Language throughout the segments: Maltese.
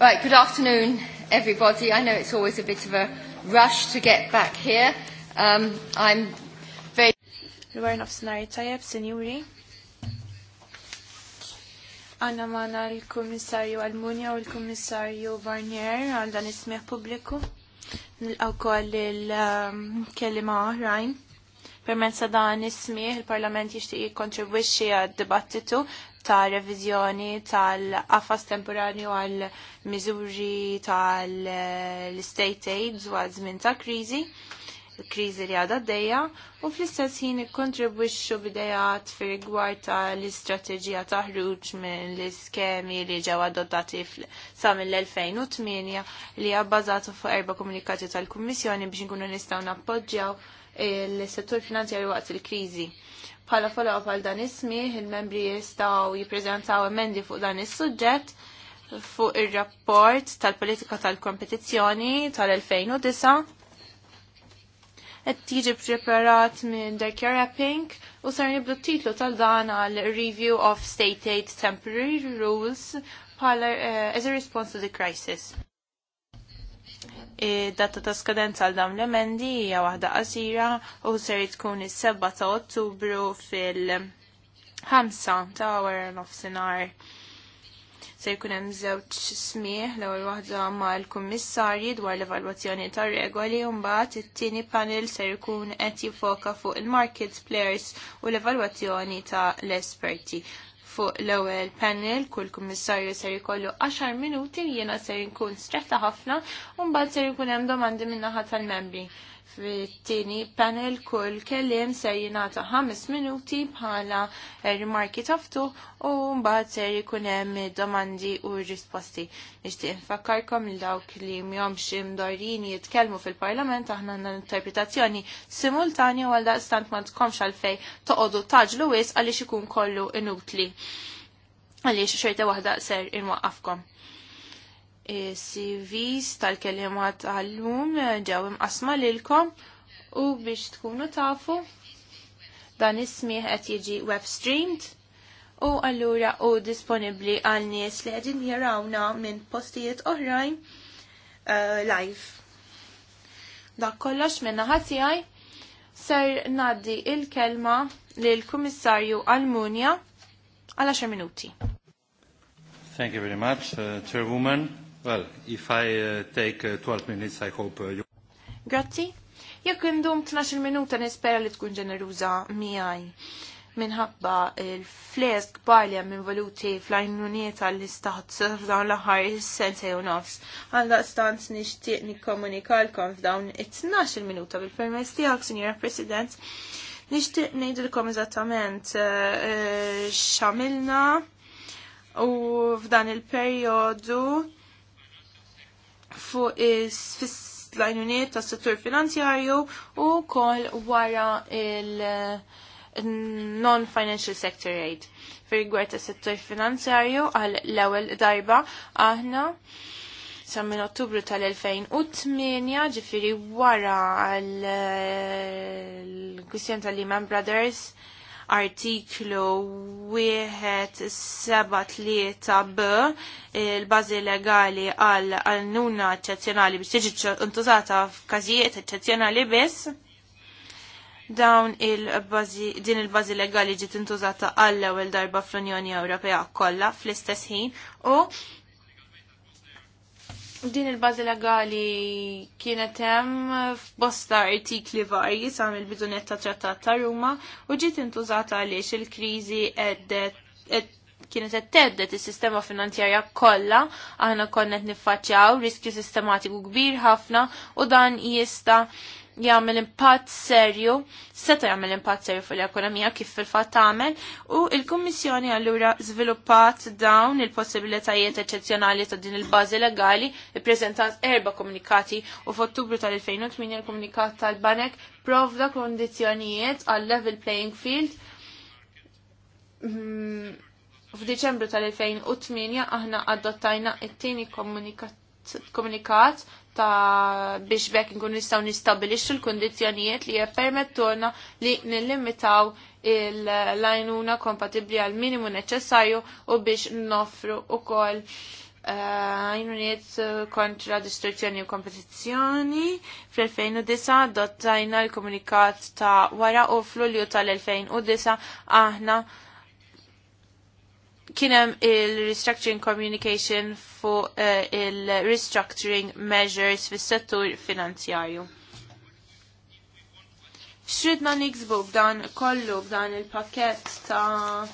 Right, good afternoon, everybody. I know it's always a bit of a rush to get back here. Um, I'm very... Dwar nofsinari tajab, senjuri. Għanna maħna l-Komissarju Almunja u l-Komissarju Barnier għal dan ismiħ publiku. Nilqaw koll il-kelima oħrajn. Permenza dan ismiħ il-Parlament jishtiq jikkontribwixxi għad-dibattitu ta' revizjoni tal-qafas u għal miżuri tal-state AIDS u għal żmien ta' kriżi krizi kriżi li għadha d-dejja u fl-istess ħin ikkontribwixxu bidejat fir rigward tal-istrateġija ta' ħruġ minn l-iskemi li ġew adottati sa mill-2008 li hija bbażata fuq erba' komunikati tal-Kummissjoni biex inkunu nistgħu nappoġġjaw il-settur finanzjarju waqt il-kriżi. Bħala follow-up għal dan ismi, il-membri jistaw jiprezentaw emendi fuq dan is-suġġett fuq ir-rapport tal-politika tal-kompetizzjoni tal-2009 qed tiġi preparat minn Derkera Pink u sar nibdu titlu tal-dan għal Review of State Aid Temporary Rules bħala uh, eh, as a response to the crisis data ta' skadenza għal dawn l-emendi hija waħda qasira u ser tkun is-7 ta' Ottubru fil-5 ta' wara nofsinhar. Se jkun hemm żewġ smieħ l-ewwel waħda mal-kummissarji dwar l-evalwazzjoni tar-regoli u mbagħad it-tieni panel se jkun qed jifoka fuq il-market players u l-evalwazzjoni ta' l-esperti fuq l-ewwel panel, kull kummissarju ser jkollu 10 minuti, jiena ser jkun stretta ħafna, u mbagħad ser ikun hemm domandi min-naħa tal-membri. Fit-tieni panel kull kelliem ser jingħata ħames minuti bħala eh, rimarki taftu u mbagħad ser jkun hemm domandi u risposti. Nixtieq nfakkarkom il dawk li xi imdorrin jitkellmu fil-Parlament aħna għandna interpretazzjoni simultanja għal daqstant ma tkomx għalfej toqogħdu taġlu wis għaliex ikun kollu inutli għaliex xorta waħda ser inwaqqafkom. CVs tal kelimat għallum eh, ġew imqasma lilkom u biex tkunu tafu dan ismiħ qed jiġi web streamed u allura u disponibbli għal nies li qegħdin jarawna minn postijiet oħrajn uh, live. Dak kollox minna ħatijaj ser naddi il-kelma lill-Kummissarju Almunja għal 10 minuti. Thank you very much, uh, Chairwoman. Well, if I uh, take uh, 12 minutes, I hope uh, you... Grazzi. Jekk indum 12 minuta nispera li tkun ġeneruża miegħi minħabba il flesk kbar li valuti involuti fl-għajnuniet għall-istat f'dawn l-aħħar sentej u nofs. Għandha stanz nixtieq nikkomunikalkom f'dawn it-12 minuta bil-permess tiegħek, Sinjora President. Nixtieq ngħidilkom eżattament uh, uh, x'għamilna u f'dan il-perjodu fuq l-għajnuniet tas settur finanzjarju u kol wara il- non-financial sector aid. Fir ta' settur finanzjarju għal l-ewel darba aħna sa minn ottubru tal-2008 ġifiri wara għal l-kwistjon tal-Lehman Brothers artiklu 173 b il-bazi legali għal nuna eccezjonali biex tiġi ntużata f'każijiet eccezjonali biss dawn il-bazi, din il-bazi legali ġiet intużata għall ewwel darba fl-Unjoni Ewropea kollha fl-istess ħin u Din il-bazi legali kienet hemm f'bosta artikli varji sa mill-bidunet ta' Trattat ta' Ruma u ġiet intużata għaliex il-kriżi kienet qed teddet is-sistema finanzjarja kollha, aħna konna qed niffaċċjaw riskju sistematiku kbir ħafna u dan jista' jagħmel impatt serju, seta jagħmel impatt serju fil-ekonomija kif fil-fatt għamel u il-Kummissjoni allura żviluppat dawn il-possibilitajiet eċċezzjonali ta' din il-bażi legali ippreżentat erba' komunikati u f'Ottubru tal-2008 il-komunikat tal-Banek provda kondizzjonijiet għal level playing field mm, F'Diċembru tal-2008 aħna adottajna it-tieni komunikat ta' biex bekk nkun nistgħu nistabilixxu l-kundizzjonijiet li jippermettulna li nillimitaw l-għajnuna kompatibbli għal minimu neċessarju u biex noffru ukoll eh, għajnuniet kontra distruzzjoni u kompetizzjoni. Fl-2009 dottajna l-komunikat ta' wara u f'Lulju tal-2009 aħna kienem il-restructuring communication fu uh, il-restructuring measures fis settur finanzjarju. Xridna niksbu dan kollu b'dan il-pakket ta'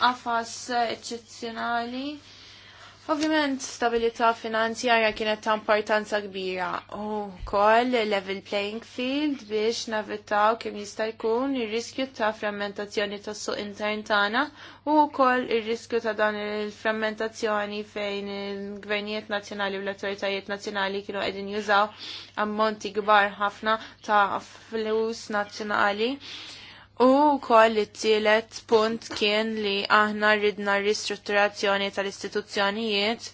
għafas eccezzjonali Ovvjament stabilità finanzjarja kienet ta' importanza kbira u koll level playing field biex navitaw kemm jista' jkun ir-riskju ta' frammentazzjoni tas-suq intern tagħna u wkoll ir-riskju ta' dan il-frammentazzjoni fejn il-gvernijiet nazzjonali u l-awtoritajiet nazzjonali kienu qegħdin jużaw ammonti kbar ħafna ta' flus nazzjonali U koll it-tielet punt kien li aħna ridna ristrutturazzjoni tal-istituzzjonijiet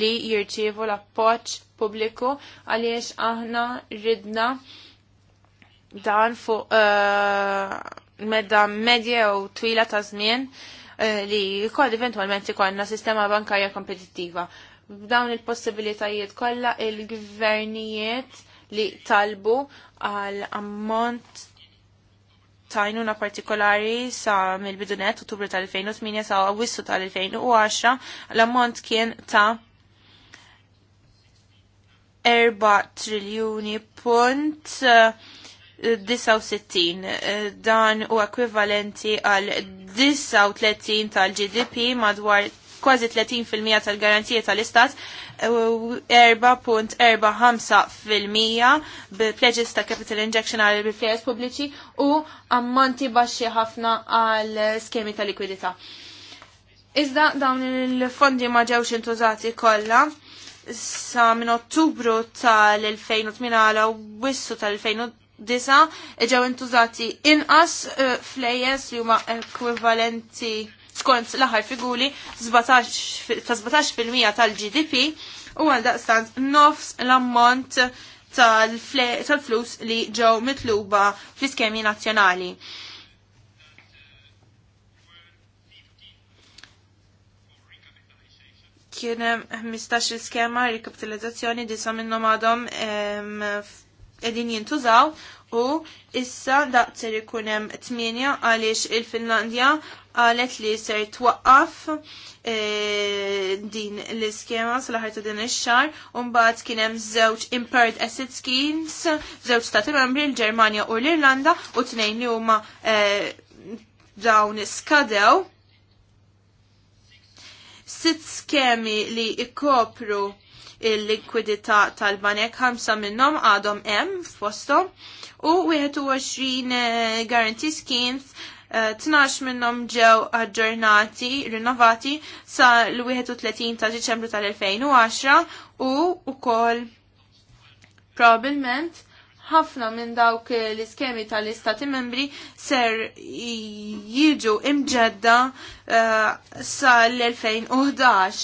li jirċievu l-appoċ pubbliku għaliex aħna ridna dan fuq uh, medda medja u twila ta' żmien uh, li jkoll eventualment ikollna sistema bankarja kompetittiva. Dawn il-possibilitajiet kollha il-gvernijiet li talbu għal ammont tajnuna partikolari sa mill-bidunet ottubru tal-2008 sa awissu tal-2010 l-ammont kien ta' 4 triljuni punt 69 eh, eh, dan u ekwivalenti għal 39 tal-GDP madwar kważi 30% tal-garanzija tal-istat 4.45% bil-pledges ta' capital injection għal il-flejes pubbliċi u ammonti baxxi ħafna għal skemi ta' likwidità. Iżda dawn il-fondi ma ġewx intużati kollha sa minn Ottubru tal-2008 għal wissu tal 2009 ġew intużati inqas eh, flejes li huma ekwivalenti skont l-aħħar figuri ta' 17% tal-GDP u għal daqstant nofs l-ammont tal-flus li ġew mitluba fl-iskemi nazzjonali. Kien 15 skema rikapitalizzazzjoni disa minnhom għadhom qegħdin jintużaw u issa daqtir ikun hemm 8 għaliex il-Finlandja qalet li ser twaqqaf e, din l-iskema sal din ix-xahar u mbagħad kien hemm żewġ impaired asset schemes, żewġ stati membri l-Ġermanja u l-Irlanda u t-nejn li huma e, dawn skadew sitt skemi li ikopru il-likwidità tal-banek ħamsa minnhom għadhom hemm f'posthom u 21 eh, guarantee schemes 12 eh, minnom ġew aġġornati, rinnovati sa l-31 ta' Diċembru tal-2010 u ukoll probablement ħafna minn dawk l-iskemi tal-istati membri ser jiġu imġedda eh, sa l-2011.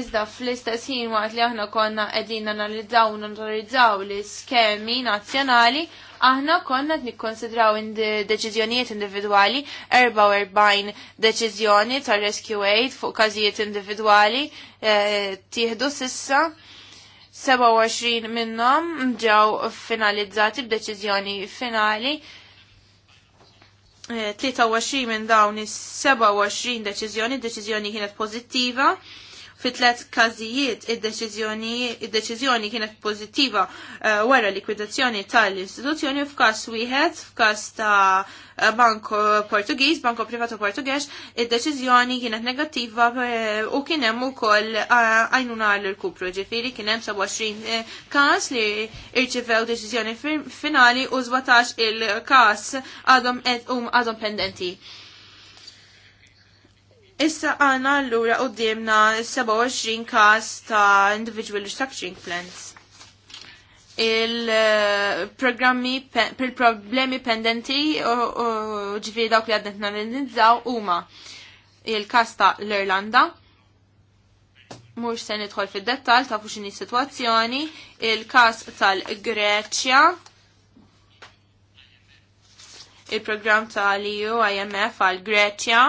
Iżda fl-istess ħin waqt li aħna konna qegħdin analizzaw u analizzaw l-iskemi nazzjonali, Aħna konna nikkonsidraw in deċiżjonijiet individwali 44 deċiżjoni tar Rescue Aid fuq każijiet individwali eh, tieħdu sissa 27 minnhom ġew finalizzati b'deċiżjoni finali. 23 eh, minn dawn is-27 deċiżjoni, deċiżjoni kienet pożittiva, Fi tlet każijiet id-deċiżjoni kienet pożittiva uh, wara likwidazzjoni tal-istituzzjoni f'każ wieħed f'każ ta' eh, Banko Portugiż, Banko Privato Portugex, id-deċiżjoni kienet negattiva eh, u kien hemm ukoll għajnuna l-kupru, ġifieri kien hemm 27 każ li irċivew deċiżjoni finali u 17 il-każ għadhom għadhom pendenti. Issa għana l-lura u d-diemna 27 kas ta' individual restructuring plans. Il-programmi, il-problemi pendenti u ġifiri dawk li għadnet u huma il-kas ta' l-Irlanda, mux se nidħol fil-dettal ta' fuxini situazzjoni, il-kas tal-Greċja, il-program tal-EU IMF għal-Greċja,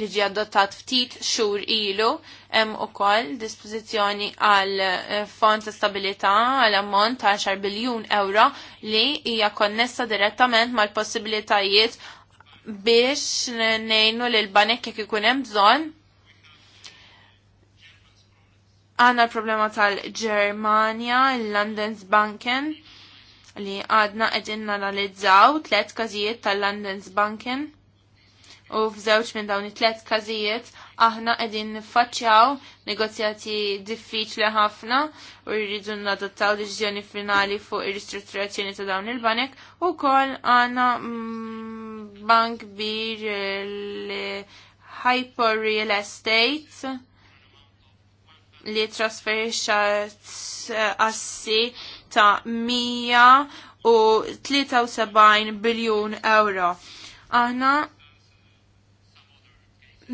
li ġi adottat ftit xhur ilu hemm ukoll dispożizzjoni għal eh, fond ta' stabilità għal ammont ta' 10 biljun euro li hija konnessa direttament mal-possibilitajiet biex nejnu lil banek jekk ikun hemm bżonn. Għanna l-problema tal-Germania, l-Landens Banken, li għadna għedin analizzaw tlet kazijiet tal Banken, u f'żewġ minn dawn it-tlet każijiet aħna qegħdin niffaċċjaw negozjati diffiċli ħafna u rridu nadottaw deċiżjoni finali fuq ir-ristrutturazzjoni ta' dawn il-banek u koll għandna mm, bank bir l-Hyper Real Estate li trasferixxat assi ta' 173 biljun euro. Aħna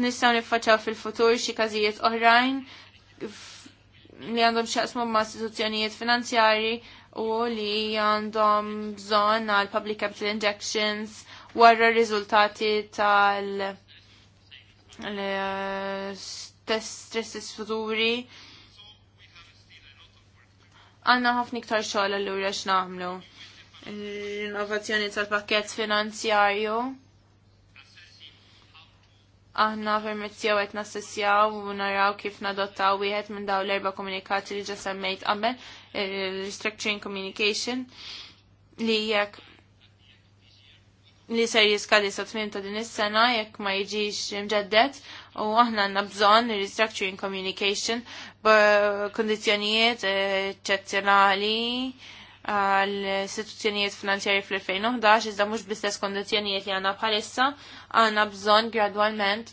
nistaw niffaċaw fil-futur xi każijiet oħrajn li għandhom xaqsmu ma' istituzzjonijiet finanzjari u li għandhom bżonn għal public capital injections warra r-riżultati tal eh, test futuri għanna ħafna iktar xogħol allura x'nagħmlu. L-innovazzjoni tal-pakkett finanzjarju aħna permezzjaw qed nassessjaw u naraw kif nadottaw wieħed minn dawn l-erba' komunikati li ġa semmejt qabel restructuring communication li jekk li ser jiskadi sa tmiem ta' din is-sena jekk ma jiġix imġeddet u aħna għandna bżonn restructuring communication b'kondizzjonijiet eċċezzjonali uh, għal istituzzjonijiet finanzjari fl-2011, iżda mhux bl-istess kondizzjonijiet li għandna bħalissa, għandna bżonn gradwalment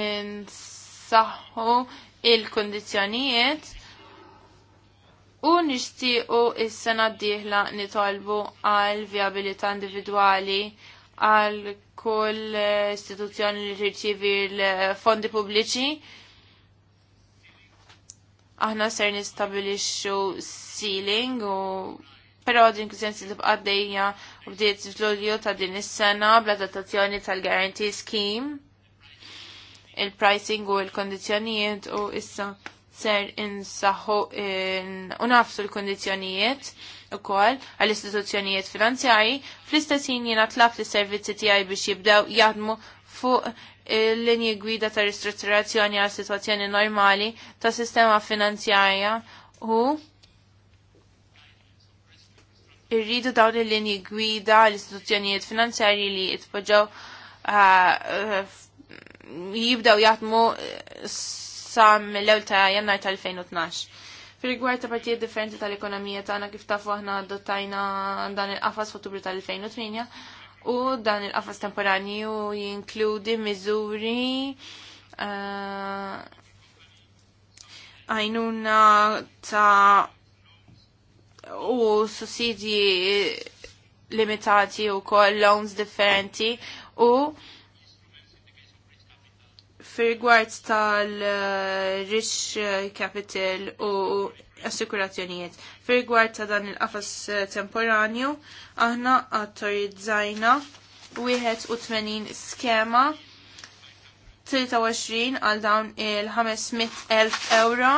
nsaħħu il kondizjonijiet u nixtiequ is-sena d-dieħla nitolbu għal viabilità individwali għal kull istituzzjoni li tirċievi l-fondi pubbliċi aħna ser nistabilixxu ceiling u però din kużenzi li bqaddejja u bdiet f'Lulju ta' din is-sena bl-adattazzjoni tal-Guarantee Scheme il-pricing u l-kondizjonijiet u issa ser insaħu u unafsu l-kondizjonijiet u koll għall-istituzzjonijiet finanzjari fl-istessin jena tlaf li servizzi tijaj biex jibdew jadmu fuq l-linji gwida ta' ristrutturazzjoni għal situazzjoni normali ta' sistema finanzjarja u irridu dawn il-linji gwida l-istituzzjonijiet finanzjarji li jitpoġaw ah, jibdaw jaħdmu sa mill-ewwel ta' Jannar tal-2012. Fil-rigward ta' partijiet differenti tal-ekonomija tagħna kif tafu aħna dottajna dan il-qafas f'Ottubru tal-2008 u dan il-qafas temporanju jinkludi miżuri eh, għajnuna ta' u sussidji limitati u koll loans differenti u fir tal-rich capital u assikurazzjonijiet. Fir-rigward ta' dan il-qafas eh, temporanju, aħna għattorizzajna 81 skema 23 għal dawn il-500.000 euro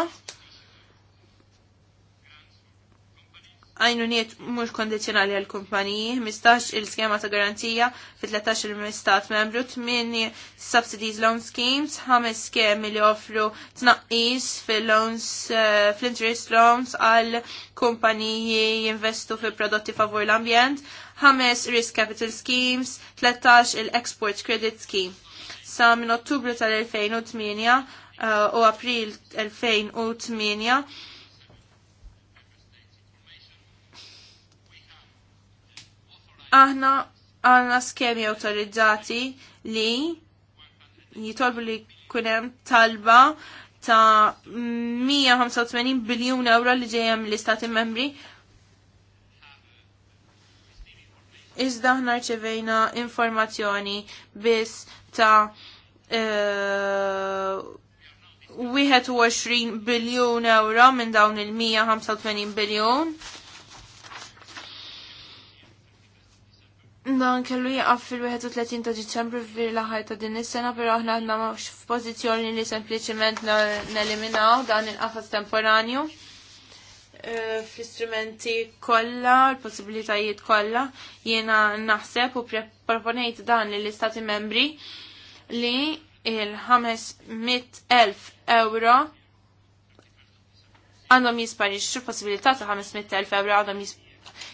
niet mux kondizjonali għal kumpaniji, 15 il-skema ta' garantija fi 13 il-mistat membru, 8 subsidies loan schemes, 5 skemi li offru tnaqqis fil-loans, eh, fil-interest loans għal kumpaniji jinvestu fil-prodotti favur l-ambjent, 5 risk capital schemes, 13 il-export credit scheme. Sa minn ottubru tal-2008 eh, u april 2008 Aħna għanna skemi autorizzati li jitolbu li kunem talba ta' 185 biljun euro li ġejjem l-istati membri. Iżda ħna rċevejna informazzjoni biss ta' uh, eh, 21 biljun euro minn dawn il-185 biljun. Dan kellu jaqaf fil-31 ta' Diċembru fil-laħar ta' din is-sena, però aħna għandna mhux f'pożizzjoni li sempliċement neliminaw dan il-qafas temporanju e, fl-istrumenti kollha, l-possibilitajiet kollha, jiena naħseb u proponejt dan lill-Istati membri li il-500.000 euro għandhom jisparixxu, l-possibilità ta' 500.000 euro għandhom jisparixxu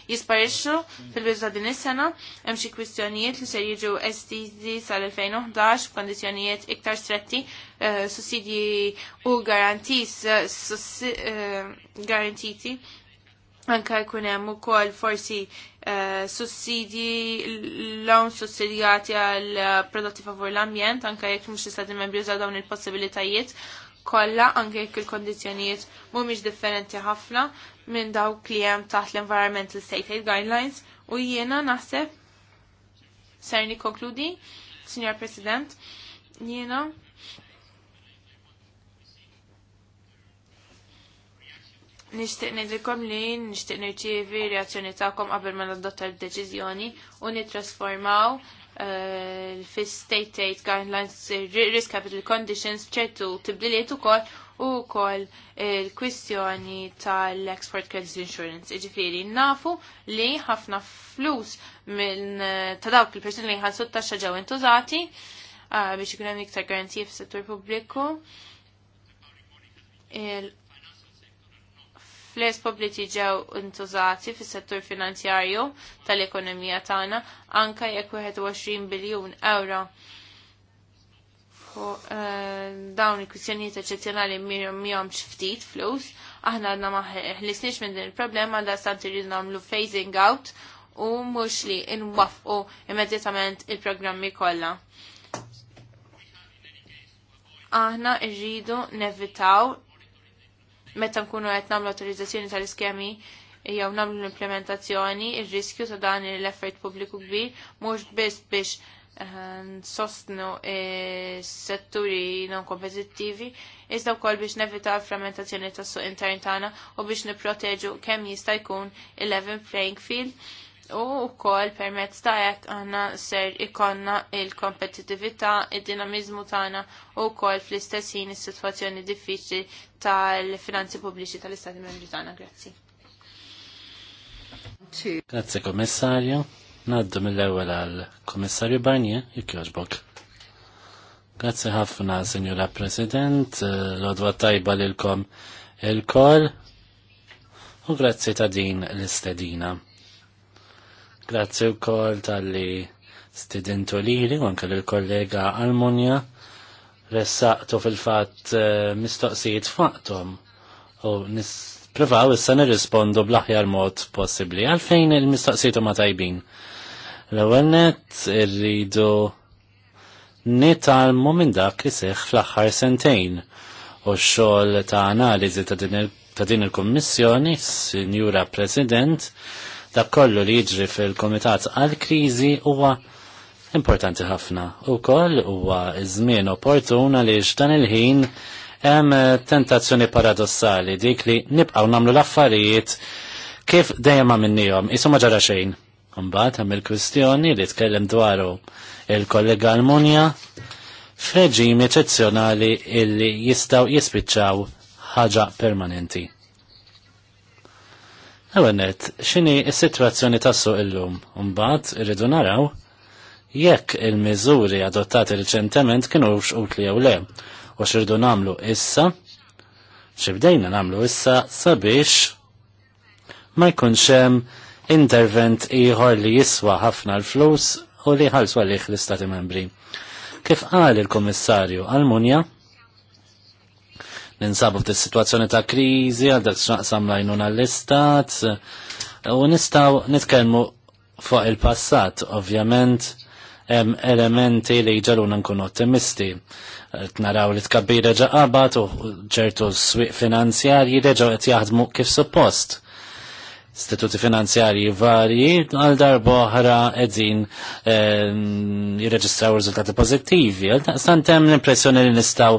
jisparixxu fil-biżda din is-sena, hemm xi kwistjonijiet li se jiġu estiżi sal-2011 f'kondizzjonijiet iktar stretti eh, sussidji u garantis eh, eh, garantiti anka jkun hemm ukoll forsi sussidji l lawn sussidjati għal prodotti favur l-ambjent anka jekk mhux tista' istati dawn il-possibilitajiet Kolla, anke jekk il-kondizzjonijiet mhumiex differenti ħafna minn dawk li hemm taħt l-Environmental State Aid Guidelines u jiena naħseb ser nikkonkludi, Signor President, jiena nishtiq nidrikom li nishtiq nirċievi reazzjoni tagħkom qabel ma nadotta d-deċiżjoni u nittrasformaw Eh, fis state aid guidelines, risk capital conditions, ċertu tibdiliet ukoll u kol il-kwistjoni tal-export credit insurance. Iġifiri, nafu li ħafna flus minn eh, ta' dawk il-persuni li ħassu taxxa ġew intużati eh, biex ikun hemm iktar garanzija fis-settur pubbliku flers pubbliċi ġew intużati fis-settur finanzjarju tal-ekonomija tagħna anke jekk 21 biljun euro eh, dawn il-kwistjonijiet eċċezzjonali mihomx ftit flus, aħna għadna ma ħlisniex minn din il-problema da stant irridu nagħmlu phasing out u mhux li nwaffqu immedjatament il-programmi kollha aħna irridu nevitaw meta nkunu qed nagħmlu autorizzazzjoni tal-iskemi jew nagħmlu l-implementazzjoni, ir-riskju ta' dan l-effort pubbliku kbir mhux biss biex eh, sostnu eh, setturi non kompetittivi, iżda wkoll biex nevita frammentazzjoni tas suq intern tagħna u biex nipproteġu kemm jista' jkun il-level playing field U wkoll permezz ta' hekk għanna ser ikonna il-kompetitività, id-dinamizmu tagħna u wkoll fl-istess ħin is-sitwazzjoni diffiċli tal-finanzi pubbliċi tal-Istati Membri tagħna. Grazzi. Grazzi Kommissarju. Naddu mill-ewwel għal Kommissarju Barnier, jekk jogħġbok. Grazzi ħafna, Sinjura President, l-odwa tajba lilkom il-kol u grazzi ta' din l-istedina. Grazzi u kol tal-li li lili, anke l-kollega Almonja, ressaqtu fil-fat eh, mistoqsijiet faqtum u nispruvaw issa nirrispondu bl-aħjar mod possibli. Għalfejn il-mistoqsijiet ma tajbin? L-ewwel net irridu nitalmu minn dak li seħ fl-aħħar sentejn u x-xogħol ta' analiżi ta' din il-Kummissjoni, Sinjura President, Dak kollu li jiġri fil-Komitat għal-Kriżi huwa importanti ħafna. U koll huwa żmien opportun li dan il-ħin hemm tentazzjoni paradossali dik li nibqgħu nagħmlu l-affarijiet kif dejjem minnihom isu ma ġara xejn. Mbagħad hemm il-kwistjoni li tkellem dwaru il-kollega Almunja f'reġim eċezzjonali illi jistgħu jispiċċaw ħaġa permanenti. Ewenet, xini s-situazzjoni tassu illum, mbagħad irridu naraw jekk il-miżuri adottati riċentement kienu utli jew le, u xirdu namlu issa, xibdejna namlu issa sabiex ma jkunx hemm intervent ieħor li jiswa ħafna l-flus u li ħalsu għalih l-Istati Membri. Kif qal il-Kummissarju għall-munja? ninsabu f'di situazzjoni ta' kriżi għal dak x'naqsam lajnuna l-istat u nistgħu nitkellmu fuq il-passat, ovvjament hemm elementi li jġaluna nkunu ottimisti. Naraw li tkabbira ġaqabat u ċertu s-swiq finanzjarji reġaw qed jaħdmu kif suppost istituti finanzjarji varji għal darba oħra edin ehm, jirreġistraw riżultati pozittivi. Stantem l-impressjoni li nistaw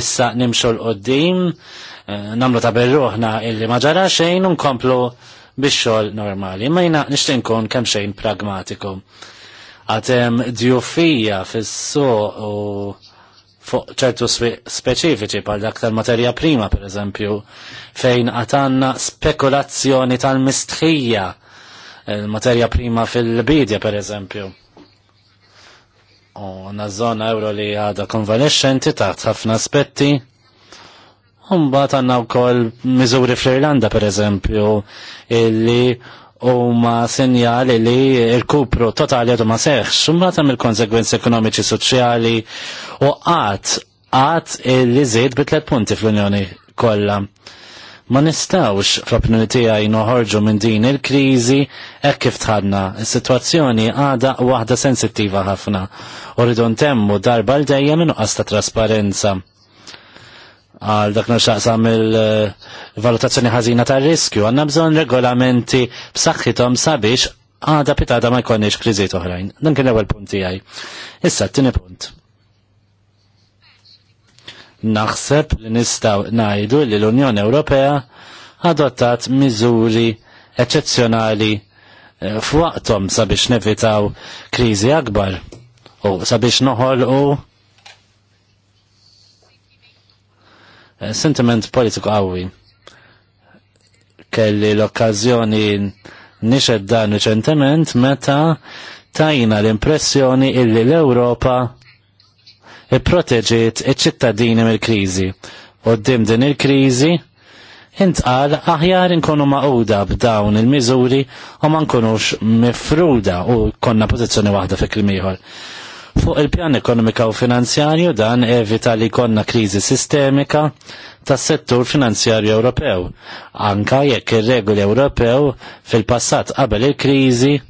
issa nimxu l-qoddim, eh, namlu ta' berruħna illi maġara xejn unkomplu biex xogħol normali. Ma jina nishtin kun kemm xejn pragmatiku. Għatem djufija fis-suq u fuq ċertu speċifiċi pal dak tal-materja prima, per eżempju, fejn għatanna spekulazzjoni tal-mistħija il-materja eh, prima fil-bidja, per eżempju. U għanna zona euro li għada konvalescenti taħt ħafna aspetti. Umbat għanna u kol mizuri fl-Irlanda, per eżempju, illi u ma senjali li il-kupru totali għadu ma seħx, xumma tam il-konsekwenzi ekonomiċi, soċjali u għat, għat li zid bi tlet punti fl-Unjoni kollha. Ma nistawx fl-opinjoni tiegħi noħorġu minn din il-kriżi hekk kif tħadna. Is-sitwazzjoni għada waħda sensittiva ħafna u rridu ntemmu darba l dejjem inqas ta' trasparenza għal dak nuxaqsam il-valutazzjoni ħażina tar riskju għandna bżonn regolamenti b'saħħithom sabiex għada pitada ma jkonniex kriżiet oħrajn. Dan kien l-ewwel punt tiegħi. Issa t-tieni punt. Naħseb li nistgħu ngħidu li l-Unjoni Ewropea adottat miżuri eċċezzjonali eh, f'waqthom sabiex nevitaw kriżi akbar u sabiex noħolqu Eh, sentiment politiku qawwi. Kelli l-okkazjoni nixed dan reċentement meta tajna l-impressjoni illi l-Ewropa ipproteġiet iċ-ċittadini mill-kriżi. U d-dim din il-kriżi intqal aħjar inkunu maquda b'dawn il-miżuri u ma nkunux mifruda u konna pożizzjoni waħda fi klim fuq il-pjan ekonomika u finanzjarju dan evita li konna krizi sistemika tas settur finanzjarju Ewropew, anka jekk ir-regoli Ewropew fil-passat qabel il-krizi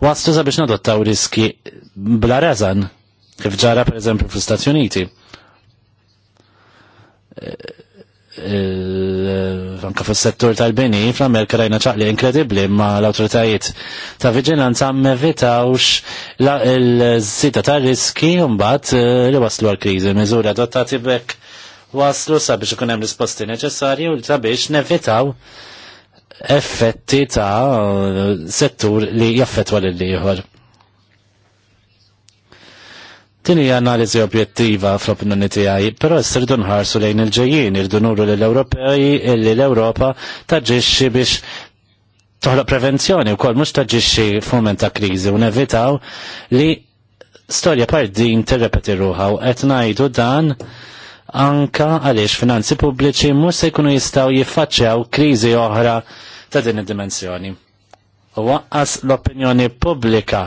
waslu sabiex nadottaw riski bla rezan, kif ġara per eżempju fl istati Uniti anka fis-settur tal-bini fl-Amerika rajna ċaqli inkredibbli ma l-awtoritajiet ta' viġilanza mevitawx il zita ta' riski mbagħad eh, li waslu għal-kriżi. Miżuri adottati bekk waslu sabiex ikun hemm risposti neċessarji u sabiex nevitaw effetti ta' settur li jaffetwa lil ieħor. Din hija analiżi objettiva fl-opinjoni tiegħi, però s-sirdu nħarsu lejn il-ġejjin, irdu nuru lill ewropej illi l-Ewropa taġixxi biex toħloq prevenzjoni wkoll mhux taġixxi f'mument ta' kriżi u nevitaw li storja par din tirrepeti ruħa u qed ngħidu dan anka għaliex finanzi pubbliċi mhux se jkunu jistgħu jiffaċċjaw kriżi oħra ta' din id-dimensjoni. U waqqas l-opinjoni pubblika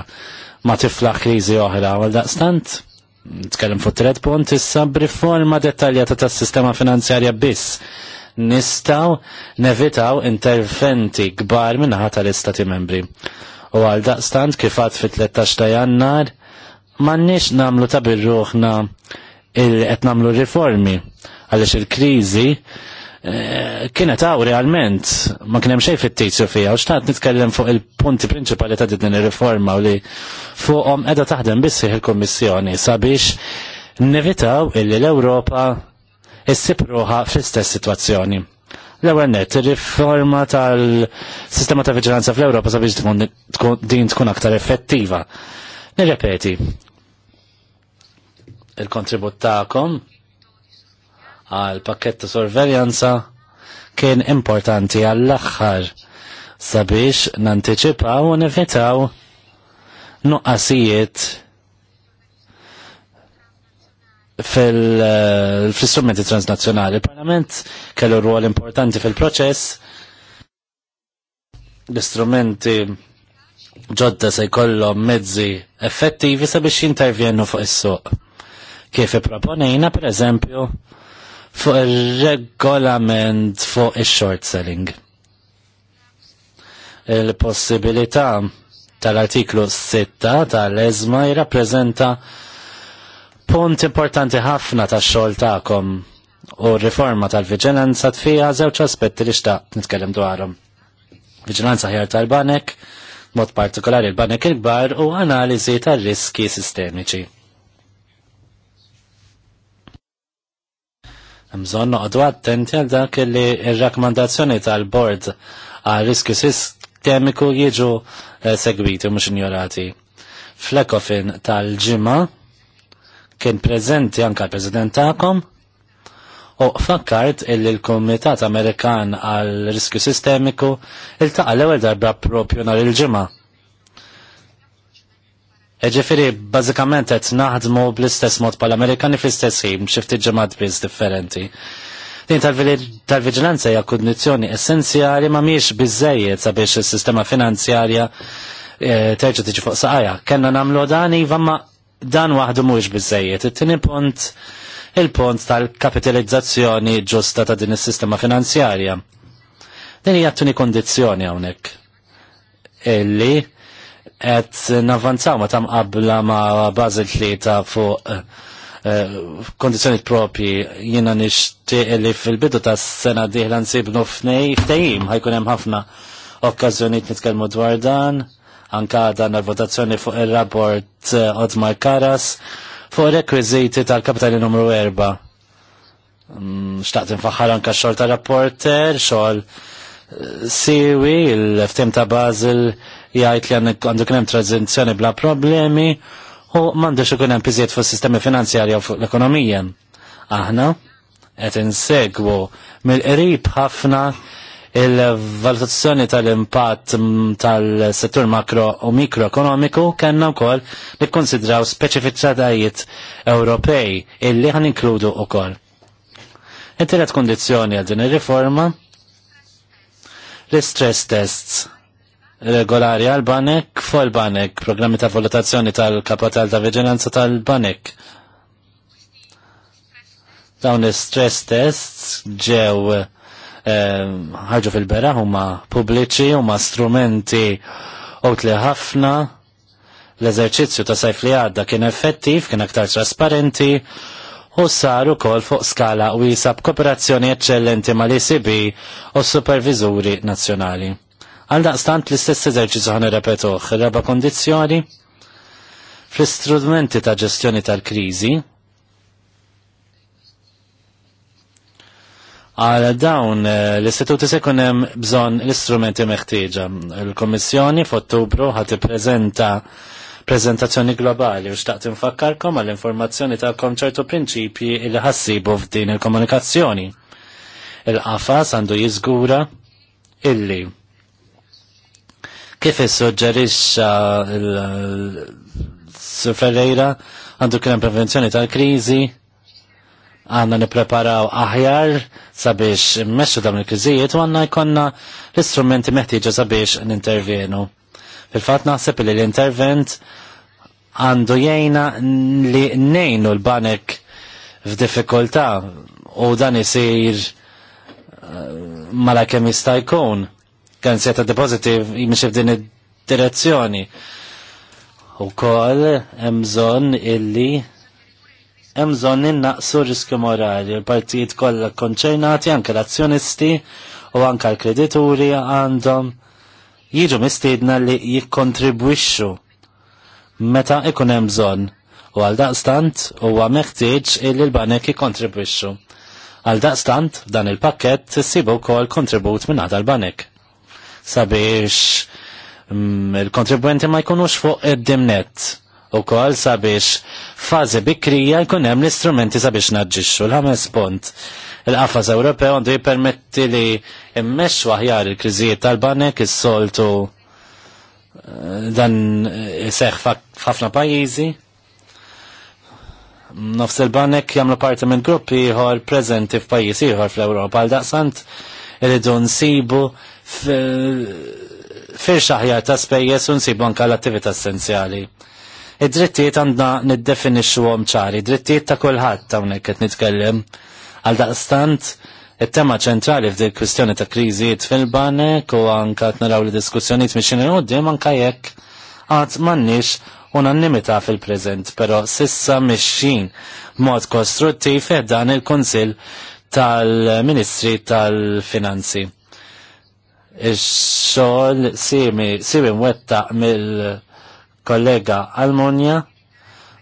ma tiflaħ kriżi oħra għal daqstant. tkellem fuq tret punt issa b'riforma dettaljata tas-sistema finanzjarja biss nistaw nevitaw interventi kbar ħata tal-istati membri. U għal daqstant kifat fit-13 ta' jannar mannix namlu ta' birruħna il-qed riformi għalix il-krizi Eh, kienet għaw realment, ma kienem xej fit-tizju fija, u xtaħt nitkellem fuq il-punti prinċipali ta' din il-riforma u li fuqom edha taħdem bissi il-Kommissjoni sabiex nevitaw illi l-Europa issib fl-istess situazzjoni. L-ewwel net, ir-riforma tal-sistema ta' viġilanza fl-Ewropa sabiex din tkun aktar effettiva. Nirrepeti, il-kontribut ta'kom għal pakket ta' sorveljanza kien importanti għall aħħar sabiex nanticipaw u nevitaw nuqqasijiet fil-istrumenti fil eh, transnazjonali. Il-Parlament kellu rwol importanti fil-proċess. L-istrumenti ġodda se jkollhom mezzi effettivi sabiex jintervjennu fuq is-suq. Kif ipproponejna, per eżempju, fuq il-regolament fuq il-short selling. Il-possibilità tal-artiklu 6 tal-ezma jirrapprezenta punt importanti ħafna ta' xol ta'kom u riforma tal-vigilanza tfija żewġ aspetti li xtaqt nitkellem dwarhom. Vigilanza ħjar tal-banek, mod partikolari l-banek il-kbar u analizi tal-riski sistemiċi Mżon noqdu attenti għal dak li il-rakkomandazzjoni tal-bord għal riskju sistemiku jiġu eh, segwiti mhux ignorati. Flekofin tal-ġimgħa kien preżenti anke l-President tagħkom u fakkart illi l-Kumitat Amerikan għal riskju sistemiku iltaqa l-ewwel darba propju nhar il-ġimgħa Eġifiri, bazzikament qed naħdmu bl-istess mod pal-Amerikani fl-istess ħin, xifti ġemad biz differenti. Din tal-vigilanza hija kondizjoni essenzjali ma miex biżejjed sabiex is-sistema finanzjarja eh, terġa' tiġi fuq saqajja. Kenna nagħmlu dan iva ma dan waħdu mhux biżejjed. It-tieni punt il-punt tal-kapitalizzazzjoni ġusta ta' din is-sistema finanzjarja. Din hija t-tieni kondizzjoni hawnhekk illi qed navanzaw ma tam qabla ma bazil tlieta fuq eh, eh, kondizjoni propji jiena nixtieq li fil-bidu tas sena diħla nsibnu f'nej ftehim ħajkun hemm ħafna okkażjonijiet nitkellmu dwar dan anka dan votazzjoni fuq ir-rapport eh, Otmar Karas fuq rekwiżiti tal-kapitali numru 4. Mm, xtaqt infaħħar anka xogħol ta' rapporter, xogħol siwi l-ftim ta' bazil jgħid li għandu kien hemm tranzizzjoni bla problemi u m'għandux ikun hemm piżiet fuq sistemi finanzjarja u fuq l-ekonomija. Aħna qed insegwu mill-qrib ħafna il-valutazzjoni tal-impatt tal-settur makro u mikroekonomiku kellna wkoll li konsidraw speċifiċċatajiet Ewropej illi ħan inkludu wkoll. Intiret kondizjoni għal din ir-riforma l-stress tests regolari għal-banek fuq il-banek, programmi ta' valutazzjoni tal-kapital ta' vigilanza tal-banek. Dawn stress tests ġew ehm, ħarġu fil-bera huma pubbliċi, huma strumenti li ħafna. L-eżerċizzju ta' sajf li għadda kien effettiv, kien aktar trasparenti, u saru kol fuq skala u jisab kooperazzjoni eccellenti mal-ECB u s supervizuri nazzjonali. Għal daqstant l-istess eżerċizzju ħan repetuħ, raba kondizjoni fl-istrumenti ta' ġestjoni tal-krizi għal dawn eh, l-istituti se kunem bżon l-istrumenti meħtieġa. il komissjoni f'Ottubru ħat prezenta prezentazzjoni globali u xtaqt infakkarkom għall informazzjoni ta' ċertu prinċipji li ħassibu f'din il-komunikazzjoni. Il-qafas għandu jiżgura illi Kif issuġġerixxa l-Sur Ferreira għandu kien prevenzjoni tal-kriżi għanna nipreparaw aħjar sabiex meċu dawn il-kriżijiet u għanna jkonna l-istrumenti meħtieġa sabiex nintervjenu. Fil-fatt naħseb li l-intervent għandu jgħina li nejnu l-banek f'diffikultà u dan isir eh, mala kemm jista' jkun kan ta' depositi jimxie f'din id-direzzjoni. U kol emżon illi emżon innaqsu riskju morali. Il-partijiet kollha konċernati anke l-azzjonisti u anke l-kredituri għandhom jiġu mistiedna li jikontribwixxu meta ikun hemm bżonn u għal daqstant huwa meħtieġ illi l-banek jikontribwixxu. Għal daqstant dan il-pakket issibu wkoll kontribut minn għada l-banek sabiex mm, il-kontribwenti ma jkunux fuq id-dimnet u kol sabiex fazi bikrija jkun hemm l-istrumenti sabiex naġġixxu l-ħames punt. Il-qafas Ewropew għandu jippermetti li immexxu aħjar il-kriżijiet tal-banek is-soltu eh, dan eh, seħ f'ħafna pajjiżi. Nofs il-banek jagħmlu parti minn gruppi ieħor preżenti f'pajjiż ieħor fl-Ewropa għal daqsant irridu nsibu firxa ħjar ta' spejjeż u nsibu anke l-attività essenzjali. Id-drittijiet għandna niddefinixxuhom ċari, drittijiet ta' kulħadd hawnhekk qed nitkellem. Għal daqstant, it-tema ċentrali f'dik kwistjoni ta' kriżijiet fil-banek u anka naraw li diskussjonijiet mixin il anke jekk għad mannix unanimita fil-prezent, pero sissa mixin mod kostruttiv dan il-Konsil tal-Ministri tal-Finanzi il xogħol simi simi wettaq mill-kollega Almonja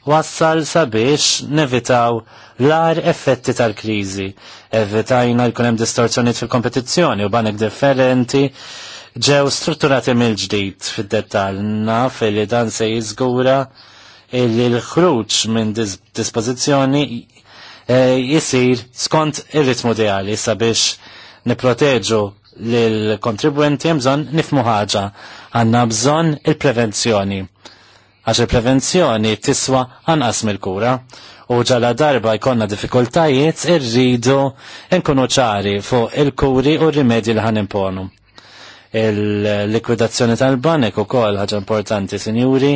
wassal sabiex nevitaw l-ar effetti tal-kriżi. Evitajna jkun hemm distorzjoniet fil-kompetizzjoni u banek differenti ġew strutturati mill-ġdid fid-dettall naf li dan se jiżgura li l-ħruġ minn dispożizzjoni eh, jisir skont ir-ritmu ideali sabiex niproteġu l-kontribwenti jemżon nifmu ħaġa, għanna bżon il-prevenzjoni. Għax il-prevenzjoni tiswa għanqas mill-kura u ġala darba jkonna diffikultajiet irridu nkunu ċari fuq il-kuri u r-rimedji li ħan imponu. Il-likwidazzjoni tal-banek u kol ħaġa importanti, sinjuri,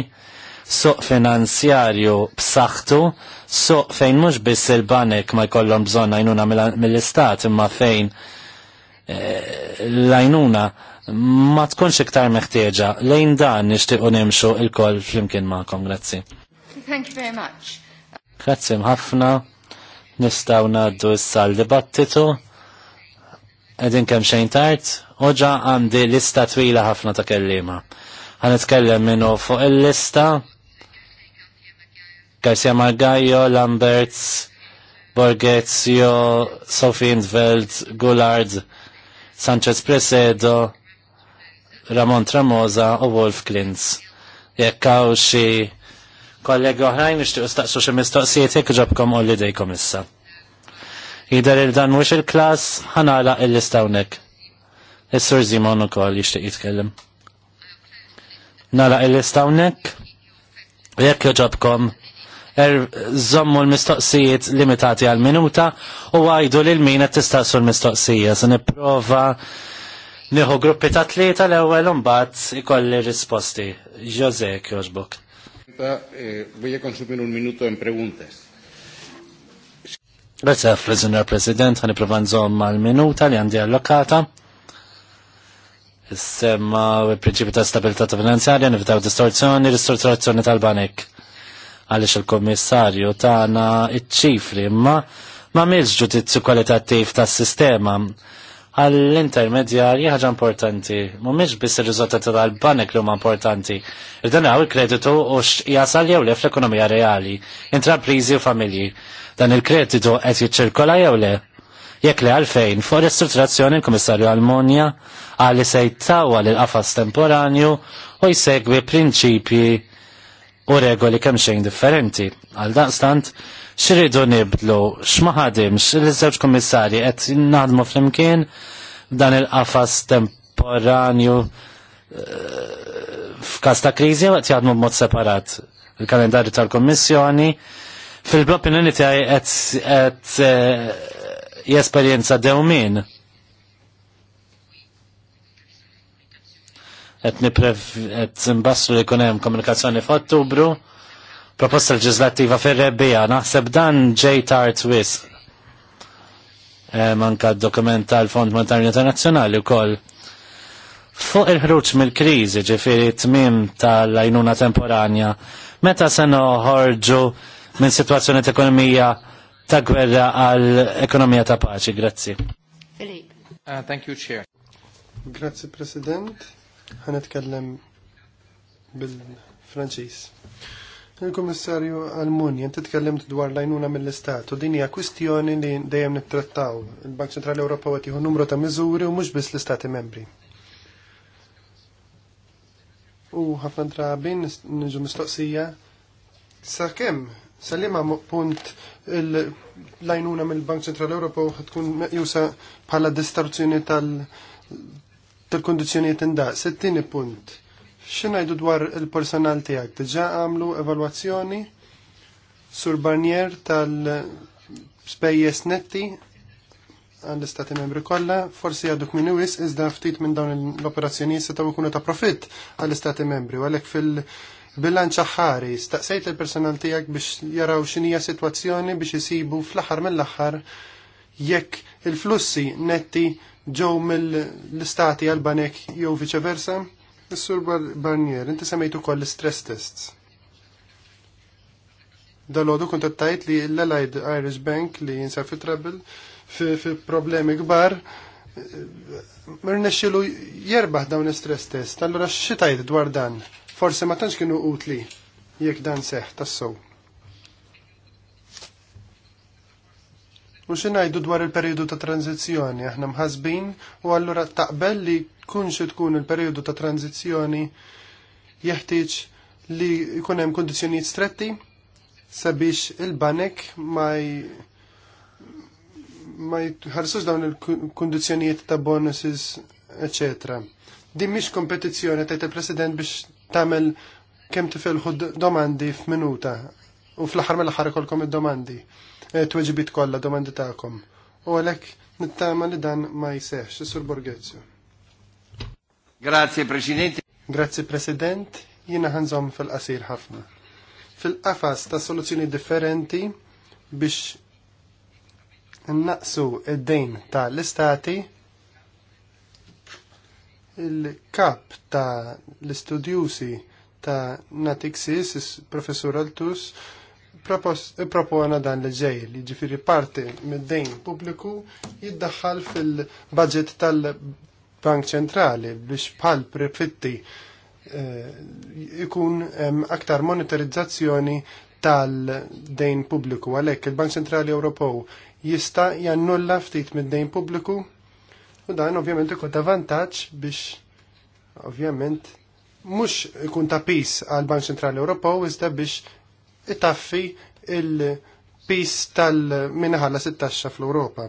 suq finanzjarju b'saħħtu, suq fejn mhux biss il-banek ma jkollhom bżonn għajnuna mill-istat imma fejn l ma tkunx iktar meħtieġa lejn dan nixtiequ nimxu il-koll flimkien magħkom, grazzi. Thank you very much. Grazzi mħafna, nistaw naddu issa sal dibattitu edin kemm xejn tard, uġa għandi lista twila ħafna ta' kellima. itkellem minnu fuq il-lista, Garcia Margallo, Lamberts, Borgezio, Sofindveld, Goulard, Sanchez Presedo, Ramon Tramoza u Wolf Klintz. Jekk hawn xi kollegi oħrajn nixtiequ staqsu xi mistoqsijiet jekk ġobkom u l dejkom issa. Jider il dan mux il klas ħanala il listawnek hawnhekk. Is-Sur Zimon ukoll jixtieq jitkellem. Nala il listawnek hawnhekk jekk Er, zommu l-mistoqsijiet limitati għal-minuta u għajdu lil min qed tistaqsu l-mistoqsija. Se nipprova niħu gruppi ta' tlieta l-ewwel imbagħad ikolli risposti. Jose jogħġbok. Eh, voy a consumir un minuto en preguntas. Grazie, President President, għani provan nżomm għal-minuta li għandi allokata. Is-semma u l-prinċipju ta' stabilità finanzjarja, nifitaw distorzjoni, distorzjoni tal-banek għaliex il-Kommissarju tagħna iċ-ċifri imma ma milx ġudizzju kwalitattiv tas-sistema għall intermedjar ħaġa importanti. Mhumiex biss ir-riżultati tal-banek li huma importanti. għaw il-kreditu u jasal jew le fl-ekonomija reali, intraprizi u familji. Dan il-kreditu qed jiċċirkola jew le jekk li għalfejn fuq ristrutturazzjoni l-Komissarju Almonja għalli sejtaw għal l qafas temporanju u jsegwi prinċipji u regoli kemm xejn differenti. Għal daqstant, xiridu nibdlu, xmaħadimx, il-żewġ kommissarji qed naħdmu flimkien dan il-qafas temporanju eh, f'każ ta' kriżi qed jaħdmu b'mod separat il-kalendarju tal-Kommissjoni. fil blopin opinjoni qed eh, jesperjenza dewmin et niprev et nbassru li jkun hemm komunikazzjoni f'Ottubru. Proposta leġislattiva fir-rebbija naħseb dan ġej tard wisq. E, manka dokument tal-Fond Monetarju Internazzjonali wkoll. Fuq il-ħruġ mill-kriżi ġifieri tmim tal ajnuna temporanja, meta se noħorġu minn situazzjoni ta' ekonomija ta' gwerra għal ekonomija ta' paċi. Grazzi. Filip. Uh, thank you, Chair. Grazzi, President. Ħanetkellem bil-Franċiż. Il-Kummissarju Almunja, inti tkellimt dwar lajnuna mill-Istat u din hija kwistjoni li dejjem nittrattaw. Il-Bank Ċentrali Ewropew qed jieħu numru ta' miżuri u mhux biss l-Istati membri. U ħafna drabin, niġu mistoqsija Sakemm? kemm Salima punt l-lajnuna mill-Bank Ċentrali Ewropew tkun meqjusa bħala distorzjoni tal- tal-kondizjoniet indaq. Settini punt. Xinajdu dwar il-personal tijak? Dġa għamlu evalwazzjoni sur barnier tal-spejjes netti għall-istati membri kollha, forsi għaduk minn iżda ftit minn dawn l-operazzjonijiet se taw ikunu ta' profitt għall-istati membri, għalhekk fil-bilanċ aħħari staqsejt il-personal tiegħek biex jaraw x'inija sitwazzjoni biex isibu fl-aħħar mill-aħħar jekk il-flussi netti ġew mill-istati għalbanek jew jew versa, Is-Sur Barnier, inti semmejt ukoll l-stress tests. Dalodu kont tajt li l-Allied Irish Bank li jinsab fi trouble, fi problemi kbar, Mernexxilu jerbaħ dawn l-stress test, allora xitajt dwar dan, forse ma tantx kienu utli jekk dan seħ tassow. U xinajdu dwar il-periodu ta' tranzizjoni, aħna mħazbin u allura taqbel li kun tkun il-periodu ta' tranzizjoni jeħtieġ li jkun hemm kundizzjonijiet stretti sabiex il-banek ma ma jħarsux dawn il-kundizzjonijiet ta' bonuses, ecc. Din mhix kompetizzjoni tajt il-President biex tagħmel kemm tifelħu domandi f'minuta u fl-aħħar mill-aħħar ikolkom id-domandi. Eh, tweġibit kollha domandi tagħkom. U għalhekk nittama li dan ma s Sur Borghezio. Grazie Presidente. Grazie President, jiena ħanżom fil-qasir ħafna. Fil-qafas ta' soluzzjoni differenti biex naqsu id-dejn tal-istati il-kap ta' l-istudjusi ta' Natixis, professor Altus, propona dan li ġej li ġifiri parti mid-dejn pubbliku jiddaħħal fil-budget tal-Bank Ċentrali biex bħal prefitti eh, ikun aktar monitorizzazzjoni tal-dejn pubbliku għalhekk il-Bank Ċentrali Ewropew jista' jannulla ftit mid-dejn pubbliku u dan ovvjament ikun ta' vantaġġ biex ovvjament mhux ikun ta' pis għall bank Ċentrali Ewropew iżda biex itaffi il-pis tal-minħalla 16 fl-Europa.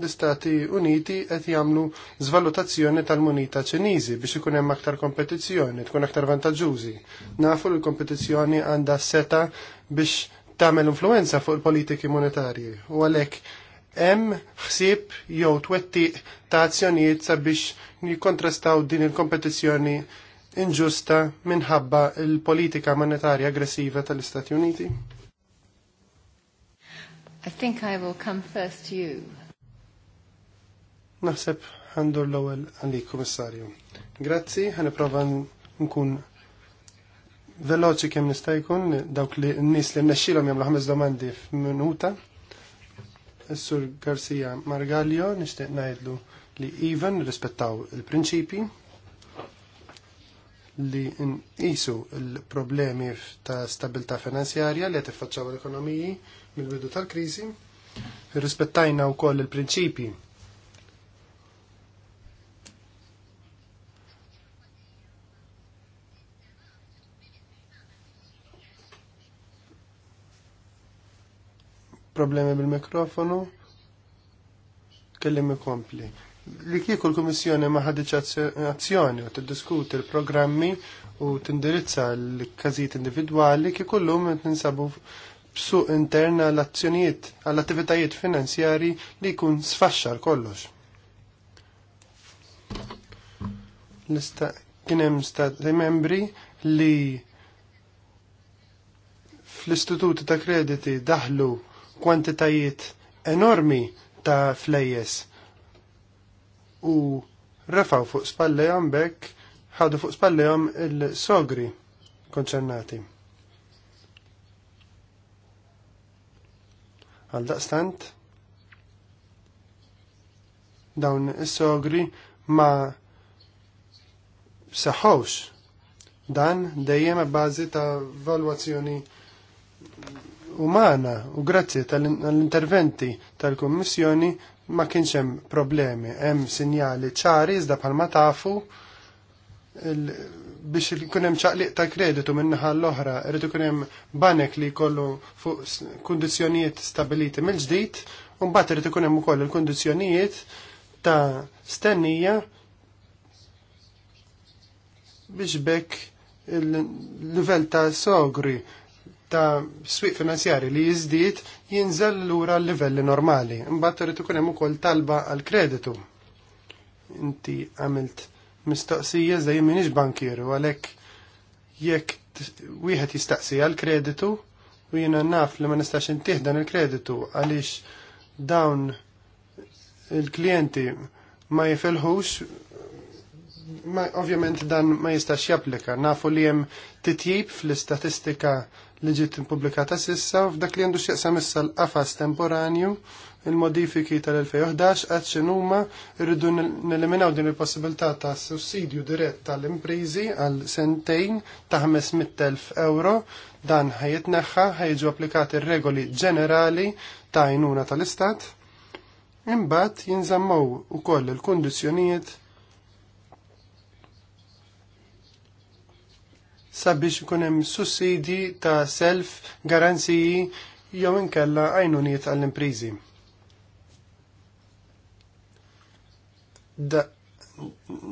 L-Istati Uniti qed jagħmlu żvalutazzjoni tal-munita Ċiniżi biex ikun hemm aktar kompetizzjoni, tkun aktar vantaġġużi. Nafu li l-kompetizzjoni għandha seta biex tagħmel influenza fuq il-politiki monetarji u għalhekk hemm ħsieb jew twettiq ta' azzjonijiet sabiex jikkontrastaw din il-kompetizzjoni inġusta minħabba l-politika monetarja aggressiva tal-Istati Uniti? I think I will come first to you. Naħseb għandur l-ewwel għalik, kommissarju. Grazzi, nipprova nkun veloċi kemm nista' jkun dawk li n-nies li nnexxilhom jagħmlu ħames domandi f'minuta. Is-Sur Garcia Margalio nixtieq ngħidlu li even rispettaw il-prinċipi li isu l-problemi ta' stabilità finanzjarja li qed iffacċaw l-ekonomiji mill-bidu tal-kriżi. u wkoll il prinċipi problemi bil-mikrofonu kellim kompli li kieku l-Kummissjoni ma ħadiċ azzjoni u tiddiskuti l-programmi u tindirizza l kazijiet individwali kieku l-lum qed ninsabu b'suq intern għall-azzjonijiet għall-attivitajiet finanzjari li jkun sfaxxar kollox. Lista kien hemm stati membri li fl-istituti ta' krediti daħlu kwantitajiet enormi ta' flejjes u rafaw fuq spallejhom bekk ħadu fuq spallejhom il-sogri konċernati. Għal daqstant dawn is-sogri ma saħħawx dan dejjem bażi ta' valwazzjoni umana u grazzi tal-interventi tal-Kummissjoni ma kienx hemm problemi, hemm sinjali ċari iżda bħalma tafu biex ikun hemm ċaqliq ta' kreditu min-naħa l-oħra, irid ikun hemm banek li jkollu fuq kundizzjonijiet stabiliti mill-ġdid, u mbagħad irid ikun hemm ukoll il-kundizzjonijiet ta' stennija biex bekk il-livell ta' sogri ta' swieq finanzjari li jiżdied jinżel lura l-livelli normali. Imbagħad irid ikun hemm ukoll talba għal kreditu. Inti għamilt mistoqsija iżda jien bankieru għalhekk jekk wieħed jistaqsi għal kreditu u jiena naf li ma nistax intih dan il-kreditu għaliex dawn il-klijenti ma jifelħux ovvjament dan ma jistax japplika. Nafu li jem titjib fl-istatistika li ġiet impubblikata sissa f'dak li għandu x'jaqsam issa l-qafas temporanju il-modifiki tal-2011 għad xinuma irridu neliminaw din il-possibilità ta' sussidju dirett tal-imprizi għal sentejn ta' 500.000 euro dan ħajitneħħa ħajġu applikati regoli ġenerali ta' jnuna tal-istat imbat jinżammaw u koll il-kondizjonijiet sabiex ikun hemm sussidi ta' self, garanziji jew inkella għajnuniet għall-imprizi.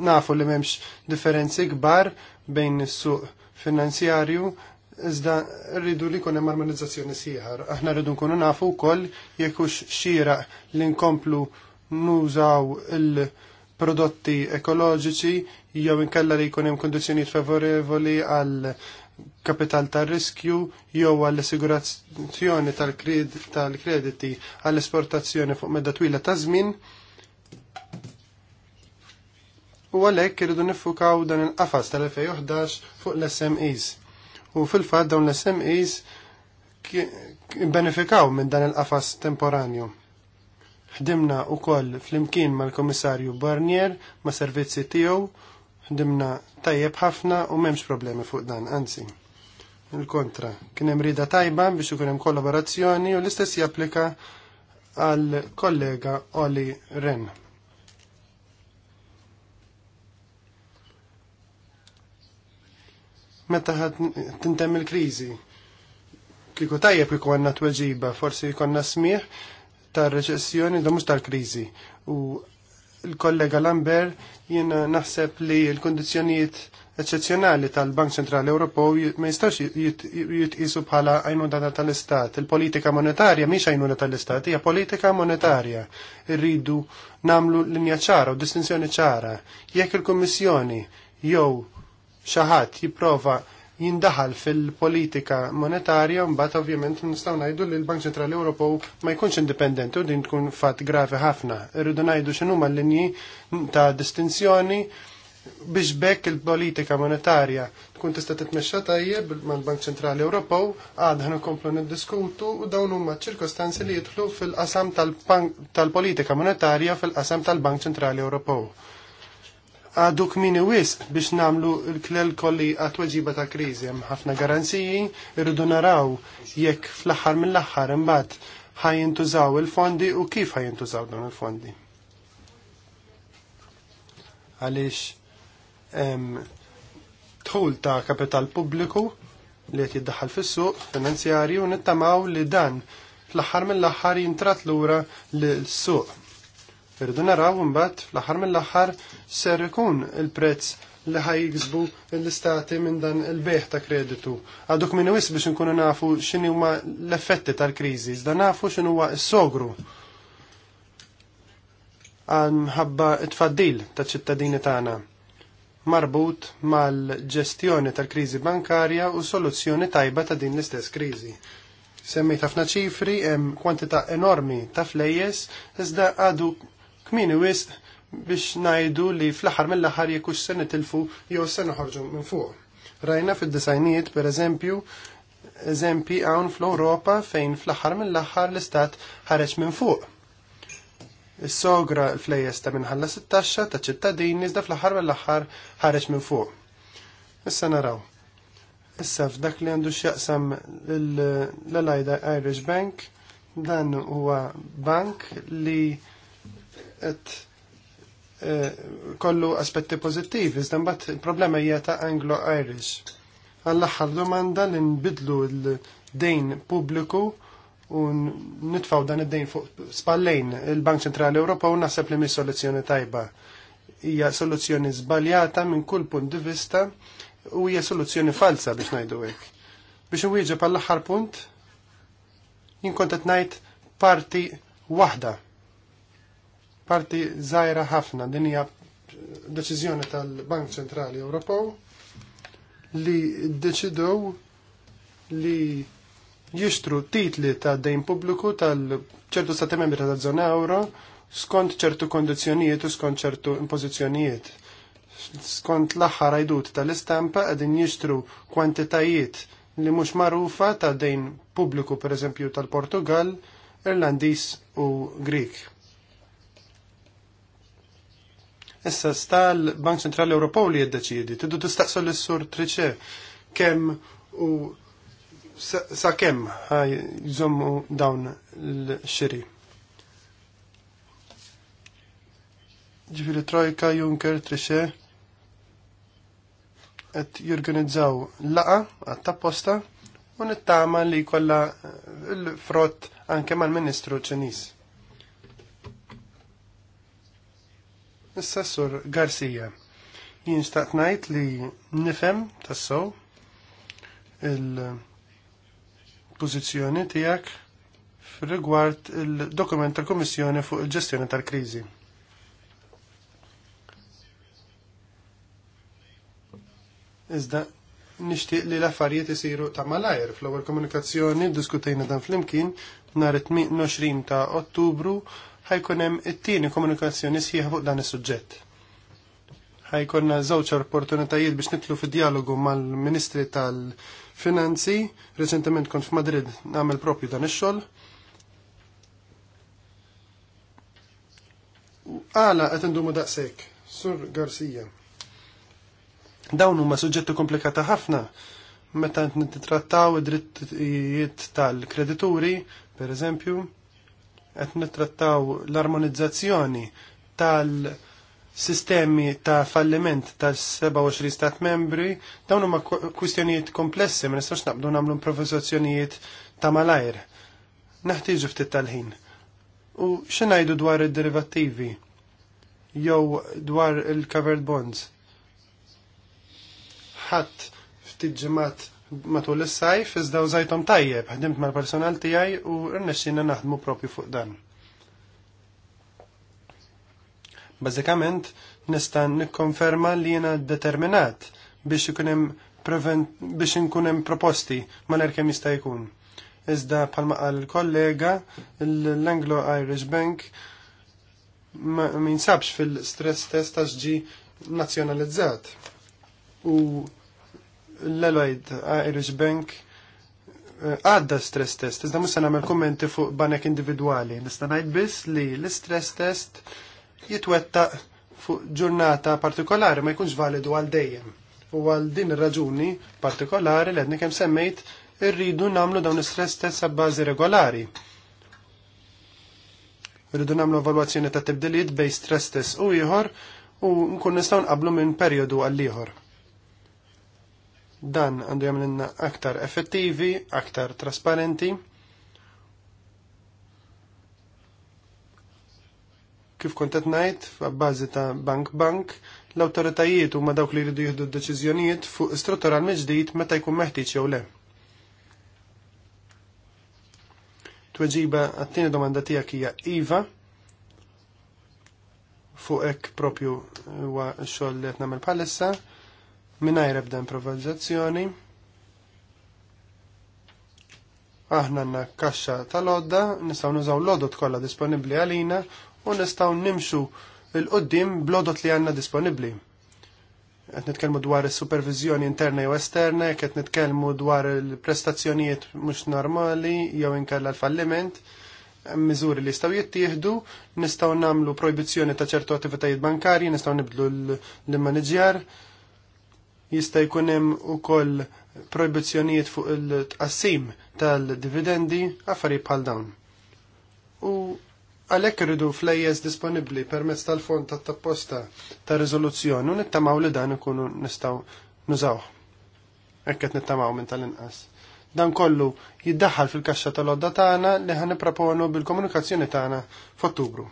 Nafu li m'hemmx differenzi kbar bejn is-suq finanzjarju iżda rridu li jkun hemm armonizzazzjoni sieħar. Aħna rridu nkunu nafu wkoll jekk hux xieraq li nkomplu nużaw il- prodotti ekoloġiċi jew inkella li jkun hemm kundizzjonijiet favorevoli għal kapital tar riskju jew għall assigurazzjoni tal-krediti għall esportazzjoni fuq medda twila ta' żmien. U għalhekk irridu nifukaw dan il-qafas tal-2011 fuq l-SMEs. U fil-fatt dawn l-SMEs benefikaw minn dan il-qafas temporanju Ħdimna wkoll flimkien mal-Komissarju Barnier ma' servizzi tiegħu, ħdimna tajjeb ħafna u m'hemmx problemi fuq dan, anzi. Il-kontra, kien hemm rida tajba biex ikun hemm kollaborazzjoni u l-istess japplika għal kollega Oli Ren. Meta ħad tintem il-kriżi, kieku tajjeb kieku t tweġiba, forsi konna smieħ, tal reċessjoni da mhux tal-kriżi. U l-kollega Lambert jien naħseb li l-kondizzjonijiet eċċezzjonali tal-Bank Central Ewropew ma jistax jitqisu bħala għajnuna tal-Istat. Il-politika monetarja mhix għajnuna tal-Istat, hija politika monetarja. Irridu namlu linja ċara u distinzjoni ċara. Jekk il-Kummissjoni jew xi ħadd jipprova jindaħal fil-politika monetarja mbagħad ovvjament nistgħu ngħidu li l-Bank Ċentrali Ewropew ma jkunx indipendenti u din tkun fatt gravi ħafna. Irridu ngħidu x'inhuma l-linji ta' distinzjoni biex bekk il-politika monetarja tkun tista' titmexxa tajjeb mal-Bank Centrali Ewropew għadha nkomplu niddiskutu u dawn huma ċirkostanzi li jidħlu fil-qasam tal-politika monetarja fil-qasam tal-Bank Centrali Ewropew għadu kmini wisq biex namlu l-klel kolli għat ta' krizi. ħafna garanziji irridu naraw jekk fl-axar mill-axar imbagħad ħajintużaw il-fondi u kif ħajintużaw dawn il-fondi. Għaliex tħul ta' kapital pubbliku li qed jiddaħħal fis-suq finanzjarju nittamaw li dan fl-axar mill-axar jintrat lura l-suq Irridu naraw imbagħad fl-aħħar mill-aħħar ser ikun il-prezz li ħajjiksbu l-istati minn dan il-beħ ta' kreditu. Għaduk minn wis biex nkunu nafu x'inhi huma l-effetti tal-kriżi, iżda nafu x'in huwa s-sogru għanħabba t-faddil ta' ċittadini tagħna marbut mal-ġestjoni tal-kriżi bankarja u soluzzjoni tajba ta' din l-istess kriżi. Semmejt ħafna ċifri hemm kwantità enormi ta' flejjes iżda għadu kmini wisq biex najdu li fl-aħħar mill-aħħar jekux se nitilfu jew se noħorġu minn fuq. Rajna fid-disajnijiet per eżempju eżempi hawn fl-Ewropa fejn fl-aħħar mill-aħħar l-istat ħareġ minn fuq. Is-sogra l-flejjes ta' minħalla 16 ta' ċittadini nizda fl-aħħar mill-aħħar ħareġ minn fuq. Issa naraw. Issa f'dak li għandu x'jaqsam l-Lajda Irish Bank dan huwa bank li e, kollu aspetti pożittivi, iżda mbagħad il-problema hija ta' Anglo-Irish. Għall-aħħar domanda li nbidlu l-dejn pubbliku u nitfaw dan id-dejn fuq spallejn il-Bank Ċentrali Ewropa u naħseb li mis soluzzjoni tajba. Hija soluzzjoni żbaljata minn kull punt di vista u hija soluzzjoni falsa biex ngħidu hekk. Biex inwieġeb għall-aħħar punt, jien kont qed ngħid parti waħda parti zaħira ħafna din hija eh, deċiżjoni tal-Bank Ċentrali Ewropew li ddeċidew li jixtru titli ta' dejn pubbliku tal-ċertu stati membri ta' zona euro skont ċertu kondizjonijiet u skont ċertu impożizzjonijiet. Skont l-aħħar ajdut tal-istampa qegħdin jixtru kwantitajiet li mhux magħrufa ta' dejn pubbliku pereżempju tal-Portugal, Irlandiż u Grik. Issa sta l-Bank Centrali Ewropew li jiddeċidi. Tiddu tistaqsu l-sur Triċe kemm u sa kemm jżommu dawn l-xiri. Ġifiri Trojka, Juncker, Triċe qed jorganizzaw laqa għat posta u nittama li kolla l-frott anke mal-Ministru Ċinis. Is-Sassur Garcia. Jien staqt ngħid li nifhem tassew il-pożizzjoni tiegħek f'rigward il-dokument tal-Kummissjoni fuq il-ġestjoni tal-kriżi. Iżda nixtieq li l-affarijiet isiru ta' malajr fl-ewwel komunikazzjoni diskutejna dan flimkien nhar it-tm 28 ta' Ottubru ħajkun hemm it-tieni komunikazzjoni sħiħa fuq dan is-suġġett. Ħajkonna żewġ opportunitajiet biex nitlu fid-dialogu mal-Ministri tal-Finanzi, reċentement kont f'Madrid nagħmel propju dan ix-xogħol. Għala qed indumu daqshekk, Sur Garcia. Dawn huma suġġetti komplikata ħafna meta nittrattaw id-drittijiet tal-kredituri, per eżempju, qed nittrattaw l-armonizzazzjoni tal-sistemi ta' falliment tal-27 stat membri, dawn huma kwistjonijiet komplessi, ma nistax naqbdu nagħmlu improvisazzjonijiet ta' malajr. Naħtieġu ftit tal-ħin. U x'ngħidu dwar id-derivattivi? Jew dwar il-covered bonds? Ħadd ftit ġimgħat matul is-sajf iżda użajthom tajjeb, ħdimt mal-personal tiegħi u rnexxina naħdmu propju fuq dan. Bażikament nista' nikkonferma li jiena determinat biex ikun hemm biex inkun hemm proposti mal-erkemm jista' jkun. Iżda bħalma qal kollega l-Anglo-Irish Bank ma jinsabx fil-stress test għax ġi nazzjonalizzat u l-Lloyd Irish Bank eh, għadda stress test, iżda musa namel kommenti fuq banek individuali. Nista ngħid biss li l-stress test jitwetta fuq ġurnata partikolari ma jkunx validu għal dejjem. U għal din ir-raġuni partikolari li għedni kem semmejt irridu namlu dawn l-stress test sa' bażi regolari. Irridu namlu evalwazzjoni ta' tibdiliet bej stress test u ieħor u nkun nistgħu nqablu minn perjodu għal ieħor. Dan għandu jamlinna aktar effettivi, aktar trasparenti. Kif kont qed ngħid f'bażi ta' bank bank, l-awtoritajiet huma dawk li jridu jieħdu d-deċiżjonijiet fuq struttura mill-ġdid meta jkun meħtieġ jew le. Tweġiba għattini tieni domanda tiegħek hija iva fuq hekk propju huwa x-xogħol li qed nagħmel bħalissa Minaj ebda improvvizzazzjoni. Aħna għandna kaxxa tal-odda, nistgħu nużaw l-odot kollha disponibbli għalina u nistgħu nimxu il-qoddim blodot li għandna disponibbli. Qed nitkellmu dwar is-supervizjoni interna jew esterna, qed nitkellmu dwar il-prestazzjonijiet mhux normali jew inkella l-falliment miżuri li staw jittieħdu, nistaw namlu proibizjoni ta' ċertu attivitajiet bankarji, nistaw nibdlu l-manager, jista' jkun hemm ukoll proibizzjonijiet fuq il-tqassim tal-dividendi affarijiet bħal dawn. U għalhekk irridu flejjes disponibbli permezz tal-fond tat-tapposta ta' riżoluzzjoni u nittamaw li dan ikunu nistgħu nużawh. Hekk qed nittamaw minn tal-inqas. Dan kollu jiddaħħal fil-kaxxa tal-odda tagħna li ħan niproponu bil-komunikazzjoni tagħna f'Ottubru.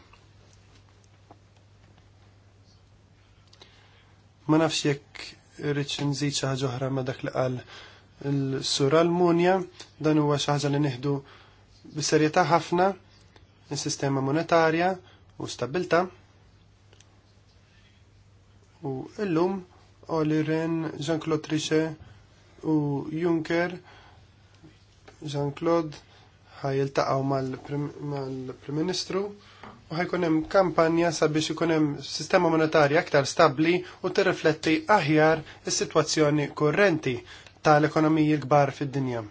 Ma nafx jekk irrid nżid xi ħaġa oħra ma' dak li qal il-sura l-munja, dan huwa xi ħaġa li nieħdu b'serjetà ħafna is-sistema monetarja u stabilta. U illum Oli Ren, Jean-Claude Trichet u Juncker, Jean-Claude ħaj jiltaqgħu mal-Prim Ministru. Mal u ħajkun hemm kampanja sabiex ikun hemm sistema monetarja aktar stabbli u tirrifletti aħjar is-sitwazzjoni kurrenti tal-ekonomiji kbar fid-dinja.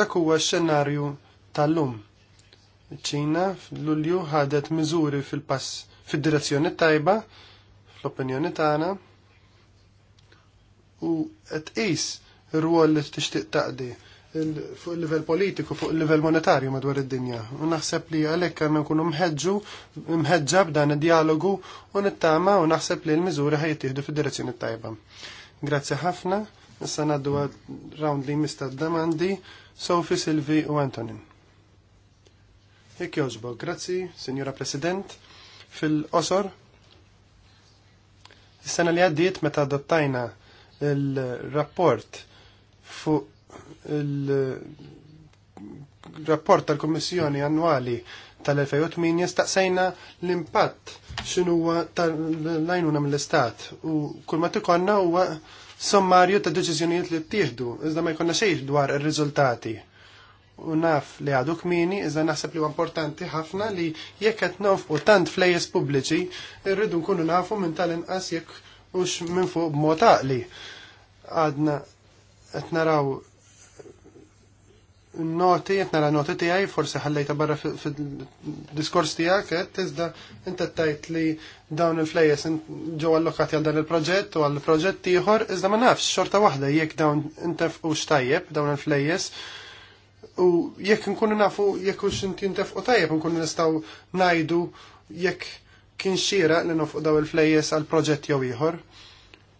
Dak huwa x-xenarju tal-lum. Ċina f'Lulju ħadet miżuri fil-pass fid-direzzjoni tajba fl-opinjoni tagħna u qed qis ir-rwol li tixtieq taqdi fuq il-livell politiku, fuq il-livell monetarju madwar id-dinja. U naħseb li għalhekk għanna nkunu mħedġu, mħeġġa b'dan id-dialogu u nittama u naħseb li l mizuri ħajtieħdu fid-direzzjoni tajba. Grazzi ħafna, issa ngħaddu round li mista d d-damandi, Sofi Silvi u Antonin. Jekk jogħġbok, grazie, Signora President, fil-qosor. Is-sena li għaddiet meta adottajna il-rapport fuq il-rapport tal-Kommissjoni annwali tal-2008 staqsejna l-impatt x'inhuwa tal-lajnuna mill-Istat u kull ma tikonna huwa sommarju ta' deċiżjonijiet li ttieħdu, iżda ma jkollna xejn dwar ir-riżultati. U naf li għadu kmini, iżda naħseb li huwa importanti ħafna li jekk qed u tant flejjes pubbliċi, irridu nkunu nafu minn tal-inqas jekk hux minn fuq b'mod għaqli. Għadna qed naraw noti, jett la noti għaj, forse ħallejta barra fil-diskors għak, eh, tizda inta tajt li dawn il-flejes ġo allokati għal dan il-proġett u għal proġett tiħor, iżda ma nafx, xorta wahda jekk dawn intef u xtajjeb dawn il-flejes, u jekk nkunu nafu jekk u inti inta u tajjeb, nkunu nistaw najdu jekk kien xira li nofqu daw il-flejes għal proġett jew ieħor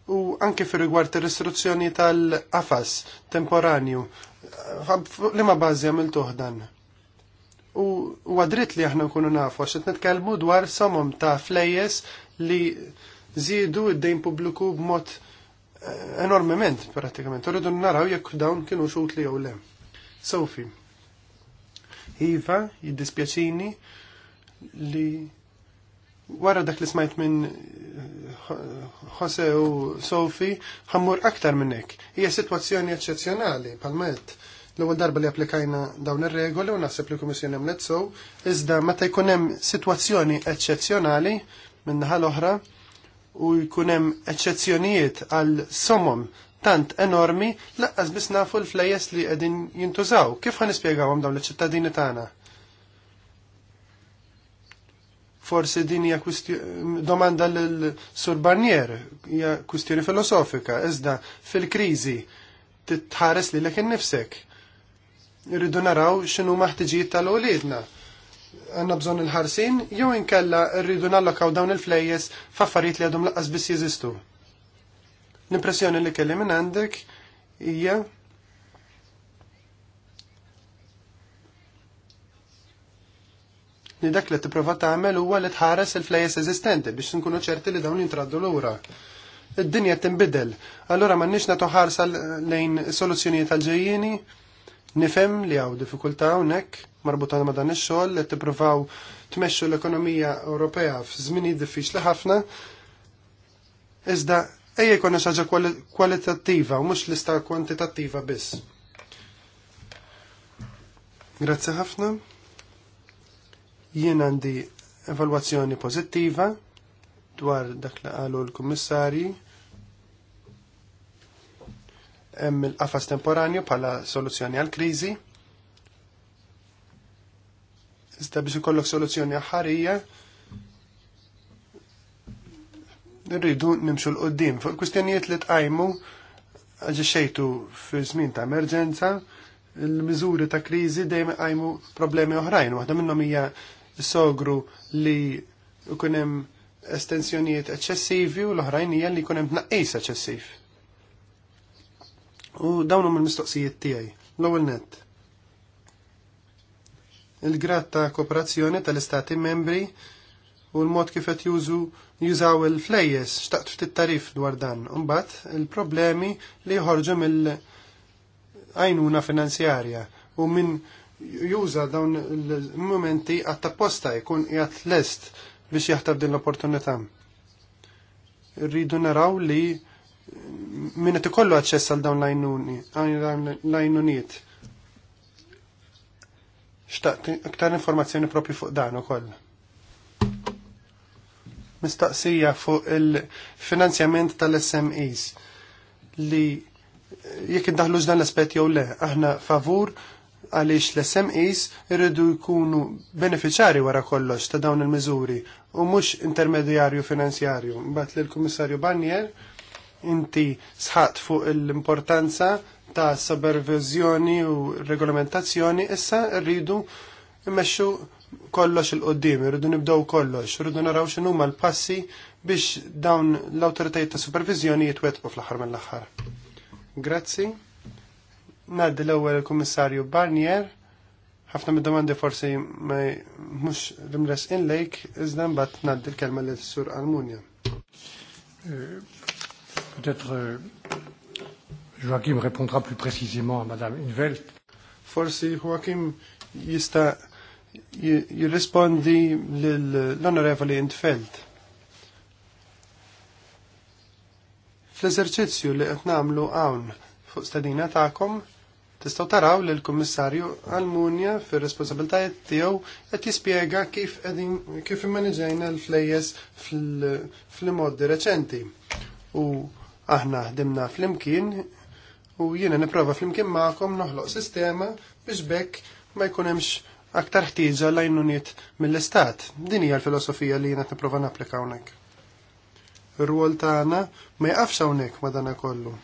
u anke fir rigward ir restruzzjoni tal-qafas temporanju. Li ma bażi għamil dan? U għadrit li aħna nkunu nafu, għax nitkellmu dwar somom ta' flejjes li zidu id-dejn pubbliku b'mod eh, enormement pratikament. Uridu naraw jekk dawn kienu xut li jew le. Sofi. Iva, jiddispjaċini li wara dak li smajt minn eh, Jose u Sofi, ħammur aktar minn hekk. Hija sitwazzjoni eċċezzjonali palmet. L-ewwel darba li applikajna dawn ir-regoli u naħseb li l-Kummissjoni hemm sew, iżda meta jkun hemm sitwazzjoni eċċezzjonali minn naħa l-oħra u jkun hemm eċċezzjonijiet għal somom tant enormi, laqqas biss nafu l-flejes li qegħdin jintużaw. Kif ħanispjegawhom dawn l-ċittadini tagħna? forsi din hija domanda lil Sur Barnier, hija kwistjoni filosofika, iżda fil-kriżi titħares li lek innifsek. Irridu naraw x'inhu maħtiġijiet tal-uliedna. Għanna bżonn il-ħarsin jew inkella rridu nallokaw dawn il-flejjes f'affarijiet li għadhom laqqas biss jeżistu. L-impressjoni li kelli minn għandek hija li dak li tipprova tagħmel huwa li tħares il-flejes eżistenti biex nkunu ċerti li dawn jintraddu lura. Id-dinja tinbidel. Allura m'għandniex nagħtu ħarsa lejn soluzzjonijiet tal ġejjini, nifhem li għaw diffikultà hawnhekk marbuta ma' dan ix-xogħol li tippruvaw tmexxu l-ekonomija Ewropea diffiċ diffiċli ħafna. Iżda eja jkollna xi ħaġa kwalitattiva u mhux lista kwantitattiva biss. Grazzi ħafna. Jien għandi evalwazzjoni pożittiva dwar dak li qalu l-kummissarji hemm il-qafas temporanju bħala soluzzjoni għal kriżi. Iżda biex ikollok soluzzjoni aħħarija, nirridu nimxu l-qoddim. Fuq kwistjonijiet li tqajmu xejtu fi żmien ta' emerġenza, il-miżuri ta' kriżi dejjem qajmu problemi oħrajn. Waħda minnhom hija sogru li kunem estensjonijiet eċċessivi u l-oħrajn hija li kunem tnaqqis eċċessiv. U dawn huma l-mistoqsijiet tiegħi. L-ewwel nett. Il-grad ta' kooperazzjoni tal-istati membri u l-mod kif qed jużu jużaw il-flejjes xtaqt ftit tarif dwar dan. Imbagħad il-problemi li jħorġu mill-għajnuna finanzjarja u minn juża dawn il-momenti għatta posta jkun jgħat lest biex jaħtab din l-opportunità. Rridu naraw li minna qed ikollu aċċess għal dawn l l-ajnuniet Xtaqt aktar informazzjoni propri fuq dan ukoll. Mistaqsija fuq il-finanzjament tal-SMEs li jekk indaħlux dan l-aspett jew le, aħna favur għaliex l-SMEs irridu jkunu beneficjari wara kollox ta' dawn il-miżuri u mhux intermedjarju finanzjarju. Mbagħad l kummissarju Barnier inti sħat fuq l-importanza ta' supervizjoni u regolamentazzjoni issa rridu immexxu kollox il-qoddim, irridu nibdew kollox, irridu naraw x'inhuma l-passi biex dawn l-awtoritajiet ta' supervizjoni jitwetqu fl-aħħar mill-aħħar. Grazzi. Naddi l ewel il-Kummissarju Barnier, ħafna mid-domandi forsi ma mhux rimres in lejk, iżda mbagħad naddi l-kelma lil sur Almunja. Eh, peut-être eh, Joachim répondra plus précisément à Madame Invelt. Forsi Joachim jista' jirrispondi l-Onorevoli Intfeld. Fl-eżerċizzju li qed nagħmlu hawn fuq stedina ta'kom tistaw taraw li l-Kummissarju Munja fir responsabiltajiet tiegħu qed jispjega kif qegħdin kif immaneġejna l-flejjes fl-modi reċenti. U aħna ħdimna fl-imkien u jiena nipprova fl-imkien magħkom noħloq sistema biex bekk ma jkun hemmx aktar ħtieġa lajnuniet mill-istat. Din hija l-filosofija li jiena nipprova napplika hawnhekk. Ir-rwol tagħna ma jaqafx hawnhekk madana kollu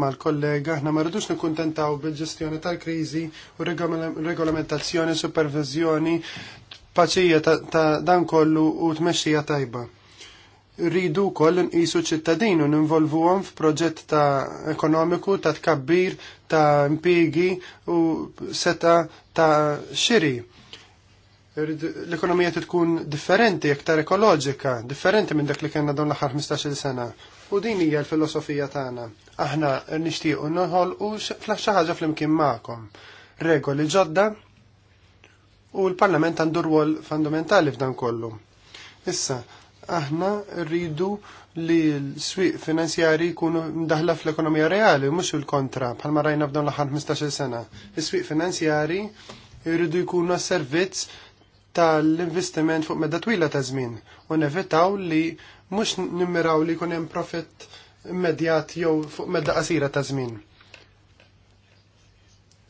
mal-kollega, ħna ma rridux nikkuntentaw bil-ġestjoni tal-kriżi u regolamentazzjoni, supervizjoni, paċija ta' dan kollu u tmexxija tajba. Rridu koll nqisu ċittadin u ninvolvuhom f'proġett ta' ekonomiku, ta' tkabbir, ta' impigi u seta' ta' xiri l-ekonomija tkun differenti, aktar ekoloġika, differenti minn dak li kena dawn l-aħħar 15 sena. U din hija l-filosofija tagħna. Aħna nixtiequ noħolqu xi ħaġa flimkien magħkom. Regoli ġodda u l-Parlament għandu rwol fundamentali f'dan kollu. Issa, aħna rridu li l swieq finanzjari jkunu mdaħla fl-ekonomija reali, mux il-kontra, bħalma rajna f'dan l-ħar 15 sena. is swieq finanzjari jridu jkunu servizz tal-investiment fuq medda twila ta' żmien u nevitaw li mhux nimmiraw li jkun hemm profitt immedjat jew fuq medda qasira ta' żmien.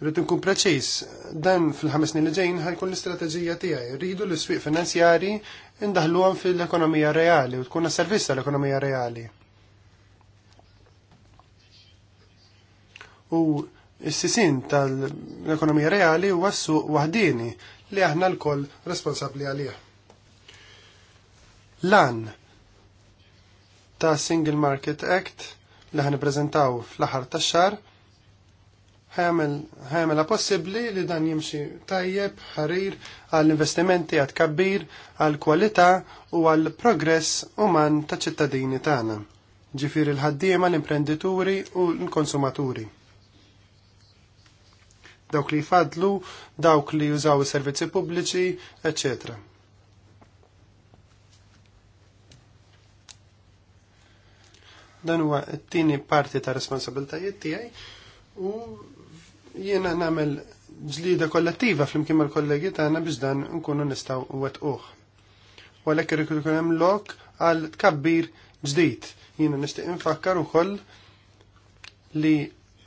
Rrid nkun preċiż, dan fil-ħames snin li ġejn ħajkun l-istrateġija tiegħi. Rridu l-iswieq finanzjari indaħluhom fil-ekonomija reali u tkun servizz tal-ekonomija reali. U s-sisin tal-ekonomija reali huwa għassu wahdini li aħna l-koll responsabbli għalih. Lan ta' Single Market Act li ħan prezentaw fl ħar ta' xar ħajamela possibli li dan jimxi tajjeb, ħarir, għall-investimenti għad kabbir, għal kwalità u għall-progress uman ta' ċittadini tagħna. Ġifir il-ħaddiema l-imprendituri u l-konsumaturi. Dawk li jfadlu, dawk li jużaw is-servizzi pubbliċi, eccetera. Dan huwa t-tieni parti ta' responsabiltajiet tiegħi u jiena nagħmel ġlida kollettiva flimkien mal-kollegi tagħna biex dan nkunu nistgħu wettquh. U għalhekk irid ikun hemm lok għal tkabbir ġdid. Jiena nixtieq infakkar ukoll li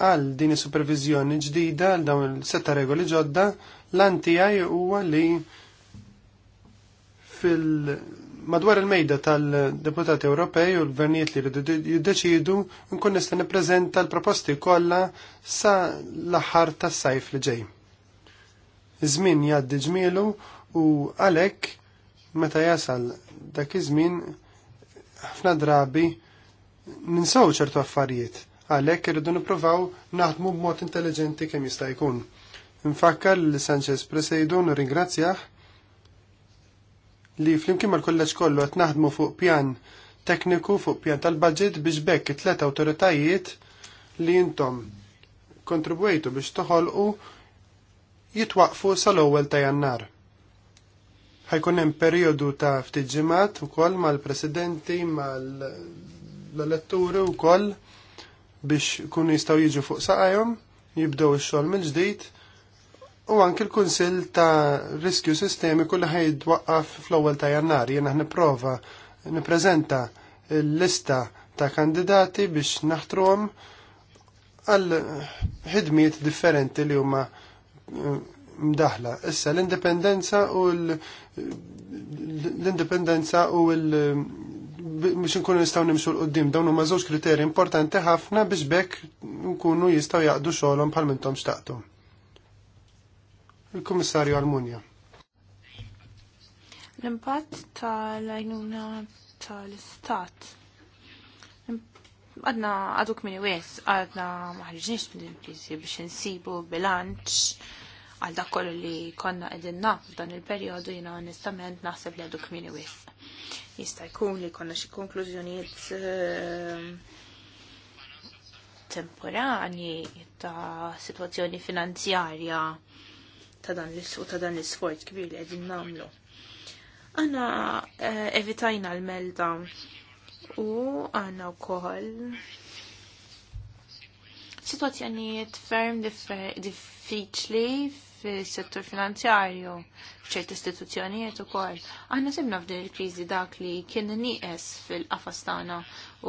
għal din supervizjoni ġdida għal dawn il-setta regoli ġodda l-antijaj huwa li fil madwar il-mejda tal-deputati Ewropej u l-gvernijiet li rridu jiddeċidu nkun nista' nippreżenta l-proposti kollha sa l-aħħar tas-sajf li ġej. Iż-żmien jgħaddi ġmielu u għalhekk meta jasal dak iż-żmien ħafna drabi ninsaw ċertu affarijiet għalhekk irridu nippruvaw naħdmu b'mod intelligenti kemm jista' jkun. Nfakkar li Sanchez Presejdu nirringrazzjah li flimkien mal-kolleġġ kollu qed naħdmu fuq pjan tekniku fuq pjan tal-budget biex bekk it-tlet awtoritajiet li intom kontribwejtu biex toħolqu jitwaqfu sal-ewwel ta' jannar. Ħajkun hemm perjodu ta' ftit ġimgħat ukoll mal-presidenti mal letturi wkoll biex kunu jistgħu jiġu fuq saqajhom, jibdew ix-xogħol mill-ġdid U anki l-Kunsill ta' Riskju Sistemi li ħajd waqqaf fl-ewwel ta' Jannar jiena nipprova nippreżenta l-lista ta' kandidati biex naħtruhom għal ħidmiet differenti li huma eh, mdaħla. Issa l-indipendenza u l-indipendenza u l- biex nkunu nistgħu nimxu l qudiem dawn huma żewġ kriterji importanti ħafna biex bekk nkunu jistgħu jaqdu xogħolhom bħal mintom xtaqtu. Il-Kummissarju Almunja. L-impatt tal-għajnuna tal-istat. Għadna għaduk minni wes, għadna maħriġniex minn biex nsibu bilanċ għal dak kollu li konna qegħdin naf dan il-perjodu jiena onestament naħseb li għadu kmini wis. Jista' jkun li konna xi konklużjonijiet ehm, temporani ta' situazzjoni finanzjarja ta' dan u ta' dan l-isforz kbir li qegħdin nagħmlu. Għana eh, evitajna l-melda u għanna u koll Situazzjoniet ferm diffiċli fil-settur finanzjarju f'ċert istituzzjonijiet ukoll. Aħna semna f'din il-kriżi dak li kien nieqes fil-qafastana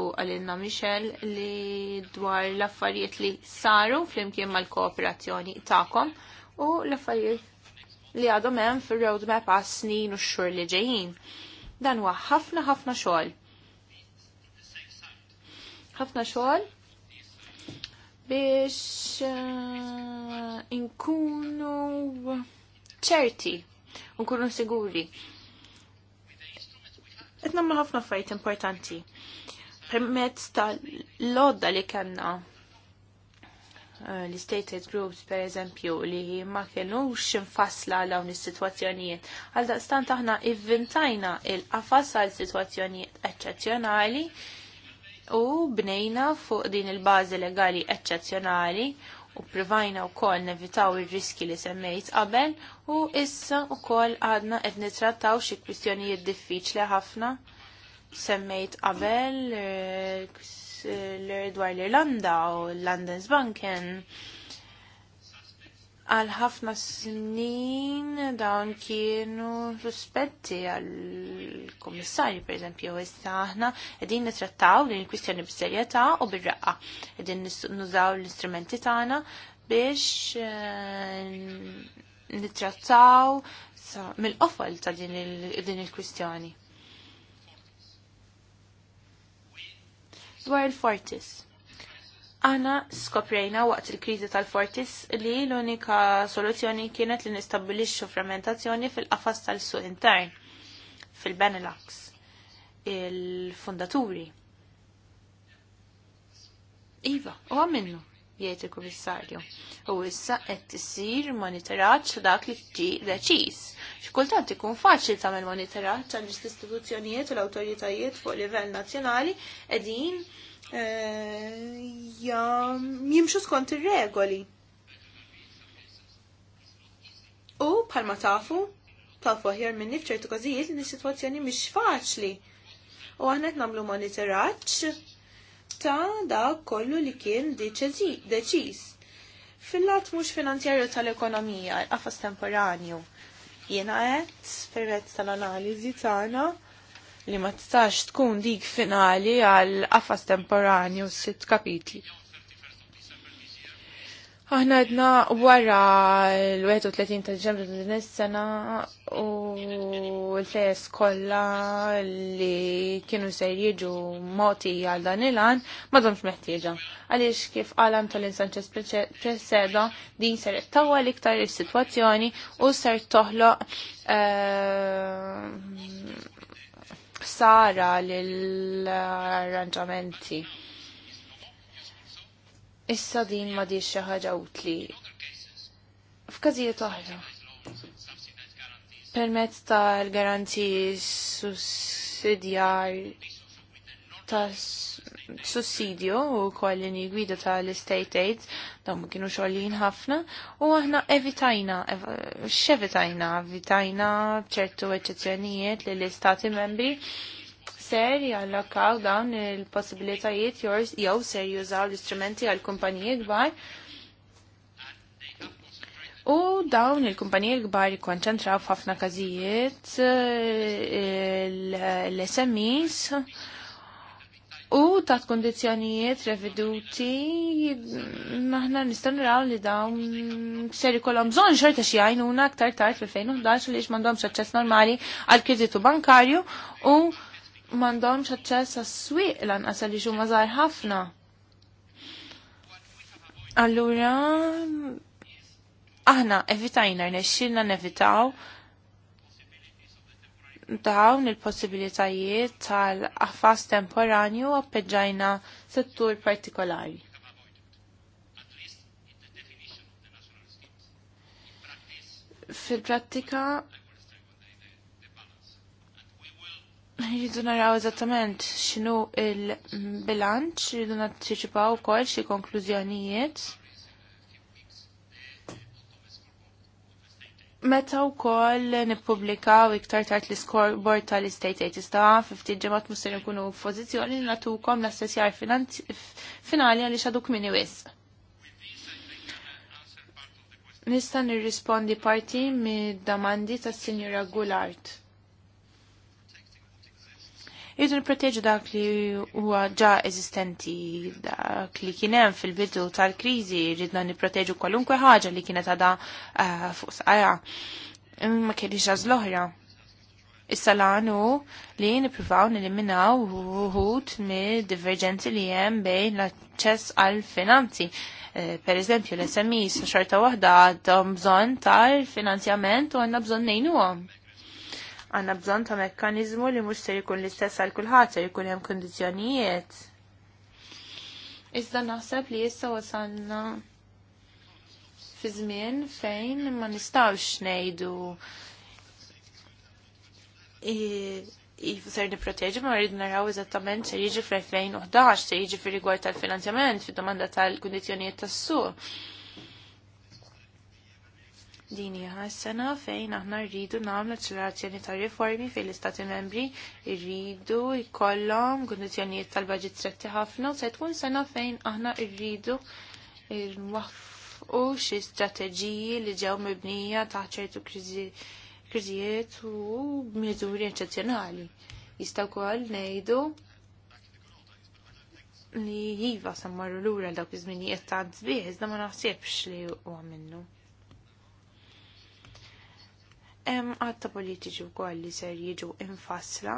u għalilna Michel li dwar l-affarijiet li saru flimkien mal-kooperazzjoni tagħkom u l-affarijiet li għadhom hemm fir-roadmap għas snin u x-xhur li ġejjin. Dan huwa ħafna ħafna xogħol. Ħafna xogħol biex eh, inkunu ċerti, nkunu siguri. Qed nagħmlu ħafna affarijiet importanti permezz tal-lodda li kellna Eh, l stated groups per eżempju li ma kienux infasla dawn is-sitwazzjonijiet. Għal daqstan aħna iventajna il-qafas għal sitwazzjonijiet eċċezzjonali u bnejna fuq din il-bażi legali eċċezzjonali u privajna u kol nevitaw il-riski li semmejt qabel u issa u kol għadna qed nitrattaw xi kwistjonijiet diffiċli ħafna semmejt qabel eh, dwar l-Irlanda u l Banken. għal ħafna snin dawn kienu suspetti għal komissarju per eżempju issa aħna qegħdin nitrattaw din il-kwistjoni b'serjetà u bir-raqqa. Qegħdin nużaw l-istrumenti tagħna biex eh, nitrattaw mill-qofol ta' din il-kwistjoni. dwar il-Fortis. Aħna skoprejna waqt il-kriżi tal-Fortis li l-unika soluzzjoni kienet li nistabilixxu frammentazzjoni fil-qafas tal-suq intern fil-Benelux il-fundaturi. Iva, u għamilnu jgħid il-Kummissarju. U issa qed isir monitoraġġ dak li ġi deċiż. X'kultant ikun faċli tagħmel monitoraġġ għal l-istituzzjonijiet u l-awtoritajiet fuq livell nazzjonali qegħdin eh, jimxu skont ir-regoli. U bħalma tafu, tafu ħjar minni f'ċertu każijiet li situazzjoni sitwazzjoni mhix faċli. U aħna qed nagħmlu monitoraġġ ta' dak kollu li kien deċiż. Fil-lat mhux finanzjarju tal-ekonomija, għafas temporanju. Jiena għet, permezz tal-analiżi tagħna li ma tistax tkun dik finali għal għafas temporanju sitt kapitli. Aħna għedna wara l-31 ta' ta' din is-sena u l-flejes kollha li kienu ser jiġu moti għal dan il-għan domx meħtieġa. Għaliex kif qal Antolin Sanchez Preseda din ser tawa l-iktar is-sitwazzjoni u ser toħlo ehm, sara lill-arranġamenti Issa din ma di xi ħaġa utli. F'każijiet oħra. Permezz tal-garanziji sussidjar tas sussidju u koll li gwida tal-estate aid, dawn ma kienu xogħolin ħafna, u aħna evitajna, xevitajna, evitajna ċertu eċezzjonijiet li l-istati membri ser jallakaw dawn il-possibilitajiet jew ser jużaw l-istrumenti għal kumpaniji gbar. U dawn il-kumpaniji gbar jikkonċentraw f'ħafna kazijiet eh, l-SMEs U ta' kondizjonijiet reveduti, maħna nistan raw li dawn seri kolom zon xorta xi għajnuna aktar tard fil-2011 li x'mandhomx aċċess normali għal kreditu bankarju u mandomx aċċess għas-swieq lanqas li huma żgħar ħafna. Allura aħna evitajna rnexxilna nevitaw dawn il-possibilitajiet tal affas temporanju appeġġajna settur partikolari. Fil-prattika Rridu naraw eżattament x'inhu il-bilanċ, rridu nanticipaw ukoll xi konklużjonijiet. Meta wkoll nippubblikaw iktar tard l-scoreboard tal-Istate Aid ista' fiftit ġemat musser nkunu f'pożizzjoni li nagħtukom l-assessjar finali għaliex għadu minni wisq. Nista' nirrispondi parti mid-domandi tas-Sinjura Gullart. Irridu nipproteġu dak li huwa ġa eżistenti, dak li kien hemm fil-bidu tal-kriżi, irridna nipproteġu kwalunkwe ħaġa li kienet għadha eh, fuq sqajja. Ma kienx għaż l-oħra. Issa l-għanu li nipruvaw niliminaw uħut mid divergenzi li jem bejn l aċċess għal finanzi. Eh, per eżempju, l-SMIs xorta wahda għadhom bżon tal-finanzjament u għanna bżon nejnu għom. Għanna bżon ta' mekkanizmu li mux ser jkun l-istess għal kulħadd ser jkun hemm kondizzjonijiet. Iżda naħseb li issa wasalna fi żmien fejn ma nistawx ngħidu ser niproteġi ma rridu naraw eżattament se jiġi fl-2011, se jiġi fil rigward tal-finanzjament, fid domanda tal kundizzjonijiet tas-suq. Din hija s-sena fejn aħna rridu nagħmlu accelerazzjoni ta' riformi fejn l-Istati membri rridu jkollhom kundizzjonijiet tal-baġit stretti ħafna u se tkun sena fejn aħna rridu nwaffqu xi strateġiji li ġew mibnija taħt ċertu kriżijiet u miżuri eċċezzjonali. Jista' wkoll ngħidu li jiva sammarru l-ura dawk iż-żminijiet ta' zbieħ, iżda ma naħsibx li huwa minnu. Hemm għatta politiċi wkoll li ser jiġu infassla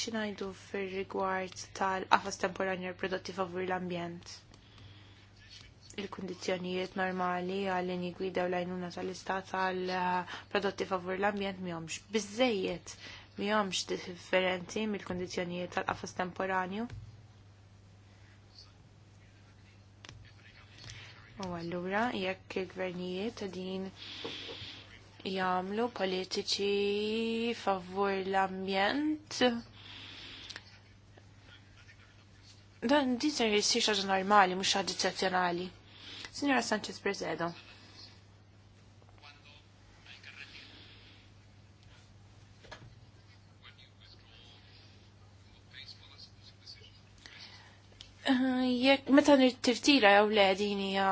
xinajdu fil-rigward tal-qafas temporanja prodotti favur l-ambjent? Il-kondizjonijiet normali għal jgwidaw gwida u lajnuna tal-istat għal-prodotti eh, favur l-ambjent miħomx bizzejiet miħomx differenti mill-kondizjonijiet tal-qafas temporanju? U allura jekk il-gvernijiet ta' din jagħmlu politiċi favur l-ambjent dan din se jessi xaġa normali mhux ħaġa eċċezzjonali. Signora Sanchez Presedo. Jek, meta nirtirtira jew le din hija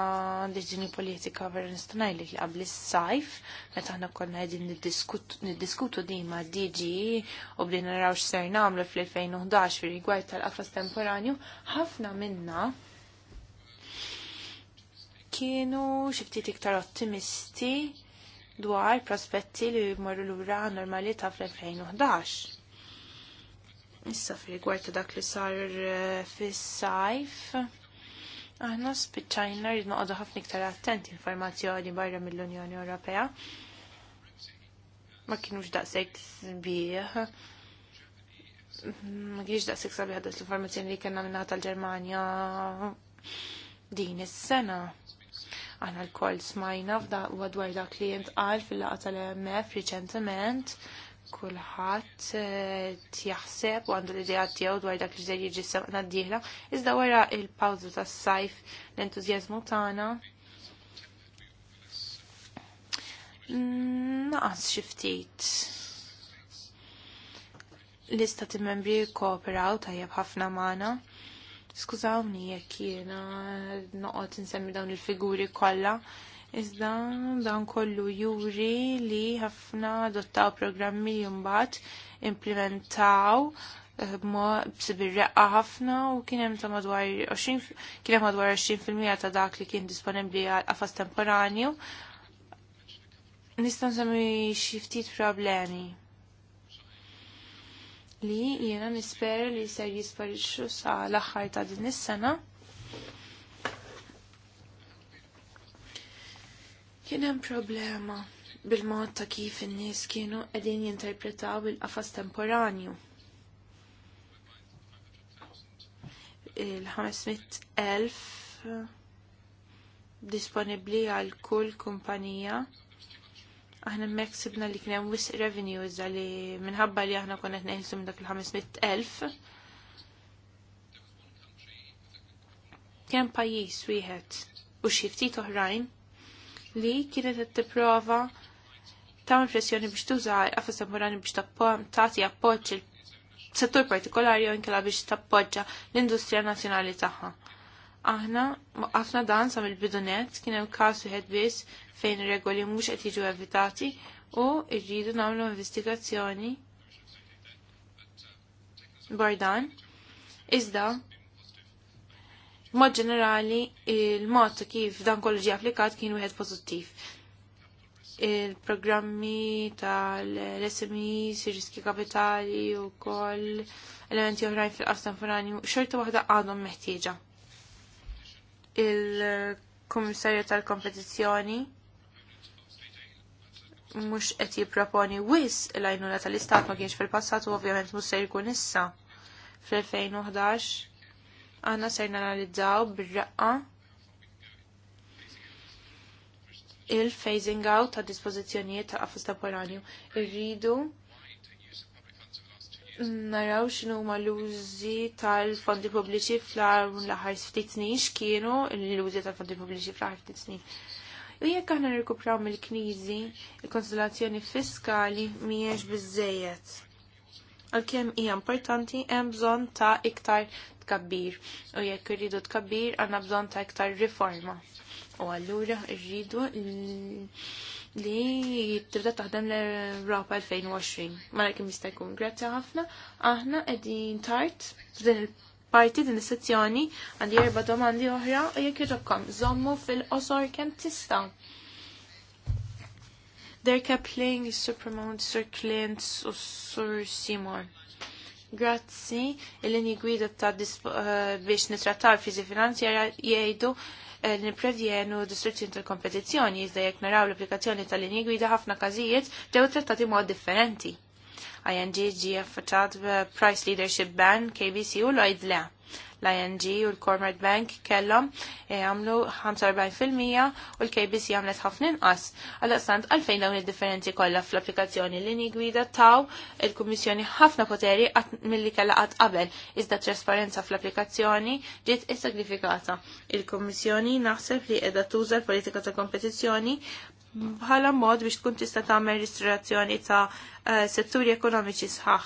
deċiżjoni politika ver nista' li qabel is-sajf, meta aħna konna qegħdin niddiskutu din ma' DG u bdejna naraw x'ser nagħmlu fl-2011 fir-rigward tal-qafas temporanju, ħafna minna kienu xi ftit iktar ottimisti dwar prospetti li jmorru lura normalità fl-2011 Issa fi rigwarta ta' dak li sar eh, fis-sajf. Aħna spiċċajna rrid noqogħdu ħafna iktar attenti informazzjoni barra mill-Unjoni Ewropea. Ma kienux daqshekk bih. Ma kienx daqshekk sabiħ ħadet l-informazzjoni li kellna minnha tal-Ġermanja din is-sena Aħna l-koll smajna f'daq dwar dak li jintqal fil-laqa tal-MF reċentement kulħadd eh, tjaħseb u għandu l-idea tiegħu dwar dak li ġdejn jiġi sewqna d-dieħla, iżda wara il-pawżu tas-sajf l-entużjażmu tagħna. Mm, naqas xi ftit. L-istati membri kooperaw tajjeb ħafna magħna. Skużawni jekk jiena noqgħod insemmi dawn il-figuri kollha Iżda dan kollu juri li ħafna adottaw programmi li mbagħad implementaw eh, reqqa ħafna u kien hemm ta' madwar 20 kien madwar 20% ta' dak li kien disponibbli għal qafas temporanju. Nistan sami xi ftit problemi li jiena nisper li ser jisparixxu sa l-aħħar ta' din is-sena. Kien hemm problema bil-mod ta' kif in-nies kienu qegħdin jinterpretaw il-qafas temporanju. Il-500,000 disponibbli għal kull kumpanija aħna mek sibna li kien hemm wisq revenue iżda li minħabba li aħna konna qed minn dak il-500,000 kemm pajjiż wieħed u xi ftit oħrajn li kienet qed tipprova tagħmel pressjoni biex tuża qafas temporani biex tagħti appoġġ settur partikolari jew inkela biex tappoġġa l-industrija nazzjonali tagħha. Aħna waqafna dan sa mill-bidunet kien hemm każ wieħed biss fejn regoli mhux qed jiġu evitati u rridu nagħmlu investigazzjoni dwar dan. Iżda Mod ġenerali, il-mod kif dan kollu ġie applikat kien wieħed pozittiv. Il-programmi tal-SMEs, riski kapitali u koll elementi oħrajn fil-qasam forani xorta waħda għadhom meħtieġa. Il-Kummissarju tal-Kompetizzjoni mhux qed jipproponi wis l-għajnuna tal-Istat ma kienx fil-passat u ovvjament mhux se jkun issa fl-2011 Għanna sejna nanalizzaw bil raqqa il-phasing out ta' dispożizzjonijiet ta' ta' temporanju. Irridu naraw xinu huma l-użi tal-fondi pubbliċi fl laħar ftit snin x'kienu l-użi tal-fondi pubbliċi fl-aħħar ftit snin. U jekk aħna nirkupraw mill-Kniżi, il konsolazzjoni fiskali mhijiex bizzejet għalkemm hija importanti hemm bżonn ta' iktar tkabbir u jekk irridu tkabbir għandna bżonn ta' iktar riforma. U allura rridu li tibda taħdem l-Europa 2020. kemm jista' jkun grazzi ħafna, aħna qegħdin tard f'din il-parti din is-sezzjoni għandi erba' domandi oħra u jekk irrokkom żommu fil-qosor kemm tista'. Der Kapling, Sur Pramont, Sir Clint u Sur Seymour. Grazzi, il-linji gwida ta' eh, biex nitrattaw fizi finanzjera jgħidu eh, l-nipredjenu distruzzjoni tal-kompetizzjoni, iżda jekk naraw l-applikazzjoni tal-linji gwida ħafna każijiet ġew trattati mod differenti. ING ġi affaċat Price Leadership Bank, KBC u Lloyd Le. L-ING u l-Cormorant Bank kellhom eh, għamlu 45% u l-KBC għamlet ħafna inqas. għal għastant għalfejn dawn id-differenzi kollha fl-applikazzjoni li gwida taw il-Kummissjoni ħafna poteri milli kellha qatt qabel iżda trasparenza fl-applikazzjoni ġiet is-sagrifikata. Il-Kummissjoni naħseb li qiegħda tuża l-politika ta' kompetizzjoni bħala mod biex tkun tista' tagħmel ristorazzjoni ta' eh, setturi ekonomiċi sħaħ.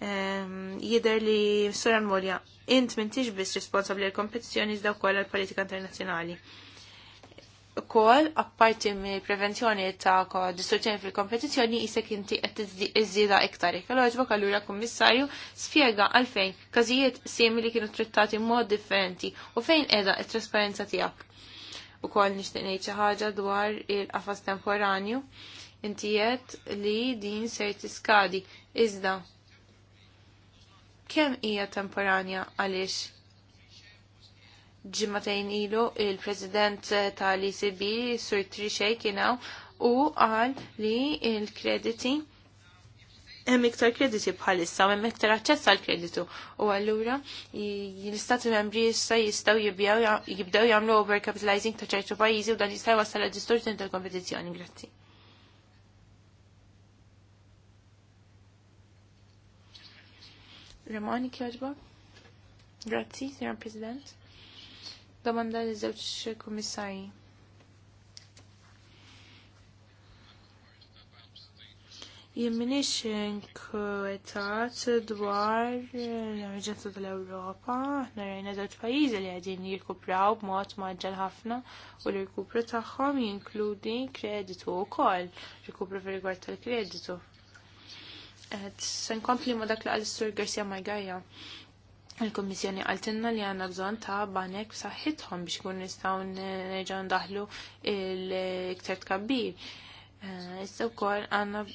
Jider li Soran Molja, int m'intix biss responsabbli għall kompetizzjoni iżda wkoll għall politika internazzjonali. Kol, apparti mill prevenzjoni ta' distruzzjoni fil-kompetizzjoni jisek inti qed iżida iktar. Ekoloġbok allura kummissarju spjega għalfejn każijiet simili kienu trittati mod differenti u fejn qiegħda t trasparenza tiegħek u kol nishtiq ngħid xi ħaġa dwar il-qafas temporanju. Inti qed li din ser tiskadi iżda kemm hija temporanja għaliex ġimmatejn ilu il-President tal-ECB Sur Trixej kienaw u għal li il-krediti hemm iktar krediti bħalissa u hemm iktar aċċess għal kreditu. U allura l-istati membri issa jistgħu jibdew jagħmlu overcapitalizing ta' ċertu pajjiżi u dan jista' jwassal distorsjoni tal-kompetizzjoni. Grazzi. Remani kjoġba? Grazzi, Sr. President. Domanda li żewġ kummissarji. Jien minix inkwetat dwar l-emerġenza tal-Ewropa, aħna rajna dawk pajjiżi li għadin jirkupraw b'mod maġġal ħafna u l-irkupru tagħhom jinkludi kreditu wkoll, rikupru fil rigward tal-kreditu. Se kompli ma dak li qal sur Garcia Margaja. Il-Kommissjoni għaltinna li għanna bżon ta' banek saħħithom biex kun nistaw nerġaw daħlu l-iktar tkabbir. Eh, issa wkoll għandna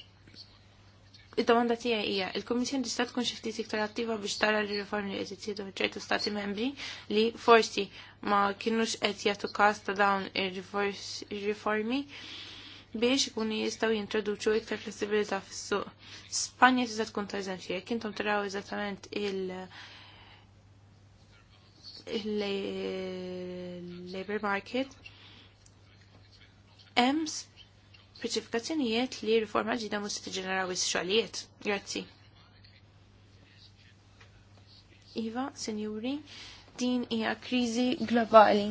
Id-domanda tija hija, il-Kummissjoni tista' tkun xi ftit iktar attiva biex tara li riformi li qed jittidu ċertu stati membri li forsi ma kinux qed jagħtu każ ta' dawn ir-riformi biex ikunu jistgħu jintroduċu iktar flessibilità fis-suq. Spanja tista' tkun ta' eżempju, jekk intom taraw eżattament il- il-labor market, hemm speċifikazzjonijiet li riforma ġdida mhux se ġeneraw is-xogħlijiet. Grazzi. Iva, Sinjuri, din hija kriżi globali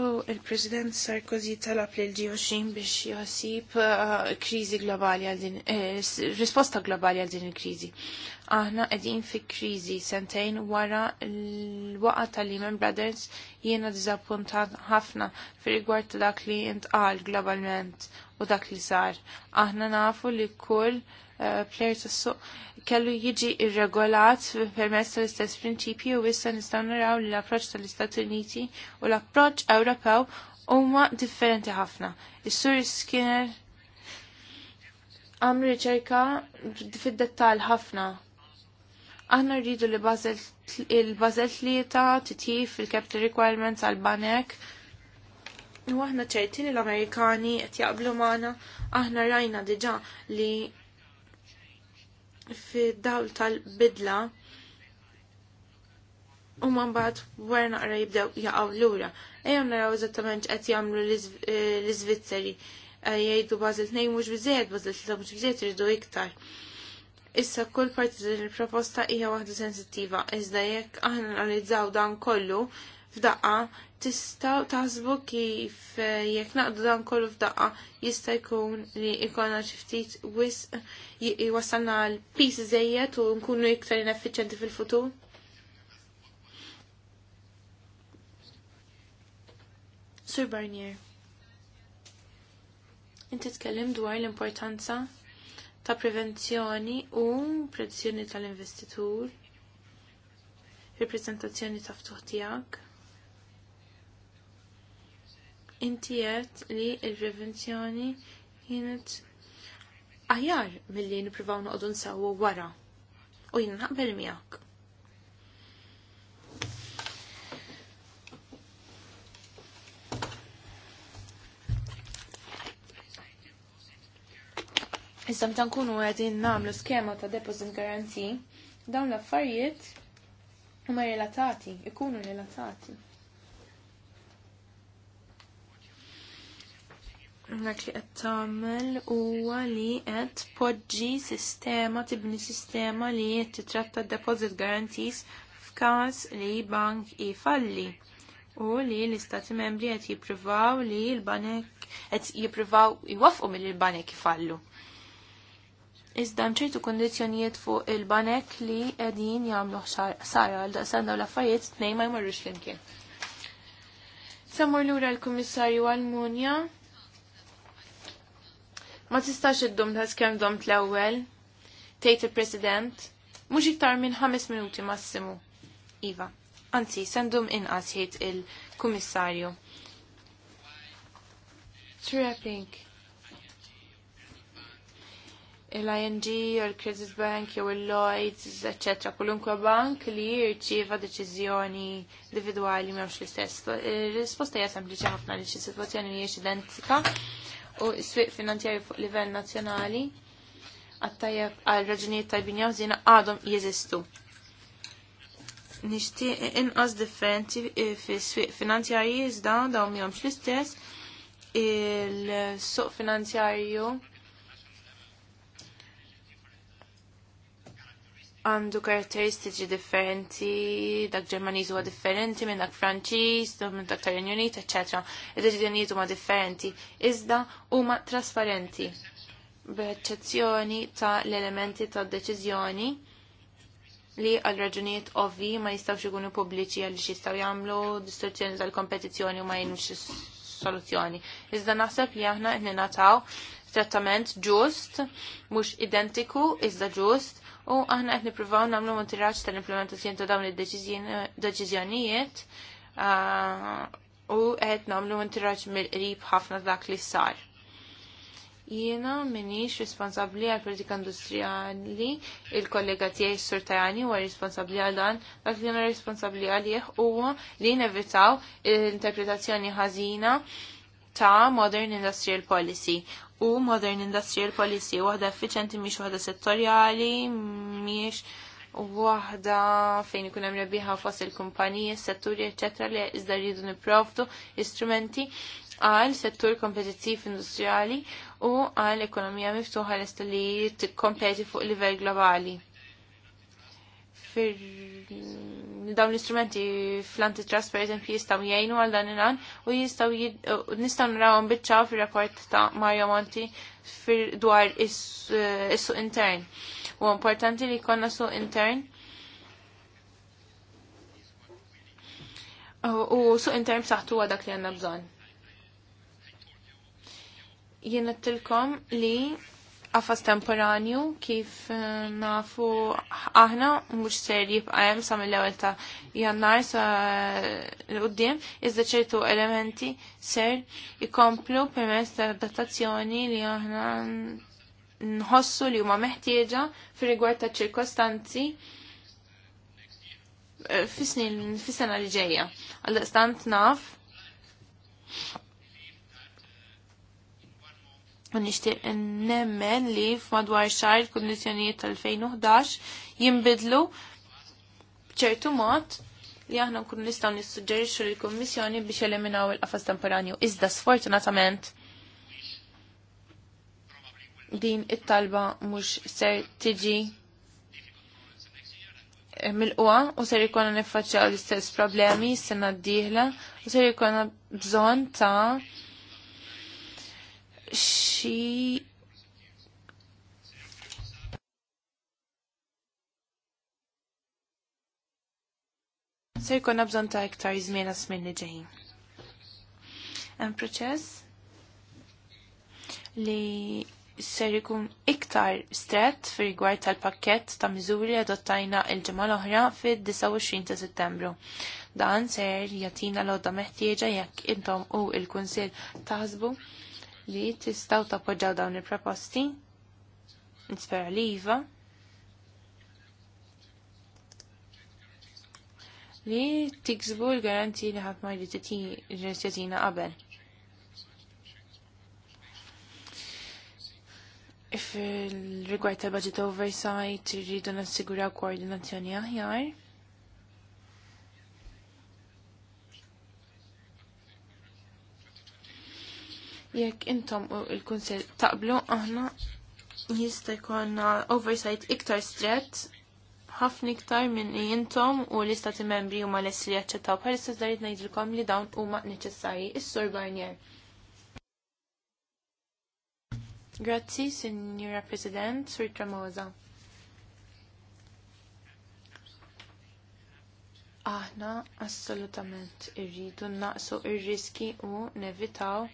U il-President Sarkozy talab lil G20 biex jasib uh, krizi globali għal din, eh, risposta globali għal din il-krizi. Aħna qegħdin fi krizi sentejn wara l-waqa tal-Lehman Brothers jiena dizappuntat ħafna fir-rigward ta' dak li intqal globalment u dak li sar. Aħna nafu li kull eh, player tas-suq kellu jiġi irregolat permezz tal-istess prinċipju u issa nistgħu naraw li l-approċċ tal-Istati Uniti u l-approċċ Ewropew huma differenti ħafna. Is-Sur Skinner għamlu riċerka fid dettall ħafna. Aħna rridu li il-Basel tlieta titjif il-Capital Requirements għal banek U aħna ċerti li l-Amerikani qed jaqblu magħna, aħna rajna diġà li fid-dawl tal-bidla u man bat għar naqra jibdew jaqaw lura. Ejja naraw eżattament qed jagħmlu eh, l-Iżvizzeri eh, jgħidu bażil tnejn mhux biżejjed, bażil tlieta mhux biżejjed jridu iktar. Issa kull parti din il-proposta hija waħda sensittiva, iżda jekk aħna analizzaw dan kollu f'daqqa tistaw taħsbu kif eh, jekk naqdu dan kollu f'daqqa jista' jkun li ikona xi ftit wisq jwassalna eh, l pis żejjed u nkunu iktar ineffiċjenti fil-futur? Sur Barnier, inti tkellim dwar l-importanza ta' prevenzjoni u predizzjoni tal-investitur, riprezentazzjoni ta' ftuħ tiegħek inti qed li l-prevenzjoni kienet aħjar milli nippruvaw noqogħdu nsawu wara. U jiena naqbel miegħek. Issa meta nkunu qegħdin nagħmlu skema ta' deposit guarantee, dawn l-affarijiet huma relatati, ikunu relatati. dak li qed tagħmel huwa li qed poġġi sistema tibni sistema li qed titratta deposit guarantees f'każ li bank ifalli u li l-istati membri qed jippruvaw li l-banek qed jippruvaw iwaffqu mill banek ifallu. Iżda mċertu kondizjonijiet fuq il-banek li qegħdin jagħmlu sara għal daqsan dawn l-affarijiet tnejn ma jmorrux flimkien. Samur lura l-Kummissarju Al-Munja. Ma tistax id-dum ta' skem domt l-ewwel, tgħid il-President, mhux iktar minn ħames minuti massimu. Iva, anzi, sendum inqas jgħid il-Kummissarju. Trapping. Il-ING, il-Credit Bank, jew il-Lloyds, etc. Kulunkwe bank li jirċieva deċiżjoni individwali m'hemmx l-istess. risposta hija sempliċi ħafna li xi sitwazzjoni mhijiex identika u s-swieq finanzjari fuq livell nazzjonali għattajab għal raġunijiet tajbin jawżina għadhom jeżistu. Nixtieq inqas differenti fis-swieq finanzjarji iżda dawn jomx l-istess il-suq finanzjarju għandu karatteristiċi differenti, dak Ġermaniż huwa differenti minn dak Franċiż, minn dak tal-Renju Unit, ecc. Id-deċiżjonijiet huma differenti, iżda huma trasparenti. B'eċċezzjoni ta' l-elementi ta' deċiżjoni li għal raġunijiet ovvi ma jistawx ikunu pubbliċi għal jistgħu jagħmlu distruzzjoni tal-kompetizzjoni u ma jinux soluzzjoni. Iżda naħseb li aħna qed trattament ġust, mhux identiku iżda ġust u aħna qed nippruvaw nagħmlu montiraċ tal-implementazzjoni ta' dawn id-deċiżjonijiet ah, u qed nagħmlu montiraċ mill-qrib ħafna dak li sar. Jiena minix responsabbli għal politika industrijali, il-kollega tiegħi s-sur Tajani huwa responsabbli għal dan, dak li responsabli responsabbli għalih huwa li nevitaw l-interpretazzjoni ħażina ta' Modern Industrial Policy u Modern Industrial Policy, waħda efficienti miex waħda settorjali, miex waħda fejn ikun hemm rebbieħa fost il-kumpaniji, setturi, eċetra li iżda rridu nipprovdu istrumenti għal settur kompetittiv industrijali u għal ekonomija miftuħa lest li tikkompeti fuq livell globali. Fir dawn l-istrumenti fl-antitrust per eżempju jistaw jgħinu għal dan il-għan u jistaw nistaw narawhom biċċaw fir-rapport ta' Mario Monti dwar eh, is-suq intern. U importanti li konna suq intern. U suq intern b'saħħtu dak li għandna bżonn. Jien tilkom li għafas temporanju kif eh, nafu aħna mhux ser jibqa' hemm sa mill-ewwel ta' jannar sa eh, l-qudiem iżda ċertu elementi ser ikomplu permezz ta' datazzjoni li aħna nħossu li huma meħtieġa fi rigward ta' ċirkostanzi eh, fi snin fis-sena li ġejja. Għaldaqstant naf nishtiq nemmen li f'madwar xar kondizjonijiet tal-2011 jimbidlu bċertu mod li aħna nkunu nistgħu nissuġġerixxu lill kummissjoni biex eliminaw il-qafas temporanju. Iżda sfortunatament din it-talba mhux ser tiġi mill-qwa u ser ikun niffaċċjaw l-istess problemi s-sena d-dieħla u ser ikun bżonn ta' xi Se jkun bżonn ta' iktar żmien għasmin li ġejjin. Hemm proċess li ser ikun iktar strett fi rigward tal pakkett ta' miżuri adottajna il-ġimgħa l-oħra fid-29 ta' Settembru. Dan ser jagħtina l għodda meħtieġa jekk intom u il-Kunsill taħsbu li tistaw tappoġġaw dawn il-proposti. Nispera li iva. Li tiksbu l-garanti li ħadd ma jrid tirrisjatina qabel. If il rigward tal-budget oversight irridu nassiguraw koordinazzjoni aħjar. Jekk intom u l-Kunsill taqblu aħna jista' jkollna oversight iktar strett ħafna iktar minn jintom u l-istati membri huma les li jaċċettaw bħalissa żdarit ngħidilkom li dawn huma neċessarji. Is-Sur Barnier. Grazzi, Signora President, Sur Tramosa. Aħna assolutament irridu naqsu ir-riski u nevitaw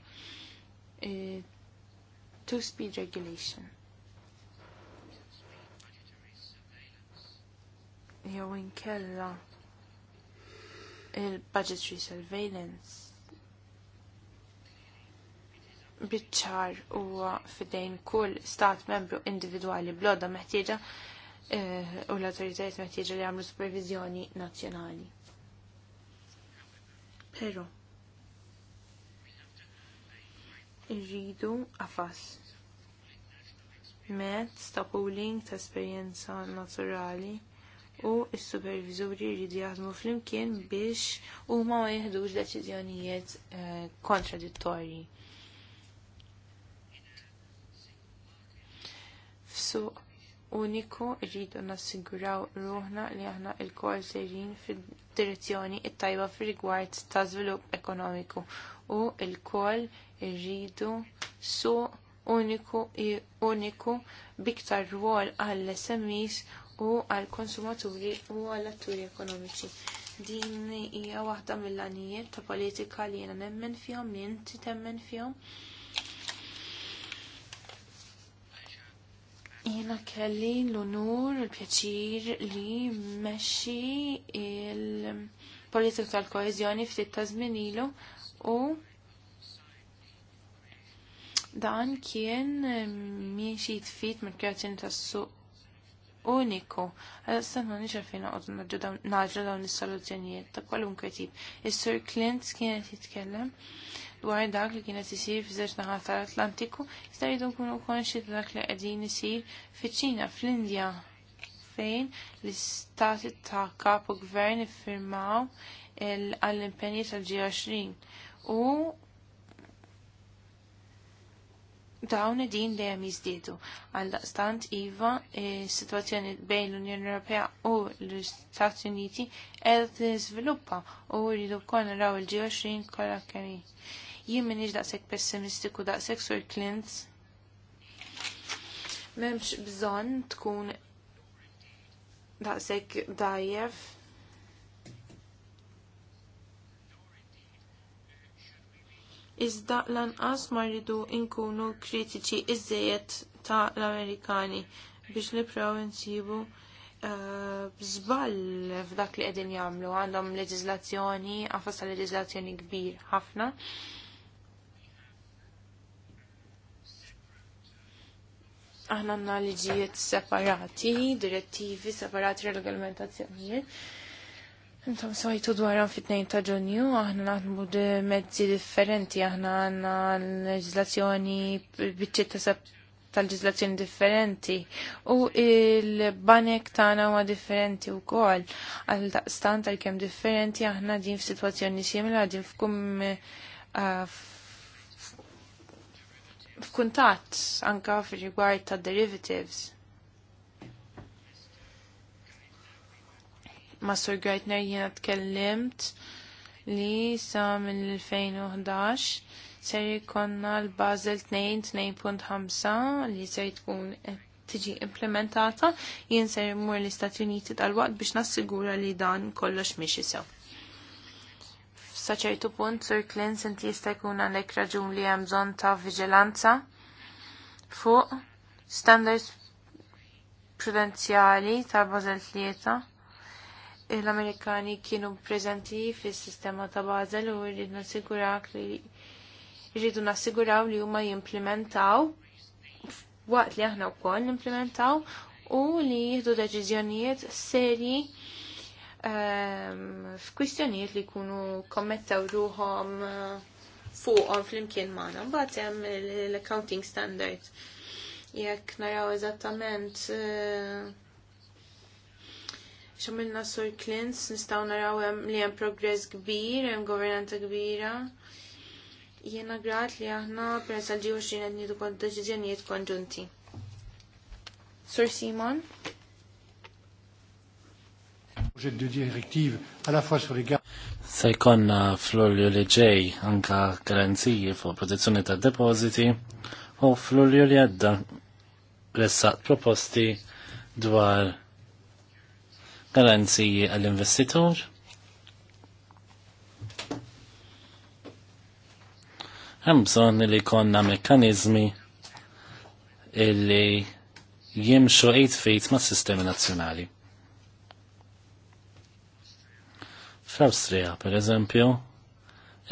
Eh, two-speed regulation. Jew inkella il-budgetary surveillance biċċar huwa fidejn kull stat membru individwali bloda meħtieġa eh, u l-autoritajiet meħtieġa li għamlu supervizjoni nazzjonali. Pero, irridu għafas mezz ta' pooling ta' esperjenza naturali u s-supervizuri jridu jaħdmu flimkien biex huma ma jieħdux deċiżjonijiet eh, kontradittorji. F'suq uniku rridu nassiguraw ruħna li aħna il-kol serin fil direzzjoni it-tajba fir rigward ta' żvilupp ekonomiku u il-kol irridu suq uniku uniku biktar rwol għall smis u għall konsumaturi u għall atturi ekonomiċi. Din hija waħda mill-għanijiet ta' politika li jena nemmen fihom li inti temmen fihom. Jena kelli l unur l pjaċir li meċi il-politika tal-koezjoni ftit ta' ilu u Dan kien minn xi tfit mill-kreazzjoni tas-suq uniku. Għal-istan ma nix għalfejn għod naġġu dawn is-soluzzjonijiet ta' kwalunkwe tip. Is-Sir Clint kienet jitkellem dwar dak li kienet jisir fizzeċ naħat tal-Atlantiku, jistar jridu kunu konxi ta' dak li għedin isir fiċina, ċina fl-Indja, fejn l-istati ta' kapu gvern firmaw l impenji tal tal-G20 u dawn din dejjem jiżdiedu. Għal daqstant iva is-sitwazzjoni e, bejn l-Unjoni Ewropea u l-Istati Uniti qed tiżviluppa u rridu wkoll naraw il-G20 kollha kemm Jien m'iniex daqshekk pessimistiku daqshekk sur Clint. M'hemmx bżonn tkun daqshekk dajjef iżda lanqas ma rridu nkunu kritiċi żejjed ta' l-Amerikani biex nipraw insibu bżball eh, f'dak li qegħdin jagħmlu għandhom leġiżlazzjoni, għafas ta' leġiżlazzjoni kbir ħafna. aħna għanna liġijiet separati, direttivi separati regolamentazzjonijiet Intom sajtu dwar fit-2 ta' ġunju, aħna naħdmu mezzi differenti, aħna għanna leġizlazzjoni, ta' tal-leġizlazzjoni differenti, u il-banek tagħna ma differenti u kol, għal daqstan tal-kem differenti, aħna din f-situazzjoni simila, din f'kum ah, f'kuntat anka f'rigward ta' derivatives. ma' Sur jiena tkellimt li sa mill-2011 ser konna l-Basel 2.5 li seri tkun eh, tiġi implementata jien ser mur l-Istati Uniti tal-waqt biex nassigura li dan kollox miexi sew. Saċertu punt, Sir Clint, inti jista' jkun għandek raġun li hemm bżonn ta' viġilanza fuq standards prudenzjali ta' Basel tlieta l-Amerikani kienu prezenti fis-sistema ta' Basel u rridu nassigurak li rridu nassiguraw li huma jimplementaw waqt li aħna wkoll nimplementaw u li jieħdu deċiżjonijiet seri ehm, f'kwistjonijiet li jkunu kommettaw ruhom eh, fuqhom flimkien magħna. Mbagħad hemm l-accounting standard jekk naraw eżattament uh, xamilna sur klins, nistaw naraw li jem progress kbir, jem governanza kbira. Jena grat li aħna per salġi u xin għedni du kont deċizjoniet konġunti. Sur Simon? projet de directive à la fois sur les gars. Se jkonna fl-olju li ġej anka garanziji fuq protezzjoni ta' depositi u fl-olju li għadda ressaq proposti dwar garanziji għall-investitur. Hemm bżonn li konna mekkaniżmi illi jimxu ejt fejt ma' sistemi nazzjonali. fl per eżempju,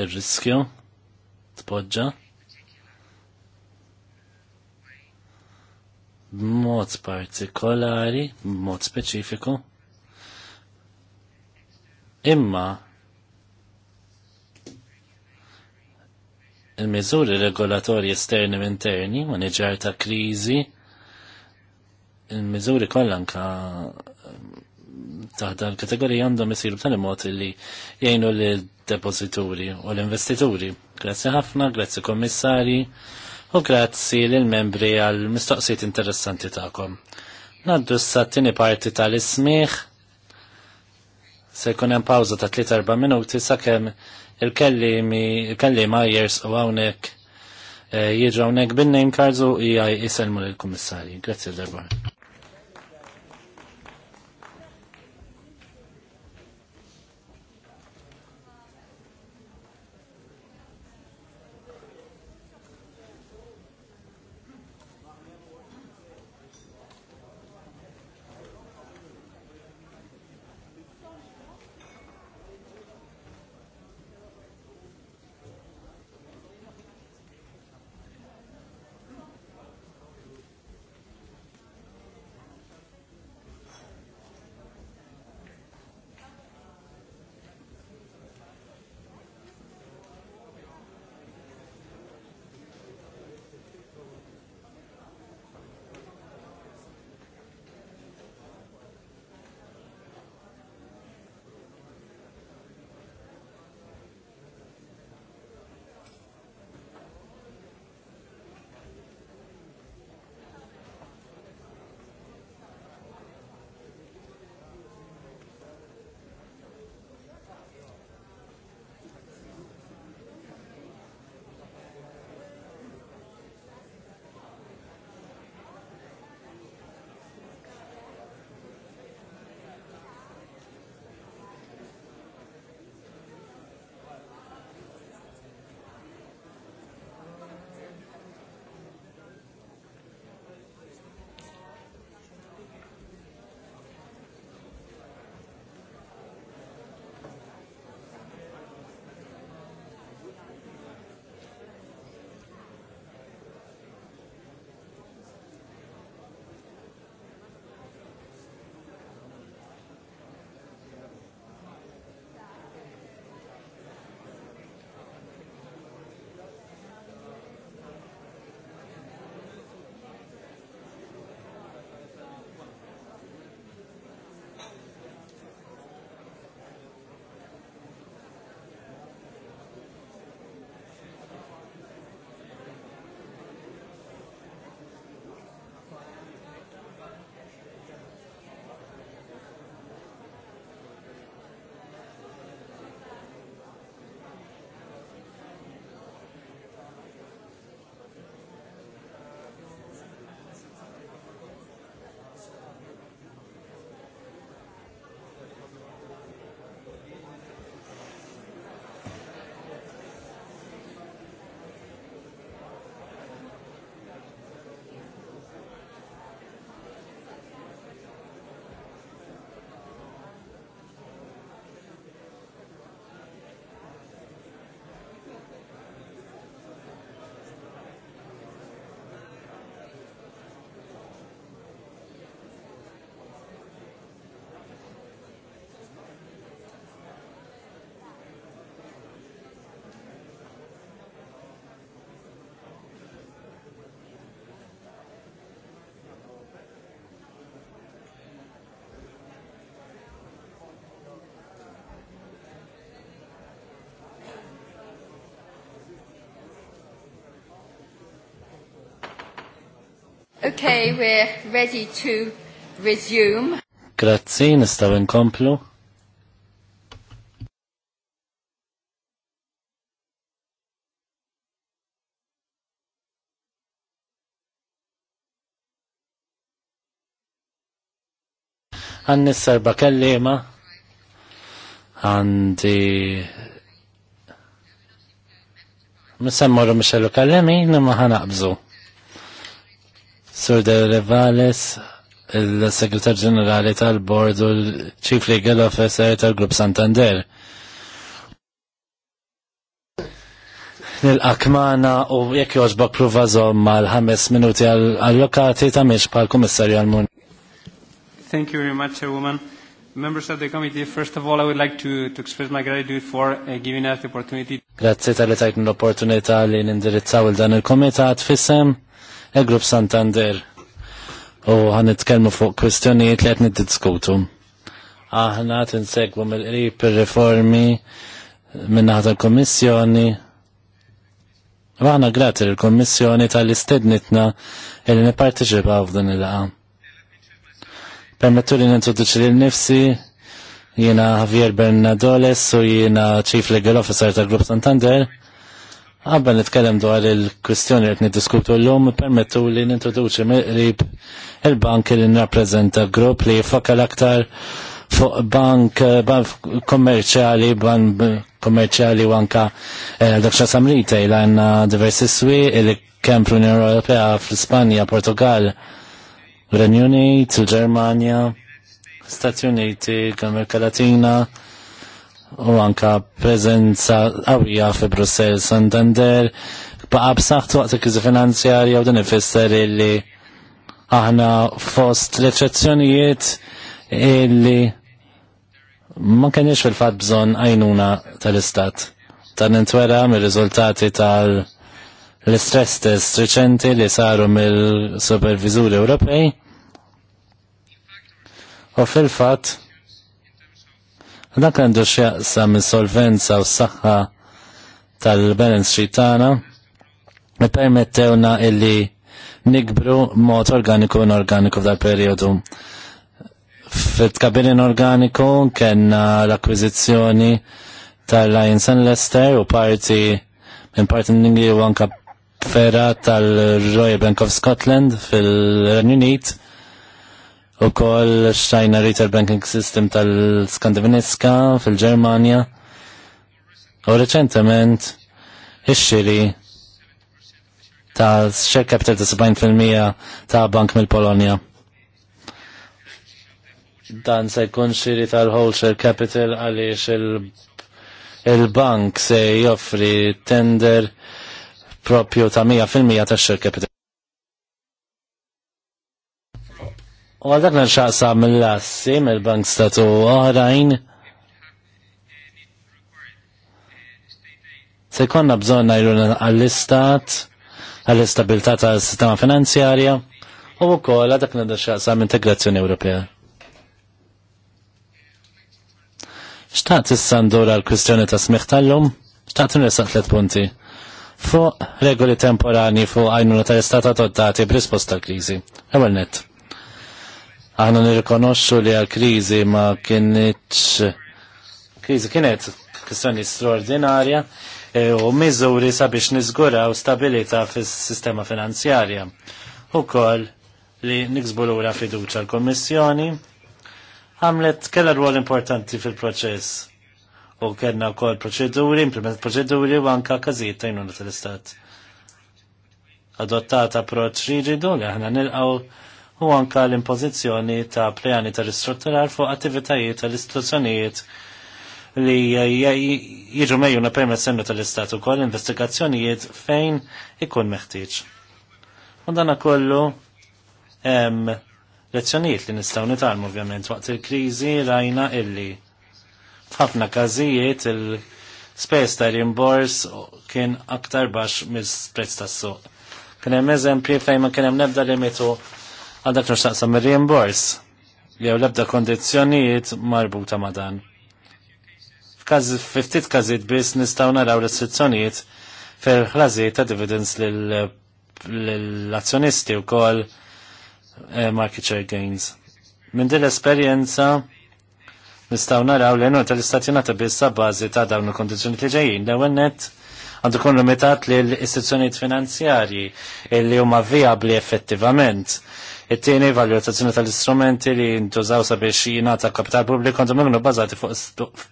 ir-riskju tpoġġa b'mod partikolari, b'mod speċifiku. Imma il-miżuri regolatorji esterni u interni, maniġar ta' kriżi, il-miżuri ka mm, ta' dal kategorija għandhom isiru b'tali mod li jgħinu li depozituri u l-investituri. Grazzi ħafna, grazzi kommissari u grazzi l-membri għal mistoqsijiet interessanti tagħkom. Naddu s-sattini parti tal-ismiħ Se jkun hemm pawża ta' 3-4 minuti sakemm il-kellima jers u hawnhekk eh, jiġu hawnhekk bin-name cards u jgħaj e jiselmu lill-kummissarji. Grazzi darba Okay, we're ready to resume. Grazie, nistaw inkomplu. Għanni s-serba kellima għandi Misemmorru Michelu kellimi, nimma ħanaqbżu. Sur de Revales, il-Segretar Ġenerali tal-Bord u l-Chief Legal Officer tal-Grupp Santander. Nil-akmana u jekk joġbok pruva mal ħames minuti għal-lokati ta' miex pal-Komissarju għal-Mun. Thank you very much, Chairwoman. Members of the committee, first of all, I would like to, to express my gratitude for uh, giving us the opportunity. Grazie tal-li tajtni l-opportunità li nindirizzaw il-dan il-komitat fissem il-Grupp Santander u għan nitkellmu fuq kwestjonijiet li qed niddiskutu. Aħna tinsegwu mill-qrib ir-riformi minn naħa tal-Kommissjoni u aħna grati l tal-istednitna li nipparteċipaw f'dan il għam Permettu li nintroduċi l nifsi jiena Javier Bernadoles u jiena Chief Legal Officer tal-Grupp Santander Għabba nitkellem dwar il-kwistjoni qed niddiskutu l-lum permettu li nintroduċi mill-qrib il-bank li n-rapprezenta grupp li l aktar fuq bank eh, kommerċjali, bank kommerċali u anka eh, dak xasam retail diversi swi li kemm fl-Unjoni Ewropea fl-Ispanja, Portugal, Renju il-Ġermanja, Stati Uniti, Amerika Latina, u anka prezenza qawwija fi Brussel Santander baqa b'saħħtu waqt il kizi finanzjarja u dan ifisser illi aħna fost l-eċezzjonijiet illi ma kienx fil-fatt bżonn għajnuna tal-istat. Tan intwera mir-riżultati tal l-stress test reċenti li saru mill-supervizuri Ewropej u fil-fatt Dak għandu x'jaqsam is-solvenza u s-saħħa tal-balance sheet tagħna permettewna illi nikbru mod organiku u inorganiku f'dal periodu. Fit-kabin inorganiku kellna l-akkwiżizzjoni tal-Lions and Leicester u parti minn partneringi u anka fera tal-Royal Bank of Scotland fil-Renju Unit u koll xajna retail banking system tal-Skandinaviska fil-Germania u reċentament ix-xiri ta' share capital ta' 70% ta' bank mill-Polonja. Dan se jkun xiri tal share capital għaliex il-bank il se joffri tender propju ta' 100% ta' share capital. U għal dak nxaqsa mill-lassi, mill-bank statu oħrajn. Se konna bżon najru għall-istat, għall-istabilta ta' sistema finanzjarja, u wkoll għal dak nxaqsa integrazzjoni Ewropea. Xtaqt issa ndur l kustjoni ta' smiħ tal-lum? Xtaqt nresaq tliet punti fuq regoli temporani fuq għajnuna tal-istat adottati b'risposta tal kriżi Ewwel nett. Aħna nirrikonoxxu li għal-kriżi ma kienet kriżi kienet kwistjoni straordinarja e, u miżuri sabiex niżguraw stabilità fis-sistema finanzjarja. kol li niksbu lura fiduċa l komissjoni għamlet kella rwol importanti fil-proċess u kellna wkoll proċeduri, implement proċeduri u anka ta' jnuna tal-Istat. Adottat approċċ rigidu li aħna nilqgħu u anka l-impożizzjoni ta' plejani ta' ristrutturar fuq attivitajiet tal-istituzzjonijiet li jiġu mejjuna permezz sennu tal-Istat ukoll investigazzjonijiet fejn ikun meħtieġ. U dana kollu hemm lezzjonijiet li nistgħu nitalmu ovvjament waqt il-kriżi rajna illi f'ħafna każijiet il spess ta' rimbors kien aktar baxx mill-prezz tas-suq. Kien hemm eżempji fejn ma kien hemm nebda limitu għal dak xaqsam ir-reimbors jew l-ebda kondizzjonijiet marbuta ma' dan. F'ftit każijiet biss nistgħu naraw restrizzjonijiet fil-ħlażiet ta' dividends lill-azzjonisti wkoll eh, market share gains. Minn din l-esperjenza nistgħu naraw li nota l-istatjonata ta' bazi ta' dawn il-kondizjoni li ġejjin. L-ewwel net għandu kun limitat li l-istituzzjonijiet finanzjarji li huma viabli effettivament. It-tieni valutazzjoni tal-istrumenti li ntużaw sabiex jingħata kapital pubbliku għandhom ikunu bbażati fuq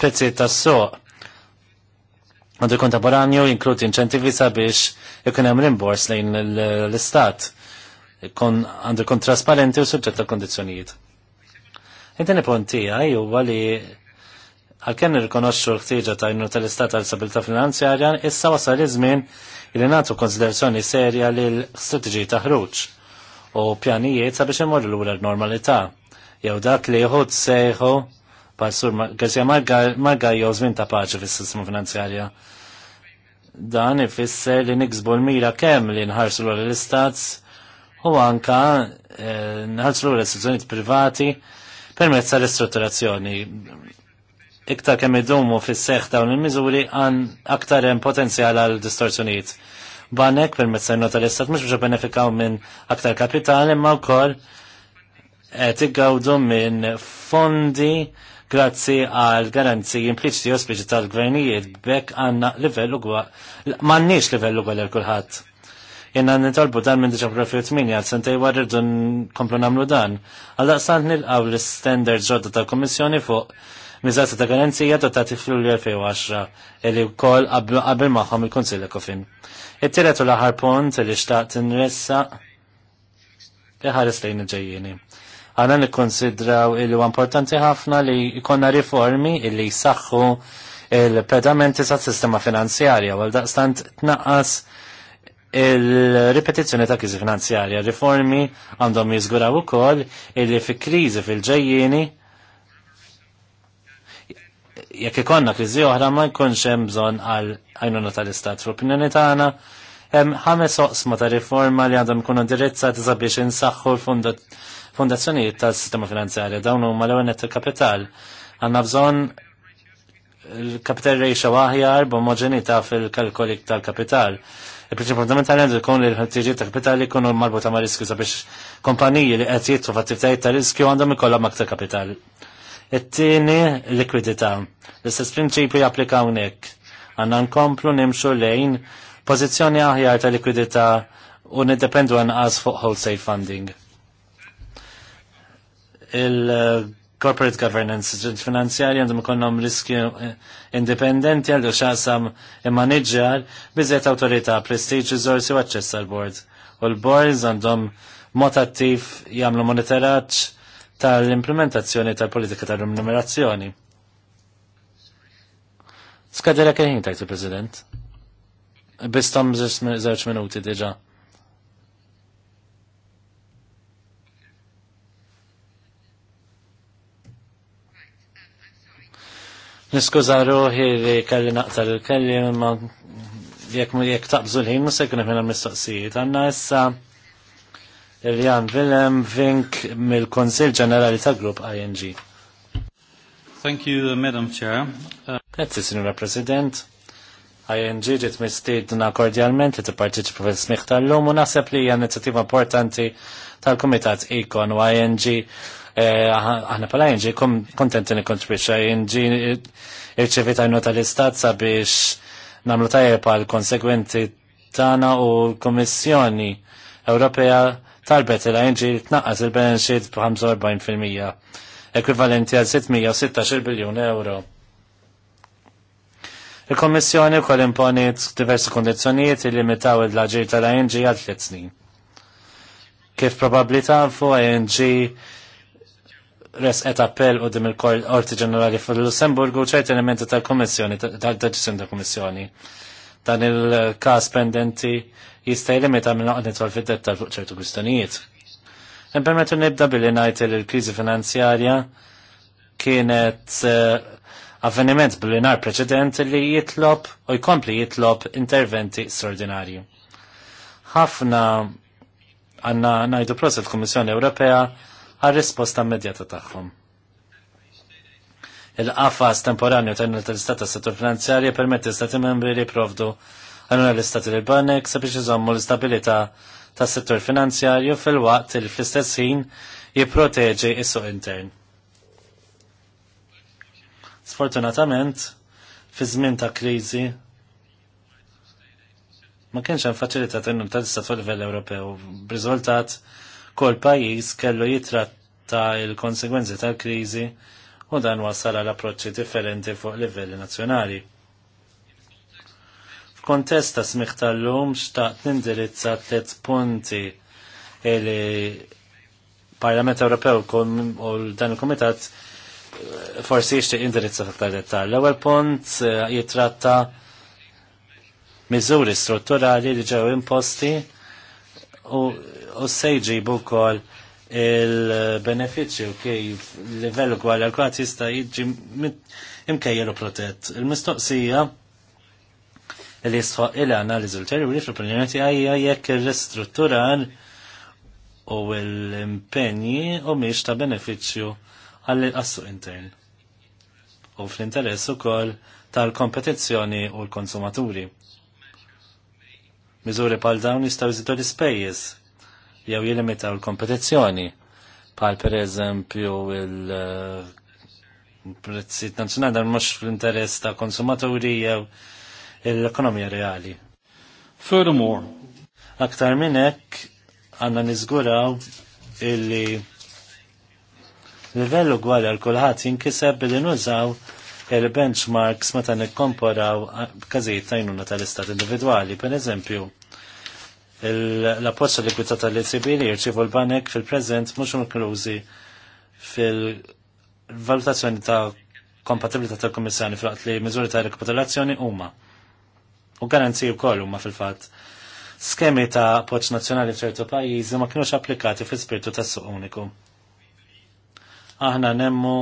prezzijiet tas-suq. Għandu kontemporanju jinkludi inċentivi sabiex ikun hemm rimbors lejn l-istat kon għandu kon trasparenti u suġġett ta' kondizjonijiet. punti puntija u li għal-kenni rikonosċu l ħtijġa ta' jnu tal-Istat għal sabilta finanzjarja, issa wasal iż-żmien li nagħtu konsiderazzjoni serja l strategi ta' ħruċ u pjanijiet sabiex imorru lura l-normalità. Jew dak li jħud sejħu Sur Garcia Marga jew żmien ta' paċi fis-sistema finanzjarja. Dan ifisser li niksbu l-mira kemm li nħarsu l l-istat u anka eh, nħarsu l-istituzzjonijiet privati permezz tal-istrutturazzjoni iktar kemm idumu fis-seħħ dawn il-miżuri għan aktar hemm potenzjal għal distorsjonijiet. Banek permezz tan-nota l-istat mhux biex benefikaw minn aktar kapital imma wkoll qed iggawdu minn fondi grazzi għal garanziji impliċti ospiċi tal-gvernijiet bekk għanna livell ugwa, m'għandniex livell ugwa għal kulħadd Jenna nitolbu dan minn diġa profi 8 għal sentej warridu nkomplu namlu dan. Għal daqstant nilqaw l-standard ġodda tal-Komissjoni fuq miżata ta' garanzija ta' tiflu l 2010 li wkoll qabel magħhom il-Kunsill kofin. It-tielet u l-aħħar punt li xtaqt inressa iħares lejn il-ġejjieni. Għana nikkonsidraw li huwa importanti ħafna li jkollna riformi illi jsaħħu il-pedamenti sa' sistema finanzjarja, għal daqstant tnaqqas il-ripetizzjoni ta' kizi finanzjarja. Riformi għandhom jizguraw ukoll illi fi krizi fil ġejjini jekk ikonna kriżi oħra ma jkunx hemm bżonn għal għajnuna tal-istat. Fl-opinjoni tagħna hemm ħames oqsma ta' riforma li għandhom ikunu indirizzati sabiex insaħħu l-fondazzjonijiet tas-sistema finanzjarja. Dawn huma l-ewwel net il-kapital. Għandna bżonn il-kapital rejxa aħjar b'omoġenità fil-kalkoli tal-kapital. Il-prinċip fundamentali għandu jkun li l-ħtiġiet ta' kapital jkunu marbuta ma' riskju sabiex kompaniji li qed jitru f'attivitajiet ta' riskju għandhom ikollhom aktar kapital. It-tieni likwidità. L-istess prinċipju japplika hawnhekk. Għandna nkomplu nimxu lejn pożizzjoni aħjar ta' likwidità u niddependu għanqas fuq wholesale funding. Il-corporate governance il-finanzjari għandhom ikollhom riskju indipendenti għal xaqsam immanagġjar biżiet awtorità, prestige, riżorsi u aċċess l bord U l-boards għandhom mod attiv jagħmlu monitoraġġ tal-implementazzjoni tal-politika tal-remunerazzjoni. Skadera k'ħin tajt il-President. Bistom zewċ minuti diġa. Niskuza ruħi li kalli naqtar il-kelli ma jek taqbżu l-ħin, mus jek mistoqsijiet. Għanna issa Irjan Willem Vink mill-Konsil Ġenerali ta' Grupp ING. Thank you, uh, Madam Chair. Uh... Signora President. ING ġiet mistiedna kordjalment li tipparteċipa fil smih tal-lum u naħseb li hija inizjattiva importanti tal-Kumitat Ikon u ING eh, aħna pala ING kontenti kontribuċi ING irċevita nota l-istat sabiex nagħmlu tajjeb għal konsegwenti tagħna u l-Kummissjoni Ewropea talbet il-ING tnaqqas il b'45 fil-mija ekvivalenti għal 616 biljon euro. Il-Kommissjoni wkoll imponiet diversi kondizzjonijiet li limitaw il-laġir tal-ING għal tliet snin. Kif probabbli tafu ING resqet appell u dim il-Korti Ġenerali fil-Lussemburgu ċert elementi tal-Kommissjoni, tal-deċizjoni tal-Kommissjoni. Dan il-kas pendenti jista' jlimita minn għadni tal fid-dettal fuq ċertu kwistjonijiet. Impermettu nibda billi ngħid li l-kriżi finanzjarja kienet eh, avveniment bil nar preċedent li jitlob u jkompli jitlob interventi straordinarji. Ħafna għanna najdu il Kommissjoni Ewropea għal risposta immedjata tagħhom. Il-qafas temporanju tal-istat tas settur Finanzjarja permetti stati membri li provdu għanuna l-istati il banek sabiex iżommu l-istabilita ta' settur finanzjarju fil-waqt li fl-istess ħin jipproteġi is-suq intern. Sfortunatament, fi żmien ta' kriżi ma kienx hemm faċilità tinnum ta' tista' fuq livell Ewropew. B'riżultat kol pajjiż kellu jitratta il-konsegwenzi tal-kriżi u dan wasal għal approċċi differenti fuq livelli nazzjonali. Kontesta smiħ tal-lum xtaqt nindirizza tet punti li Parlament Ewropew u dan il-Komitat eh, forsi jixtieq indirizza f'aktar dettall. L-ewwel punt eh, jitratta miżuri strutturali li ġew imposti u, sejġi bukol wkoll il-beneficju kif il-livellu għal għal-kwat jista' jiġi imkejjel protett. Il-mistoqsija li sħoq il analiż ulterjuri fl-opinjoni għajja jekk ir-ristrutturar u l impegni u miex ta' benefiċċju għall-qassu intern. U fl-interess ukoll tal-kompetizzjoni u l-konsumaturi. Miżuri pal dawn jistgħu jżidu l-ispejjeż jew jilimitaw l-kompetizzjoni pal pereżempju il- prezzijiet nazzjonali dan mhux fl-interess ta' konsumaturi jew l-ekonomija reali. Furthermore, aktar minn hekk għandna niżguraw illi livellu gwali għal kulħadd jinkiseb billi nużaw il-benchmarks meta nikkomparaw każijiet tajnuna tal-istat individwali, per eżempju, l-appoċċa likwidità tal-ECB li jirċivu l-banek fil-preżent mhux inklużi fil-valutazzjoni ta' kompatibilità tal-Kommissjoni fraqt li miżuri ta' rekapitolazzjoni huma u garanzi u kollu ma fil-fat. Skemi ta' poċ nazjonali f'ċertu pajjiżi ma kienux applikati fil-spirtu ta' suq uniku. Aħna nemmu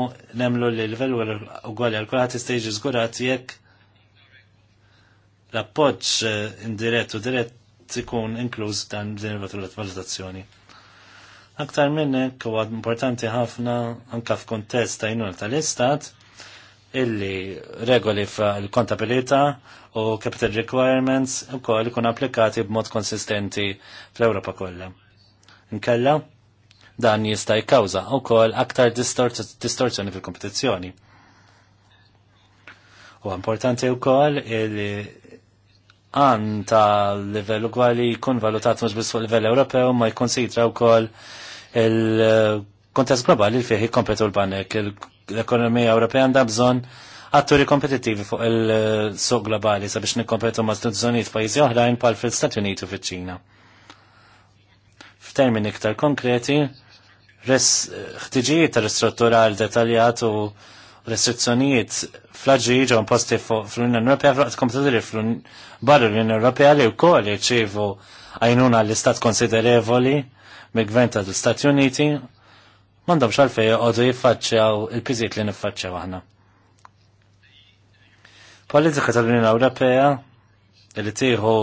nemlu li l-livell ugwali għal kulħadd jistgħu zgurat jekk l-appoġġ eh, indirett u dirett ikun inkluż dan din il-valutazzjoni. Aktar minnek huwa importanti ħafna anka f'kontest ta' jnuna tal-istat illi regoli fil-kontabilità u capital requirements u koll kun applikati b'mod konsistenti fl-Europa kollha. Nkella, dan jista' jkawża wkoll aktar distorzjoni fil-kompetizzjoni. U importanti wkoll illi għan ta' livell ugwali jkun valutat mhux biss fuq livell Ewropew ma jkonsidra wkoll il-kontest globali fih jikkompetu l-banek l-ekonomija Ewropea għandha bżonn atturi kompetittivi fuq il-suq globali sabiex nikkompetu ma' istituzzjonijiet pajjiżi oħrajn bħal fil-Stati Uniti u fiċ-Ċina. F'termini iktar konkreti, ħtiġijiet ta' ristrutturar detaljat u restrizzjonijiet fl-ġi ġo imposti fl-Unjoni Ewropea fl kompetituri barra l-Unjoni Ewropea li wkoll jirċievu għajnuna l-istat konsiderevoli mill-gvern tal-Istati Uniti Mandom xalfej għodu jiffaċċjaw il-piżiet li niffaċċjaw aħna. Politika tal-Unjoni Ewropea li tieħu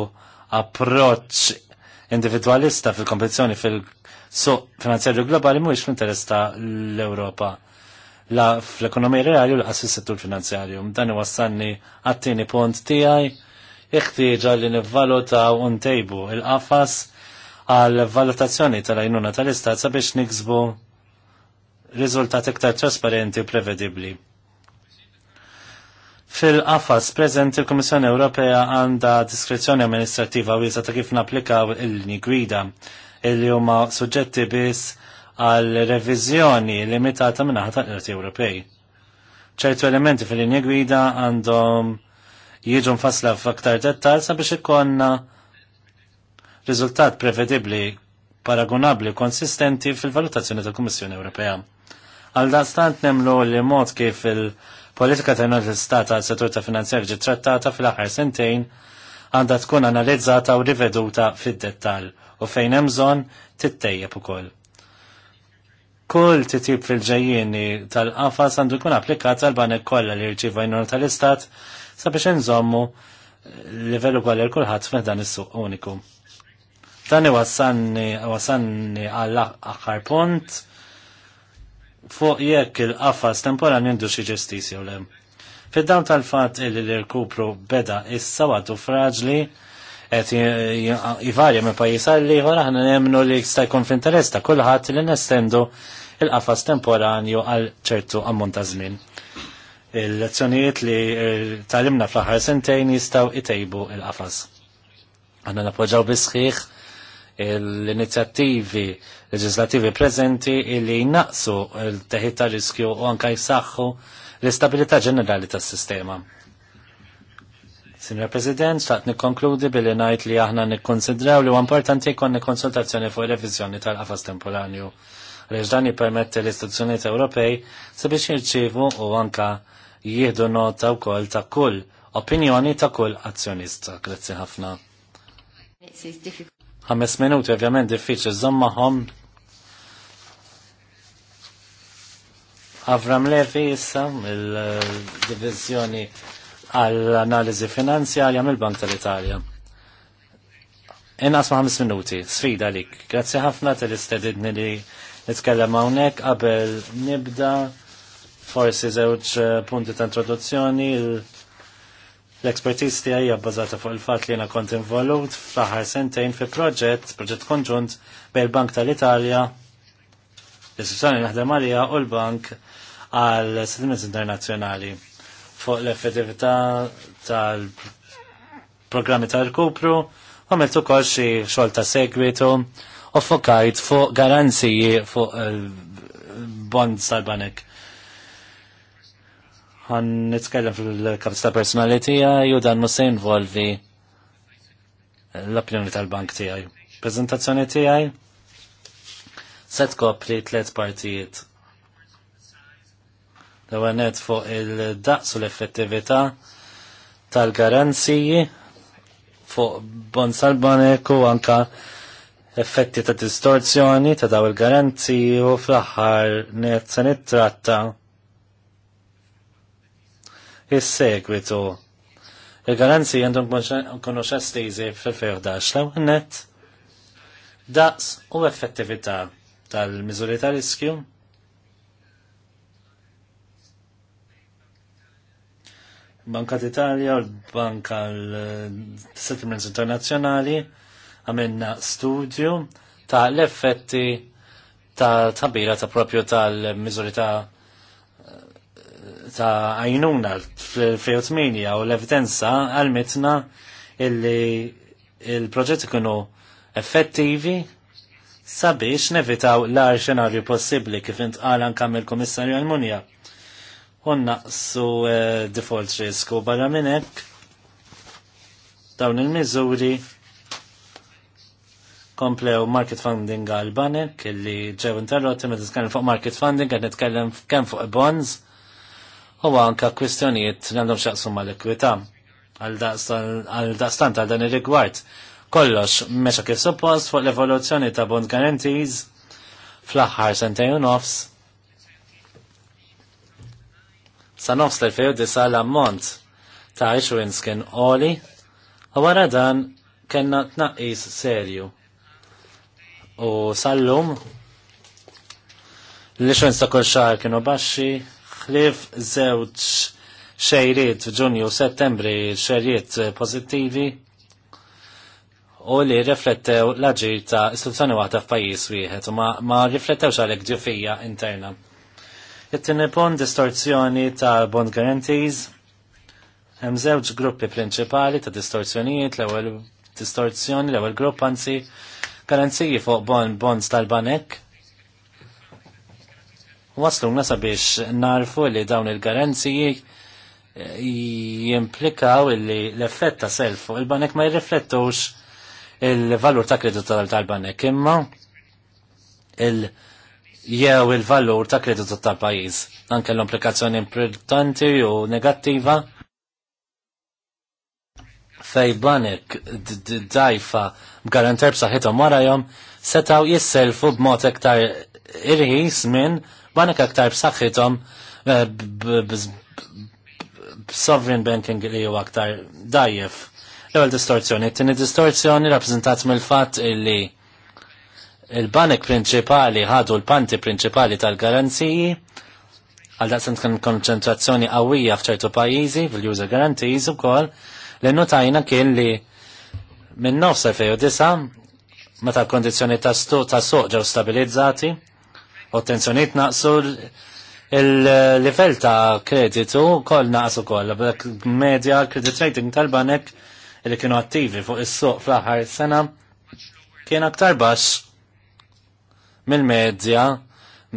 approċċ individwalista fil-kompetizzjoni fil-suq finanzjarju globali mhuwiex fl-interess ta' l-Ewropa la fl-ekonomija reali u l fis-settur finanzjarju. Dan iwassalni għat-tieni punt tiegħi iħtieġa li nivvalutaw untejbu il-qafas għal valutazzjoni tal-għajnuna tal-istat sabiex niksbu riżultat iktar trasparenti u prevedibli. Fil-qafas prezent il-Komissjoni Ewropea għandha diskrezzjoni amministrativa wiesa ta' kif napplikaw il-linji gwida li huma suġġetti biss għal reviżjoni limitata minn ta' l-Irti Ewropej. ċertu elementi fil-linji gwida għandhom jiġu nfasla f'aktar dettal sabiex ikonna riżultat prevedibli paragonabli konsistenti fil-valutazzjoni tal-Kummissjoni Ewropea. Għaldastant nemlu li mod kif il-politika ta' not l-istat għal settur ta' finanzjar ġi trattata fil-aħħar sentejn għandha tkun analizzata u riveduta fid-dettal u fejn hemm bżonn tittejjeb ukoll kull titib fil-ġejjieni tal-qafas għandu jkun applikat għal banek kollha li jirċiva jnur tal-istat sabiex nżommu livellu kollha l kulħadd fih dan is-suq uniku. Dan iwassanni għall aħħar punt fuq jekk il-qafas temporan jindu xi ġestisi u lem. Fid-dawn tal-fatt li l-irkupru beda issa għadu fraġli qed jivarja minn pajjiż għal ieħor aħna nemmnu li jista' jkun f'interess ta' kulħadd li nestendu il-qafas temporanju għal ċertu ammont ta' żmien. Il-lezzjonijiet li talimna fl-aħħar sentejn jistgħu itejbu il-qafas. Għanna napoġġaw bisħiħ l-inizjattivi leġislativi preżenti li jnaqsu l-teħid ta' riskju u anka jsaħħu l-istabilità ġenerali tas-sistema. Signor President, xtaqt nikkonkludi billi ngħid li aħna nikkonsidraw li huwa importanti jkun konsultazzjoni fuq ir tal-qafas temporanju għaliex dan jippermetti l-istituzzjonijiet Ewropej sabiex jirċievu u anka jieħdu nota wkoll ta' kull opinjoni ta' kull azzjonista. Grazzi ħafna ħames minuti ovvjament diffiċli żommahom Avram Levi issa il-divizjoni għall-analiżi finanzjarja mill-Bank tal-Italja. Inqas ma' ħames minuti, sfida lik. Grazzi ħafna tal-istedidni li nitkellem hawnhekk qabel nibda forsi żewġ punti ta' introduzzjoni il- L-ekspertiz tiegħi hija bbażata fuq il-fatt li jiena kont involut fl-aħħar sentejn fi proġett, proġett konġunt bejn bank tal-Italja, l-istituzzjoni naħdem għalija u l-Bank għal settlements internazzjonali fuq l-effettività tal-programmi tal-kupru, għamilt ukoll xi xogħol ta' segwitu u fokajt fuq garanziji fuq bonds tal-banek ħan nitkellem fil-kapacità personali tiegħi u dan mhux se involvi l-opinjoni tal-bank tiegħi. Preżentazzjoni tiegħi se tkopri tliet partijiet. L-ewwel fuq il-daqs u l-effettività tal-garanziji fuq bon salbanek u anka effetti ta' distorzjoni ta' daw il-garanziji u fl-aħħar net se nittratta is-segwitu. Il-garanzi għandhom konoċesti jizi fil ferda law net daqs u effettività tal-miżuri ta' riskju Banka d'Italja u l-Banka l-Settlements Internazzjonali għamilna studju ta' l-effetti ta' tabira ta' propju tal-miżuri ta' ta' għajnuna fl-2008 u l-evidenza għalmetna illi il-proġett ikunu effettivi sabiex nevitaw l-ar xenarju possibli kif intqal anka mill-Kummissarju Almunja. U naqsu eh, default risk u barra minn hekk dawn il-miżuri komplew market funding għal banek illi ġew interrotti meta tkellem fuq market funding qed nitkellem kemm fuq bonds u anka kwistjonijiet li għandhom xaqsum mal ekwita għal daqstant għal dan ir-rigward. Kollox meċa kif suppost fuq l-evoluzzjoni ta' bond guarantees fl-aħħar sentejn nofs. Sa nofs l-2009 l-ammont ta' issuance kien oli u wara dan kena tnaqqis serju. U sallum l-issuance ta' kull xahar kienu baxxi ħlif żewġ xejriet Ġunju u Settembri xejriet pożittivi u li riflettew l-aġir ta' istituzjoni waħda f'pajjiż wieħed u ma, ma riflettewx għalhekk ġifija interna. it pon distorzjoni ta' bond guarantees hemm żewġ gruppi prinċipali ta' distorzjonijiet, l-ewwel distorzjoni, l-ewwel grupp anzi garanziji fuq bond bonds tal-banek wasluna sabiex narfu li dawn il-garanziji eh, jimplikaw li l-effett ta' self il-banek ma jirriflettux il-valur ta' kreditu tal-banek imma il- jew il-valur ta' kreditu tal pajiz Anke l-implikazzjoni importanti u negattiva fej banek dajfa b'garanter b'saħħithom warajhom setaw jisselfu b'mod iktar irħis minn Banik aktar b'saħħithom eh, sovereign banking li huwa aktar dajjef. L-ewwel distorzjoni, Tini tieni distorzjoni rappreżentat mill-fatt li il-banek prinċipali ħadu l-panti prinċipali tal-garanziji għal daqsen tkun konċentrazzjoni qawwija f'ċertu pajjiżi fil-user guarantees ukoll li notajna kien li minn nofs disa' meta l kondizjoni ta' suq ġew stabilizzati u naqsu il-level ta' kreditu kol naqsu kol, b'dak media credit rating tal-banek li kienu attivi fuq is-suq fl-aħħar sena kien aktar baxx mill-medja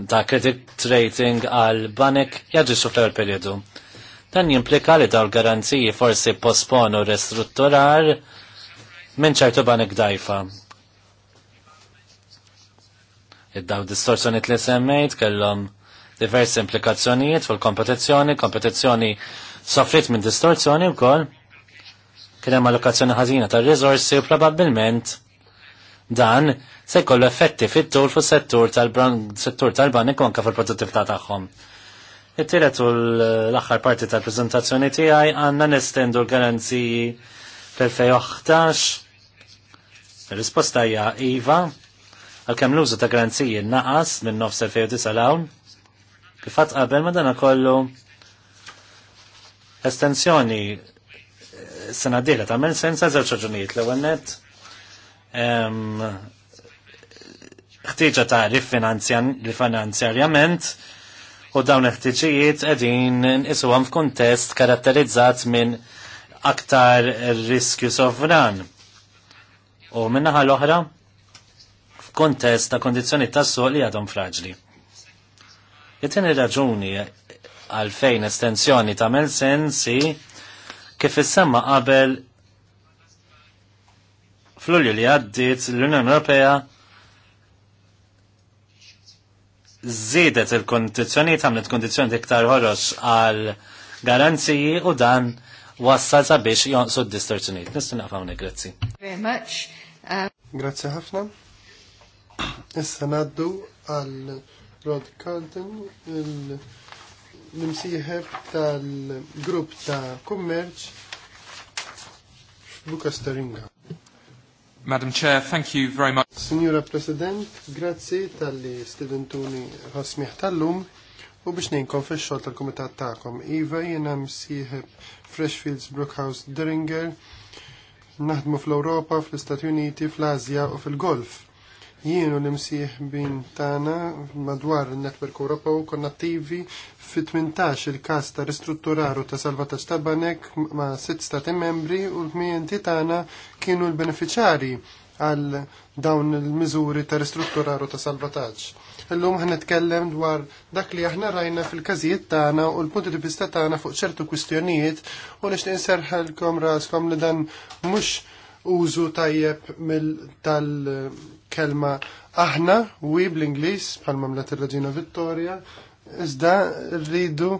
ta' credit rating għal banek jaġixxu fl-ewwel periodu. Dan jimplika li dawn garanziji forsi posponu restrutturar minn ċertu banek dajfa. Id-daw distorsjoniet li semmejt kellhom diversi implikazzjonijiet fil-kompetizzjoni, kompetizzjoni soffrit minn distorsjoni wkoll. Kien hemm allokazzjoni ħażina tar-riżorsi u probabbilment dan se jkollu effetti fit-tul fuq settur tal-settur tal-banik anke fil-produttività tagħhom. It-tielet u l-aħħar parti tal-preżentazzjoni tiegħi għandna nestendu l-garanziji fil-2011. Ir-risposta hija iva, Għalkemm l-użu ta' garanziji naqas minn nofs 2009 lawn, kif qatt qabel ma dan kollu estensjoni eh, sena diħla ta' men senza zewċ raġunijiet l għannet ħtieġa ta' rifinanzjarjament u dawn il-ħtieġijiet edin nisu għam f'kontest karatterizzat minn aktar riskju sovran. U minnaħal l-oħra, f'kontest ta' kondizzjoni tas sol li għadhom fraġli. it raġuni għalfejn estensjoni ta' mel sensi kif is-semma qabel fl-ulju li għaddit l-Unjoni Ewropea zidet il-kondizjoni tamlet kondizjoni iktar ħoros għal garanziji u dan wassal sabiex jonqsu d-distorzjoniet. Nistu naqfaw grazzi. Very much. Uh, grazzi ħafna. Issa naddu għal Rod Carlton, l-imsieħeb tal-grupp ta' kummerċ Staringa. Madam Chair, thank you very much. Signora President, grazzi tal-li studentuni għasmiħ tal-lum u biex ninkom fil xogħol tal-Kumitat tagħkom. Iva jiena msieħeb Freshfields Brookhouse Deringer, naħdmu fl-Ewropa, fl-Istati Uniti, fl azja u fil-Golf Jienu l-imsieħ bin tana madwar il-Network Ewropew konna attivi fi 18 il-kas ta' ristrutturaru ta' salvataġġ ta' banek ma' sitt stati membri u l mienti tana kienu l-beneficjari għal dawn il-miżuri ta' ristrutturaru ta' salvataġġ. Illum ħan nitkellem dwar dak li aħna rajna fil-każijiet tagħna u l-punti di vista tagħna fuq ċertu kwistjonijiet u nixtieq ninserħalkom raskom li dan mhux użu tajjeb tal-kelma aħna we bl-Inglis bħal mamlet il reġina Vittoria iżda rridu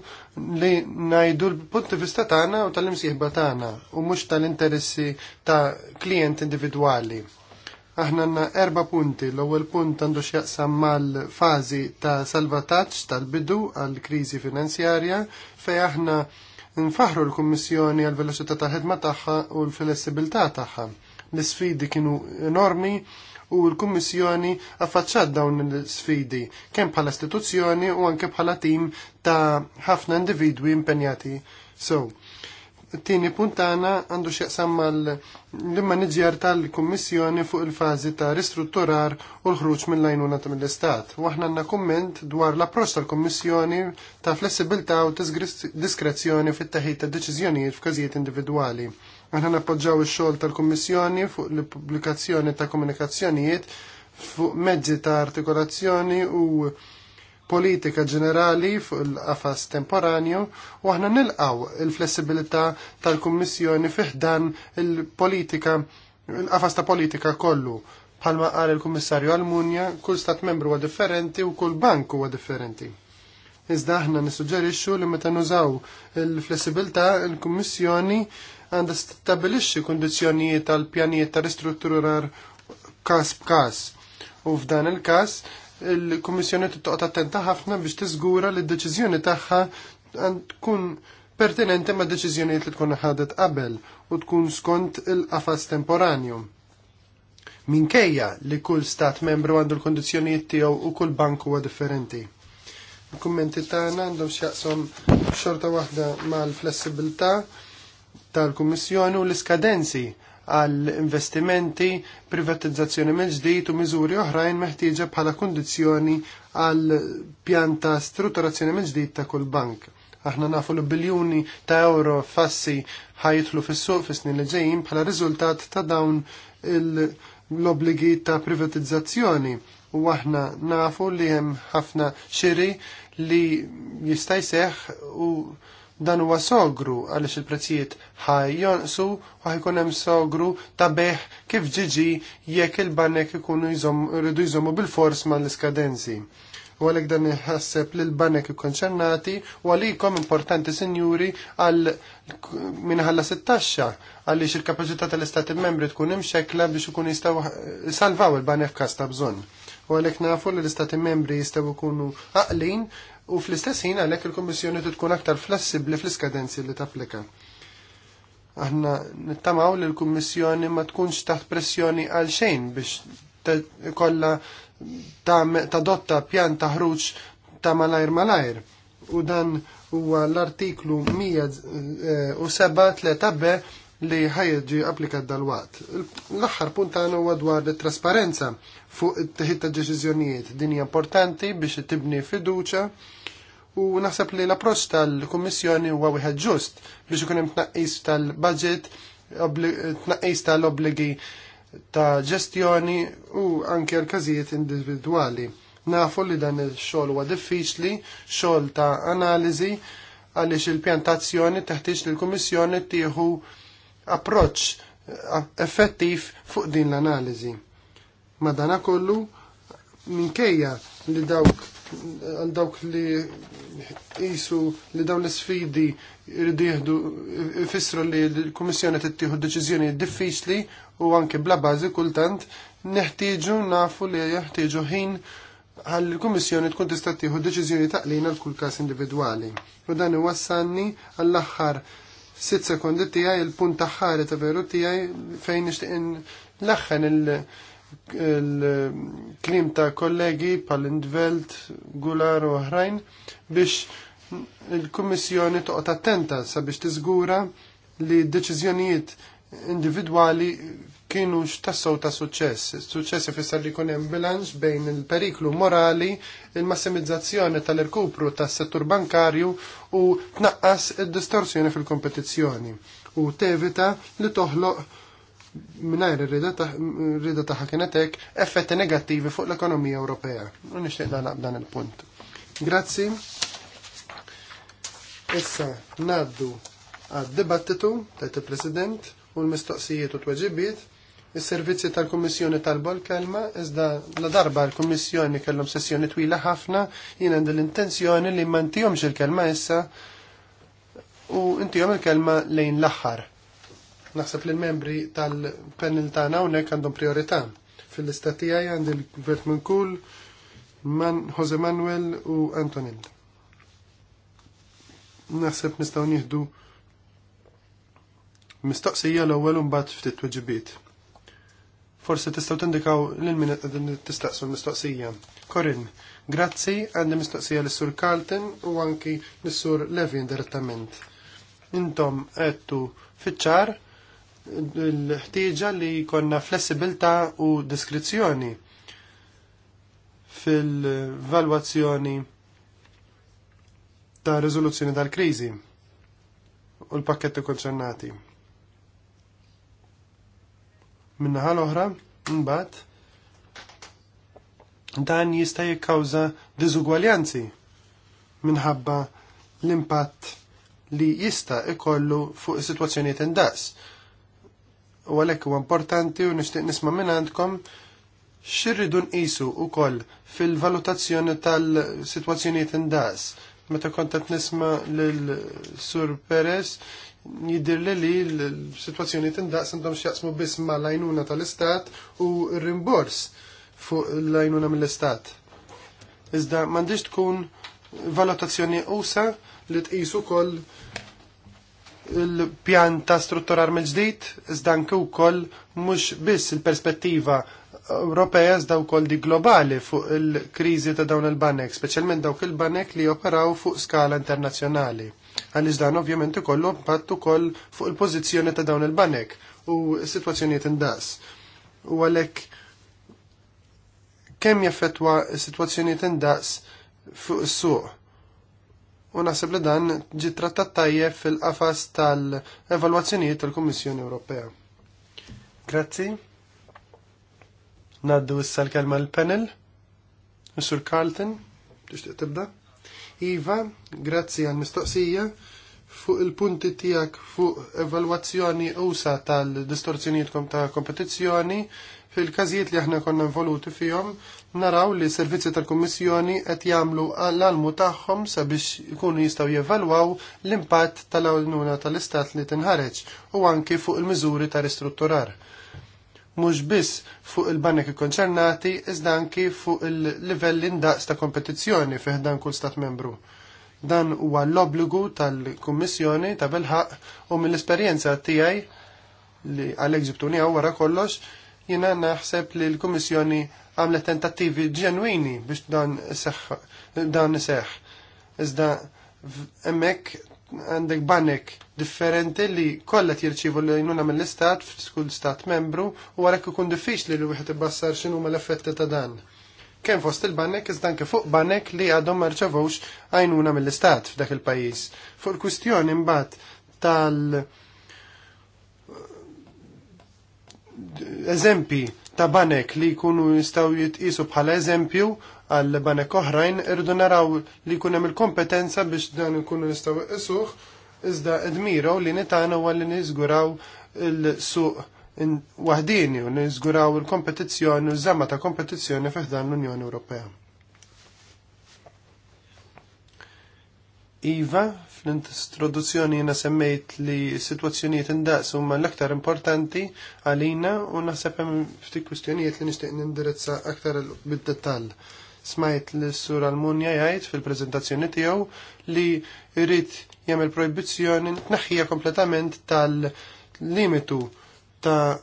li najdu l-punti vista tagħna u tal-imsieħba tagħna u mhux tal-interessi ta' klient individwali. Aħna għanna erba punti. L-ewwel punt għandu x'jaqsam mal-fażi ta' salvataġġ tal-bidu għall kriżi finanzjarja fej aħna Nfaħru l-Kummissjoni għal veloċità tal ħedma tagħha u l-flessibilità tagħha. L-isfidi kienu enormi u l-Kummissjoni affaċċat dawn l-sfidi, kemm bħala istituzzjoni u anke bħala tim ta' ħafna individwi impenjati. So, Tini puntana għandu xieqsam mal l-manager tal-Kommissjoni fuq il-fazi ta' ristrutturar u l-ħruġ mill-lajnuna ta' mill-Istat. Waħna għanna komment dwar l-approċ tal-Kommissjoni ta' flessibilta u diskrezzjoni fit taħit ta' deċiżjonijiet f'każijiet individwali. Aħna nappoġġaw ix-xogħol tal-Kummissjoni fuq l-pubblikazzjoni ta' komunikazzjonijiet fuq mezzi ta' artikolazzjoni u politika ġenerali fuq il-qafas temporanju u aħna nilqaw il-flessibilità tal-Kummissjoni fiħdan il-politika il-qafas ta' politika kollu. Palma qal il-Kummissarju Almunja, kull stat membru huwa differenti u kull bank huwa differenti. Iżda aħna nissuġġerixxu li meta nużaw il-flessibilità il-Kummissjoni għandha stabilixxi kundizzjonijiet tal-pjanijiet ta' ristrutturar każ b'każ. U f'dan il-każ il-Kummissjoni tittoqgħod attenta ħafna biex tiżgura li d-deċiżjoni tagħha tkun pertinente ma' deċiżjonijiet li tkun ħadet qabel u tkun skont il-qafas temporanju. Minkejja li kull stat membru għandu l-kondizzjonijiet tiegħu u kull bank huwa differenti. Il-kummenti tagħna għandhom x'jaqshom xorta waħda mal-flessibilità tal-Kummissjoni u l-iskadenzi għal investimenti, privatizzazzjoni mill ġdid u miżuri oħrajn meħtieġa bħala kondizzjoni għal pjanta strutturazzjoni mill ġdid ta' kull bank. Aħna nafu l-biljuni ta' euro fassi ħajtlu fis-suq fis li ġejjin bħala riżultat ta' dawn l-obligi ta' privatizzazzjoni u aħna nafu li hemm ħafna xiri li jista' jseħħ u dan huwa sogru għaliex il-prezzijiet ħajjonsu u ħajkun hemm sogru ta' beħ kif ġiġi jekk il-banek ikunu jridu jżommu bil-fors mal-iskadenzi. U għalhekk dan iħasseb lill banek ikkonċernati u għalikom importanti sinjuri għal minħalla sittaxxa taxxa għaliex il-kapaċità tal-istati membri tkun imxekla biex ikun jistgħu salvaw il-banek kas ta' bżonn. U għalhekk nafu li l-istati membri jistgħu jkunu aqlin u fl-istess ħin għalhekk il-Kummissjoni tkun aktar flessibbli fl-iskadenzi li tapplika. Aħna nittamaw li l-Kummissjoni ma tkunx taħt pressjoni għal xejn biex kollha tadotta pjan ta' ħruġ ta' malajr malajr. U dan huwa l-artiklu 107 eh, b li ħajġi applikat dal-waqt. l aħħar punt għana huwa dwar it trasparenza fuq it-teħid ta' deċiżjonijiet. Din hija importanti biex tibni fiduċa u naħseb li l-approċċ tal-Kummissjoni huwa wieħed ġust biex ikun hemm tnaqqis tal-budget, tnaqqis tal-obbligi ta' ġestjoni u anke l-każijiet individwali. Nafu li dan il-xogħol huwa diffiċli, xogħol ta' analiżi għaliex il-pjantazzjoni teħtieġ li l-Kummissjoni tieħu approċċ eh, effettiv fuq din l-analiżi Madana kollu minkejja li dawk dawk li jisu li dawn l-sfidi irridu jihdu fissru li l-Komissjoni tittieħu deċiżjoni diffiċli u anke bla bażi kultant neħtieġu nafu li jeħtieġu ħin għall l-Komissjoni tkun tista' tieħu deċiżjoni taqlina l-kull każ individwali. U dan iwassalni għall-aħħar sitt sekondi tiegħi il-punt aħħari ta' veru tiegħi fejn nixtieq l-aħħar il- il-klim ta' kollegi pal-Indvelt, Gular u oħrajn biex il-Kummissjoni toqgħod attenta sabiex tiżgura li deċiżjonijiet individwali kienu x'tassew ta' suċċess. Suċċess ifisser li jkun hemm bilanċ bejn il-periklu morali, il-massimizzazzjoni tal-irkupru tas-settur bankarju u tnaqqas id-distorsjoni fil-kompetizzjoni u tevita li toħloq minnajr rrida taħħa kienet hekk effetti negattivi fuq l-ekonomija Ewropea. U nixtieq dan il-punt. Grazzi. Issa naddu għad-dibattitu tajt il-President u l-mistoqsijiet u t-weġibiet Is-servizzi tal-Kummissjoni talbol kelma iżda la darba l-Kummissjoni kellhom sessjoni twila ħafna jien għandi l-intenzjoni li ma ntihomx il-kelma issa u intihom il-kelma lejn l-aħħar Naħseb li l-membri tal-panel tagħna hawnhekk għandhom priorità. fil istati għaj għand il gvert Munkul, Man Jose Manuel u Antonin. Naħseb nistgħu nieħdu mistoqsija l-ewwel mbagħad ftit tweġibiet. Forsi tistgħu tindikaw lil min qed tistaqsu l-mistoqsija. Korin, grazzi għandi mistoqsija lis-Sur Carlton u anki l sur Levin direttament intom għettu fitxar l-ħtieġa li jkollna flessibilità u diskrizzjoni fil-valwazzjoni ta' riżoluzzjoni tal-kriżi u l-pakketti konċernati. Minnaħa l-oħra, mbagħad dan jista' jikkawża diżugwaljanzi minħabba l-impatt li jista' ikollu fuq is-sitwazzjonijiet indaqs u għalhekk huwa importanti u nixtieq nisma' minn għandkom xirridu nqisu wkoll fil-valutazzjoni tal-sitwazzjonijiet indaqs. Meta kontat nisma' l Sur Perez jidir li li l-situazzjoni tindaqs għandhom xjaqsmu biss ma' lajnuna tal-istat u rimbors fuq lajnuna mill-istat. Iżda mandiġ tkun valutazzjoni usa li tqisu koll il-pjan ta' strutturar mill-ġdid, iżda anke wkoll mhux biss il-perspettiva Ewropea u wkoll di globali fuq il-kriżi ta' dawn il-banek, specialment dawk il-banek li operaw fuq skala internazzjonali. Għaliex dan ovvjament ikollu impatt ukoll fuq il-pożizzjoni ta' dawn il-banek u s-sitwazzjonijiet indaqs. U għalhekk kemm jaffetwa s-sitwazzjonijiet indaqs fuq il suq u naħseb li dan ġi trattat tajjeb fil-qafas tal-evalwazzjonijiet tal-Kummissjoni Ewropea. Grazzi. Naddu issa l-kelma l-panel. Mr. Carlton, tixtieq tibda? Iva, grazzi għal mistoqsija fuq il-punti tijak fuq evalwazzjoni usa tal-distorzjoniet ta' kompetizzjoni fil-kazijiet li aħna konna involuti fihom naraw li servizzi tal-Kummissjoni qed jagħmlu l-almu tagħhom sabiex ikunu jistgħu jevalwaw l-impatt tal-għajnuna tal-istat li tinħareġ u anki fuq il-miżuri ta' ristrutturar. Mhux biss fuq il-banek ikkonċernati iżda anki fuq il-livell indaqs ta' kompetizzjoni fih dan kull stat membru. Dan huwa l-obbligu tal-Kummissjoni ta' bilħaq u mill-esperjenza tiegħi li għal eġiptunija wara kollox jina naħseb li l-Kummissjoni għamlet tentattivi ġenwini biex dan seħ, Iżda emmek għandek banek differenti li kollet jirċivu l jnuna mill-istat f'skull stat membru u għarek ikun diffiċli li wieħed ibbassar x'inhu l-effetti ta' dan. Kemm fost il-banek iżda anke fuq banek li għadhom marċavux għajnuna mill-istat f'dak il-pajjiż. Fuq il-kwistjoni mbat tal- eżempi ta' banek li jkunu jistgħu jitqisu bħala eżempju għal banek oħrajn irdu naraw li jkun hemm il-kompetenza biex dan ikunu jistaw jqisuh iżda dmiru li nitana huwa li niżguraw il-suq waħdini u nizguraw il kompetizjoni u żamma ta' kompetizzjoni fiħdan l-Unjoni Ewropea. Iva, Fl-introduzzjoni jena semmejt li situazzjoniet indaqs huma l-aktar importanti għalina u naħseb hemm ftit kwistjonijiet li nixtieq nindirizza aktar bid-dettall. Smajt li s-sur Almunja jgħid fil-preżentazzjoni tiegħu li jrid jagħmel projbizzjoni tnaħħija kompletament tal-limitu ta'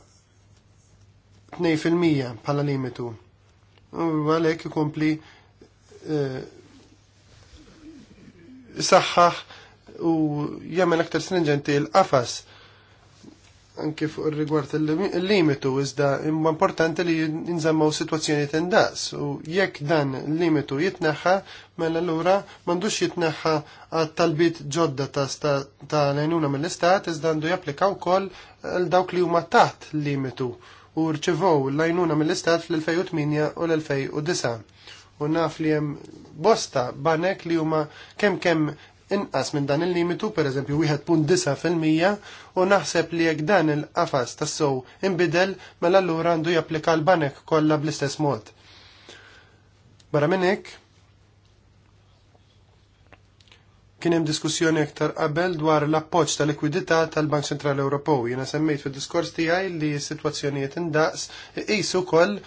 2% bħala limitu. U għalhekk ikompli eh, saħħaħ u jagħmel aktar stringenti l-qafas anke fuq rigward il-limitu iżda imma importanti li jinżammaw situazzjoni tendaqs u jekk dan il-limitu jitneħħa mela allura m'għandux jitneħħa għat talbit ġodda ta' lejnuna mill-istat iżda għandu japplika wkoll l dawk li huma taħt limitu u rċevow lajnuna mill-istat fl-2008 u l-2009 u naf li jem bosta banek li huma kem kem inqas minn dan il-limitu, per eżempju 1.9% u naħseb li jekk dan il-qafas tas-sow inbidel mela allura għandu japplika l-banek kollha bl-istess mod. Barra minn hekk kien hemm diskussjoni aktar qabel dwar l-appoġġ ta' likwidità tal-Bank Central Ewropew. Jiena semmejt fid-diskors tiegħi li s-sitwazzjonijiet indaqs iqisu wkoll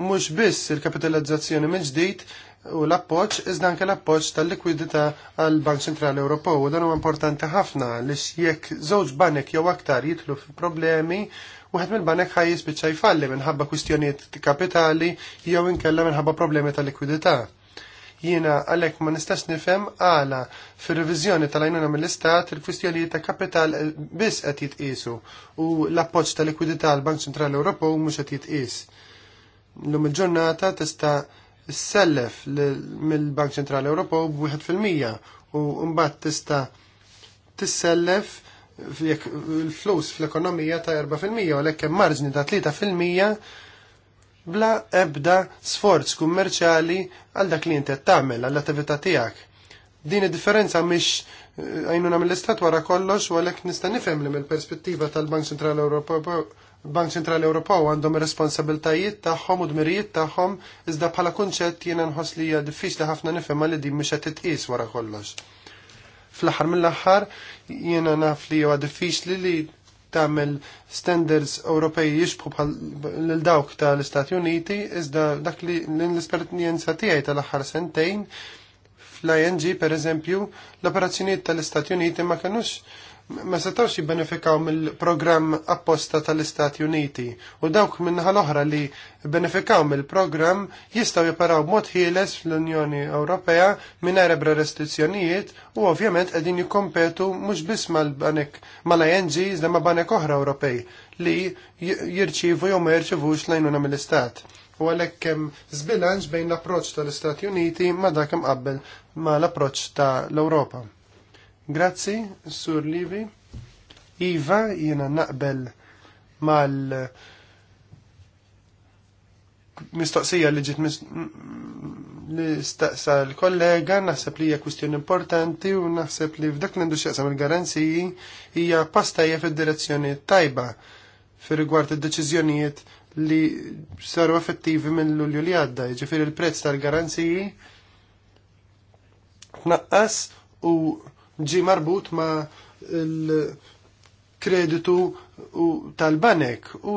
mhux biss il-kapitalizzazzjoni mill-ġdid u l-appoġġ iżda anke l-appoġġ tal-likwidità għall bank Ċentrali Ewropew u dan huwa importanti ħafna li jekk żewġ banek jew aktar jitlu f'problemi wieħed mill-banek ħaj jispiċċa jfalli minħabba kwistjonijiet kapitali jew inkella minħabba problemi ta' likwidità. Jiena għalhekk ma nistax nifhem għala fir riviżjoni tal-għajnuna mill-Istat il-kwistjonijiet ta' kapital biss qed jitqisu u l-appoġġ ta' likwidità għall Bank Ċentrali Ewropew mhux qed jitqis. Lum il-ġurnata tista' s-sellef mill-Bank Ċentrali Ewropew b'1 fil-mija u mbagħad tista' tissellef il-flus fl-ekonomija ta' 4% u lekk hemm marġni ta' 3% bla ebda sforz kummerċali għal dak li inti tagħmel għall attività tiegħek. Din id-differenza mhix eh, għajnuna mill-istat wara kollox u għalhekk nista' nifhem li mill-perspettiva tal-Bank Ċentrali Ewropew Bank Ċentrali Ewropew għandhom ir-responsabiltajiet tagħhom u dmirijiet tagħhom iżda bħala kunċett jiena nħoss li hija diffiċli ħafna nifhem li din mhux qed titqis wara kollox. Fl-aħħar mill-aħħar jiena naf li huwa diffiċli li tagħmel standards Ewropej jixbħu bħal lil dawk tal-Istati Uniti iżda dak li l-esperjenza tiegħi tal-aħħar sentejn fl-ING pereżempju l-operazzjonijiet tal-Istati Uniti ma kinux ma setawx jibbenefikaw mill-programm apposta tal-Istati Uniti u dawk minnaħa l-oħra li benefikaw mill-programm jistaw jiparaw mod ħieles fl-Unjoni Ewropea mingħajr ebra restrizzjonijiet u ovvjament qegħdin jikkompetu mhux biss mal-banek mal-ING da ma' banek oħra Ewropej li jirċivu jew ma jirċivux lajnuna mill-Istat. U għalhekk kem zbilanġ bejn l-approċċ tal-Istati Uniti ma' dak qabbel ma' l-approċċ tal-Ewropa. Grazzi, Sur Livi. Iva, jiena naqbel mal mistoqsija li ġiet li staqsa l-kollega, naħseb li hija kwistjoni importanti u naħseb li f'dak l-għandu xieqsam il-garanziji hija pastajja fid-direzzjoni tajba fir rigward id-deċiżjonijiet li saru effettivi minn lulju li għadda, ġifir il-prezz tal-garanziji tnaqqas u ġi marbut ma' l-kreditu tal-banek u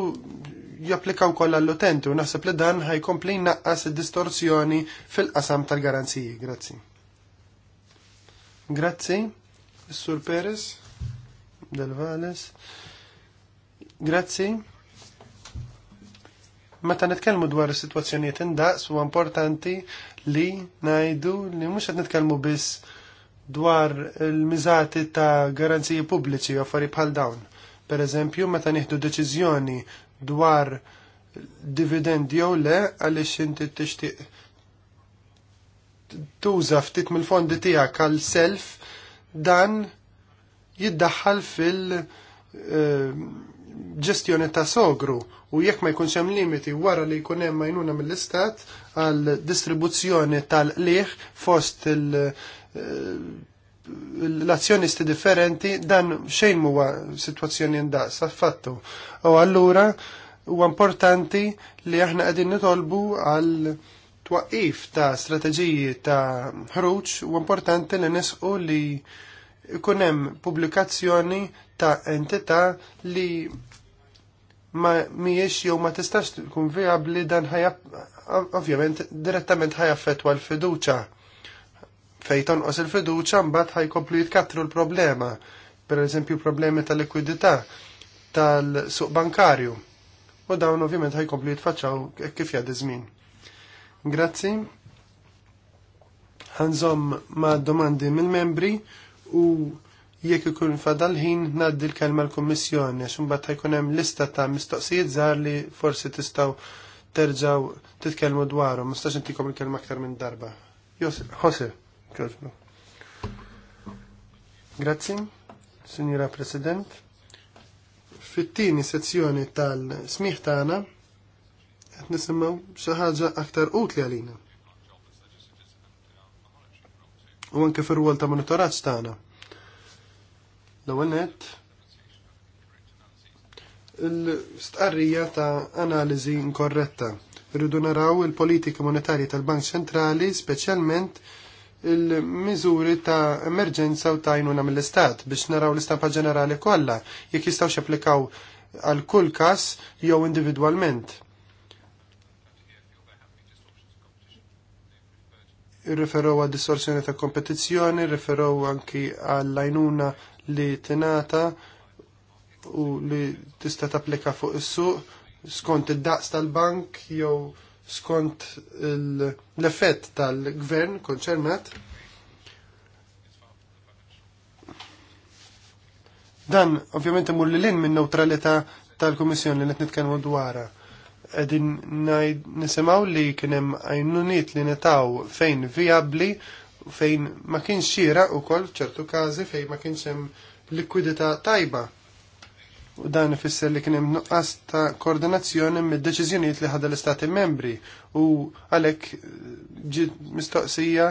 japplikaw koll għall u Naħseb li dan ħajkompli naqqas id-distorsjoni fil-qasam tal-garanziji. Grazzi. Grazzi, Sur Perez, Del Vales. Grazzi. Meta nitkellmu dwar is-sitwazzjonijiet indaqs huwa importanti li ngħidu li mhux qed nitkellmu biss dwar il-miżati ta' garanziji pubbliċi u affari bħal dawn. Per eżempju, meta nieħdu deċiżjoni dwar dividend jew le għaliex inti tixtieq tuża ftit mill-fondi tiegħek għal self dan jiddaħħal fil- eh, ġestjoni ta' sogru u jekk ma jkunx hemm limiti wara li jkun hemm majnuna mill-istat għal distribuzzjoni tal-liħ fost il- l-azzjonisti differenti dan xejn huwa sitwazzjoni ndaqs affattu. U allura huwa importanti li aħna qegħdin nitolbu għal twaqif ta' strateġiji ta' ħruġ u importanti li nisqu li ikun hemm pubblikazzjoni ta' entità li ma miex jew ma tistax tkun viabli dan ħajja ovvjament direttament fetwa l-fiduċa Fej tonqos il-fiduċa mbagħad ħajkomplu jitkattru l-problema, per eżempju problemi tal-likwidità tal-suq bankarju. U dawn ovvjament ħajkomplu jitfaċċaw kif jgħaddi żmien. Grazzi. Ħanżomm ma' domandi mill-membri u jekk ikun fadal ħin ngħaddi l-kelma l-Kummissjoni għax imbagħad ħajkun hemm lista ta' mistoqsijiet żgħar li forsi tistgħu terġaw titkellmu dwarhom, ma stax intikom il-kelma aktar minn darba. Josef, Jose. Kjoġbu. Grazzi, Signora President. Fit-tieni sezzjoni tal-smiħ tagħna qed nisimgħu xi ħaġa aktar utli għalina. U anke fir-rwol ta' monitoraġġ tagħna. L-ewwel nett l-stqarrija ta' analiżi inkorretta. Irridu naraw il-politika monetarja tal-Bank Ċentrali speċjalment il-miżuri ta' emerġenza u tajnuna mill-istat biex naraw l-istampa ġenerali kollha jekk jistgħu applikaw għal kull każ jew individwalment. Irreferow għad distorsjoni ta' kompetizzjoni, referow anki għal lajnuna li tinata u li tista' tapplika fuq is-suq skont id-daqs tal-bank jew skont l-effett tal-gvern konċernat Dan, ovvjament, mur li l-in minn neutralita tal-Komissjoni li qed nitkellmu dwarha. Qegħdin nisimgħu li kien hemm li netaw fejn viabli fejn ma kienx xira ukoll f'ċertu każi fejn ma kienx hemm likwidità tajba u dan ifisser li kien hemm nuqqas ta' koordinazzjoni mid-deċiżjonijiet li ħadha l-Istati membri u għalhekk eh, ġiet mistoqsija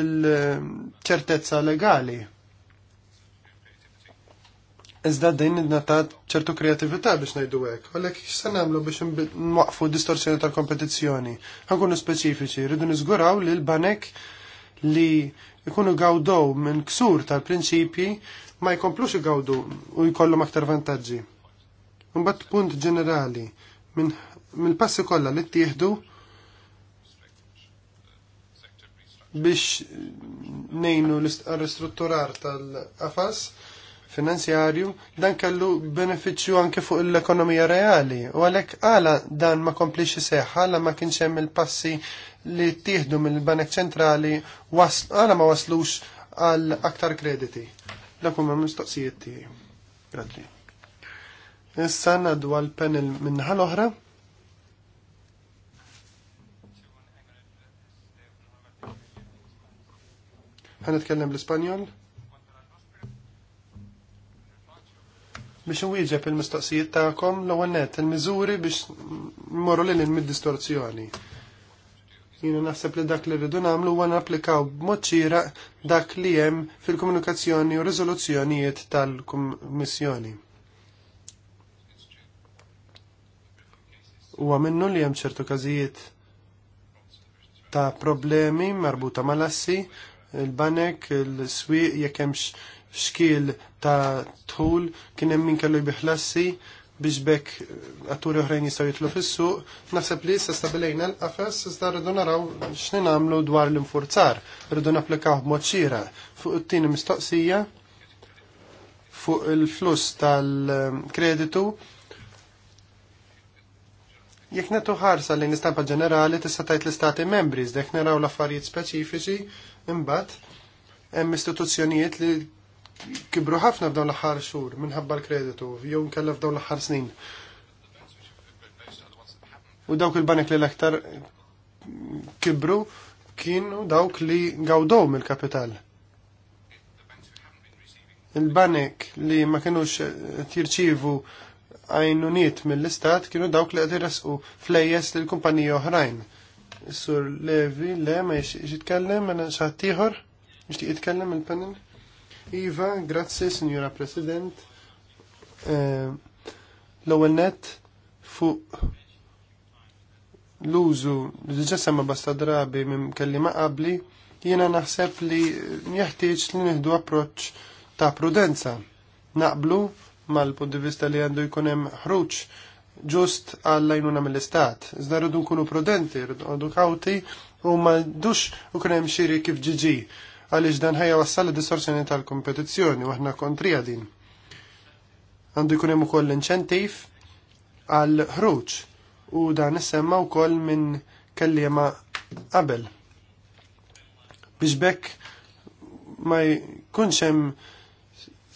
l-ċertezza legali. Iżda din natat ċertu kreativita biex ngħidu hekk, għalhekk x'se nagħmlu biex nwaqfu distorsjoni tal-kompetizzjoni. Ħankunu speċifiċi, rridu niżguraw li l-banek li jkunu gawdow minn ksur tal-prinċipji ma jkomplux igawdu u jkollhom aktar vantaġġi. Imbagħad punt ġenerali mill-passi kollha li ttieħdu biex nejnu l-ristrutturar tal-qafas finanzjarju dan kellu beneficju anke fuq l-ekonomija reali u għalek għala dan ma komplix seħ għala ma kienx hemm il-passi li tieħdu mill-Banek Ċentrali għala ma waslux għal aktar krediti. Dak huma mistoqsijiet tiegħi. Grazzi. Issa ngħaddu għal panel minn ħal oħra Ħanitkellem l-Ispanjol. biex nwieġeb il-mistoqsijiet tagħkom l-ewwel net il-miżuri biex mmorru lil mid-distorzjoni. Jiena naħseb li dak li rridu nagħmlu huwa napplikaw b'mod xieraq dak li hemm fil-komunikazzjoni u riżoluzzjonijiet tal-Kummissjoni. Huwa minnu li hemm ċertu każijiet ta' problemi marbuta mal-assi, il-banek, il swieq jekk hemmx xkil ta' tħul, kien hemm min kellu jbiħlassi, biex bekk eh, atturi oħrajn jistgħu jitlu fis-suq, naħseb li issa stabilejna l qafes iżda rridu naraw xnina għamlu dwar l-infurzar, rridu napplikaw b'mod moċira fuq it-tieni mistoqsija fuq il-flus tal-kreditu. Jek netu ħarsa lejn istampa ġenerali tista' tgħid l-istati membri, żdek naraw l-affarijiet speċifiċi imbagħad hemm istituzzjonijiet li kibru ħafna f'dawn l-aħħar xhur minħabba l-kreditu jew nkella f'dawn l ħar snin. U dawk il-banek li l-aktar kibru kienu dawk li gawdow mill-kapital. Il-banek li ma kienux tirċivu għajnuniet mill-istat kienu dawk li u flejjes l-kumpanija oħrajn. Sur Levi, le, ma jitkellem, ma xaħtiħor, jishtiq jitkellem il-panel? Iva, grazie Signora President. Eh, L-ewwel net fuq l-użu li diġà semma basta drabi minn ma qabli, jiena naħseb li jeħtieġ li nieħdu approċċ ta' prudenza. Naqblu mal-punt di vista li għandu jkun hemm ħruġ ġust għall-lajnuna mill-istat. Iżda rridu nkunu prudenti, rridu kawti u ma dux u kunem xiri kif ġiġi għaliex dan ħajja wassal distorsjoni tal-kompetizzjoni u aħna kontrija din. Għandu jkun hemm ukoll inċentiv għal ħruġ u dan issemma wkoll minn kellima qabel. Biex bekk ma jkunx hemm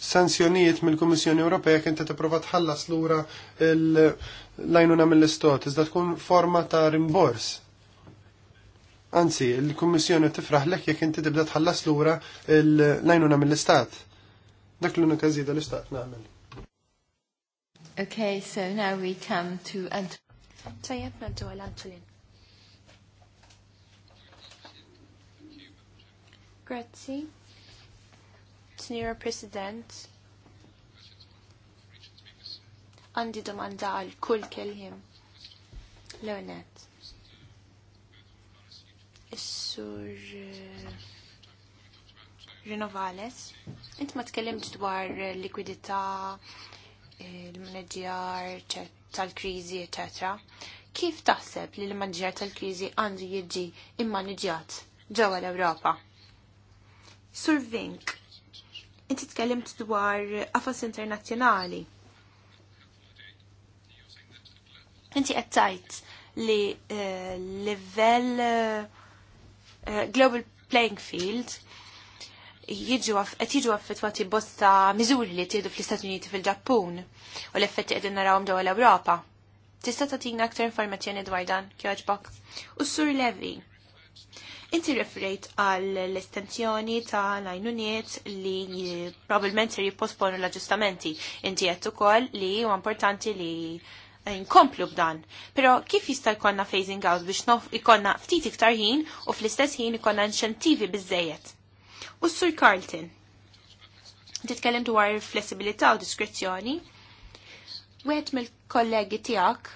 sanzjonijiet mill-Kummissjoni Ewropea kien ta' tipprova tħallas lura l-lajnuna mill-istot, iżda tkun forma ta' rimbors Anzi, il-Kummissjoni tifraħlek jekk inti tibda tħallas lura l-lajnuna mill-Istat. Dak l-unika żieda l-Istat nagħmel. Okay, so now we come to Antolin. Tajab naddu għal Antolin. Grazzi. Signora President, għandi domanda għal kull kellim. Leonet Is-sur eh, Rinovales, int ma tkellimt dwar likwidità, il-manager eh, tal-krizi, etc. Kif taħseb li l-manager tal-krizi għandu jiġi immaniġjat ġewwa l-Ewropa? Sur Vink, inti tkellimt dwar qafas internazzjonali. Inti qed tajt li uh, livell uh, Eh, global playing field jiġu qed jiġu affettwati bosta miżuri li tieħdu fl-Istati Uniti fil-Ġappun u l-effetti qegħdin narawhom ġewwa l-Ewropa. Tista' tagħtina aktar informazzjoni dwar dan kjoġbok. U s Sur Levi, inti referejt għal l-estensjoni ta' lajnuniet li probabilment se jipposponu l-aġġustamenti. Inti qed ukoll li huwa importanti li Inkomplu b'dan. Pero kif jista' jkollna phasing out biex ikonna ftit iktar ħin u fl-istess ħin ikonna inċentivi biżejjed. U s-Sur Carlton, titkellem dwar flessibilità u diskrezzjoni. Wieħed mill-kollegi tiegħek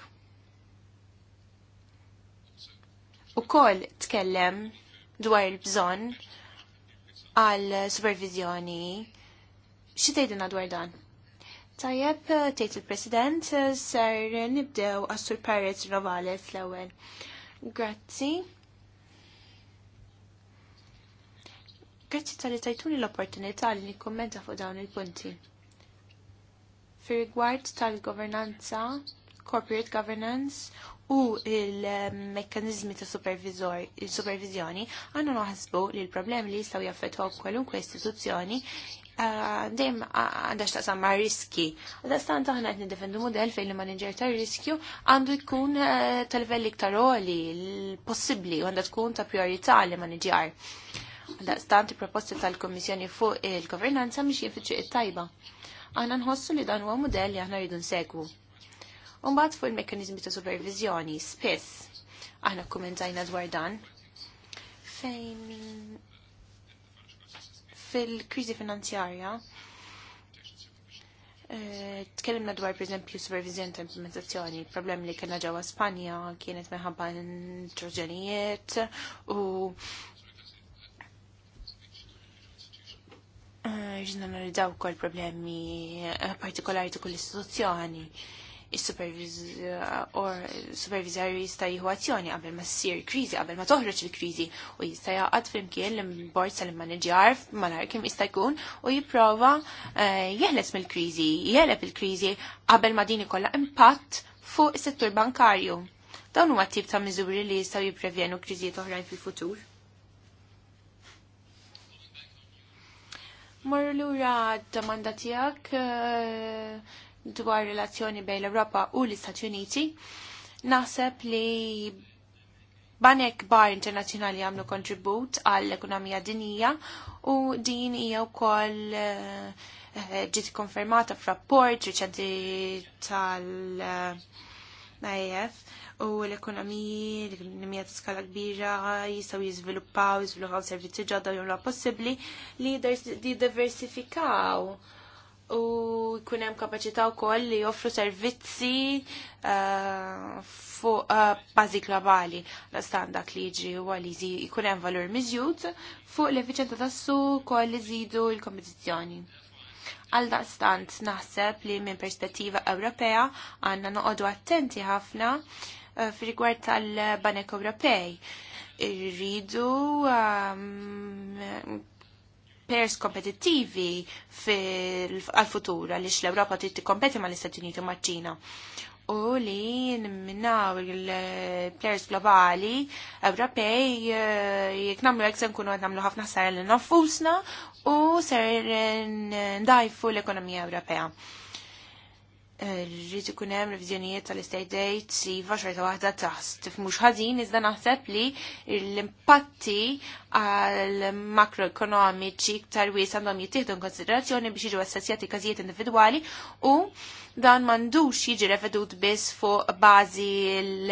ukoll tkellem dwar il-bżonn għal supervizjoni. Xi tgħidilna dwar dan? Tajjeb, tgħid il-President, ser nibdew għas-Sur Perez Novales l-ewwel. Grazzi. Grazzi tal-li tajtuni l-opportunità li nikkommenta fuq dawn il-punti. Fir-rigward tal-governanza, corporate governance u il-mekkanizmi ta' supervizjoni għanna naħsbu li l-problemi li jistaw jaffetħu kwalunkwe istituzzjoni Ah, dejjem għandha x'taqsam ma' riski. Għadha stant aħna qed nidefendu mudell fejn li ma manager ta' riskju għandu jkun eh, ta' livell iktar għoli possibbli u għandha tkun ta' priorità li manager. Għadha stant proposti tal-Kommissjoni fuq il-Governanza mhix jinfittxu it-tajba. Aħna nħossu li dan huwa mudell li aħna rridu nsegwu. mbagħad fuq il-mekkaniżmi ta' supervizjoni spiss aħna kkumentajna dwar dan fejn fil-kriżi finanzjarja eh, Tkellimna dwar pereżempju supervizjon ta' implementazzjoni, problemi li kena ġewwa Spanja kienet meħabba introġenijiet u eh, ġinna naridaw kol problemi partikolari ta' kull istituzzjoni il-supervizjar uh, jista' jieħu azzjoni qabel ma ssir kriżi, qabel ma toħroġ il-kriżi u jista' jaqgħad flimkien l-bord tal-manager malar kemm jista' jkun u jipprova eh, jeħles mill-kriżi, jeħleb il-kriżi qabel ma din ikollha impatt fuq is-settur bankarju. Dawn huwa tip ta' miżuri li jistgħu jipprevjenu kriżijiet oħrajn fil-futur. Morru lura d-domanda tiegħek eh, dwar relazzjoni bejn l-Europa u l-Istati Uniti, naħseb li banek bar internazzjonali għamlu kontribut għall-ekonomija dinija u din hija wkoll eh, ġiet konfermata f'rapport riċenti tal-IF u l-ekonomiji, l-ekonomija ta' skala kbira jistgħu jiżviluppaw jiżviluppaw servizzi ġodda jomla possibbli, li diversifikaw u jkun hemm kapaċità wkoll li joffru servizzi eh, fuq eh, bażi globali la dak li jiġri huwa li jkun hemm valur miżjud fuq l-effiċenza tas-suq ukoll li jżidu l-kompetizzjoni. Għal daqstant naħseb li minn perspettiva Ewropea għandna noqogħdu attenti ħafna uh, fir-rigward tal-Banek Ewropej. Irridu ehm, pers kompetittivi għal-futur għaliex l-Ewropa trid tikkompeti mal-Istati Uniti u maċ-Ċina. U li minnaw il-players globali Ewropej eh, jek namlu jek se nkunu għed namlu ħafna sar l-nafusna u ser ndajfu l-ekonomija Ewropea rrid ikun hemm revizjonijiet tal-estate date siva xorta waħda taħs. Tifmux ħażin iżda naħseb li l-impatti għal makroekonomiċi iktar wies għandhom jittieħdu konsiderazzjoni biex jiġu assessjati każijiet individwali u dan m'għandux jiġi revedut biss fuq bażi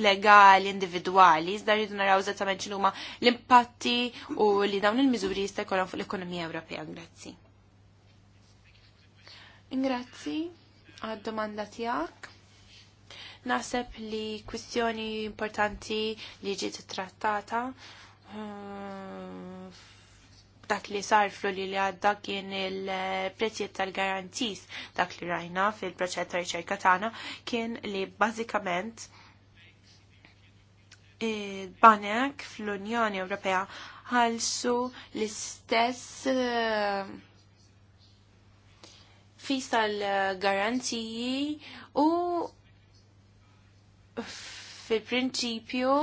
legali individwali, iżda rridu naraw eżattament ma l-impatti u li dawn il-miżuri jista' jkollhom fuq l-ekonomija Ewropea. Grazzi. Grazzi għad-domanda tijak. Naħseb li kwistjoni importanti li ġiet trattata eh, dak li sar fl li li għadda kien il-prezziet tal-garantis dak li rajna fil-proċett ta' riċerka tagħna kien li bażikament banek fl-Unjoni Ewropea ħalsu l-istess uh, tnaqqis tal-garanziji u fil-prinċipju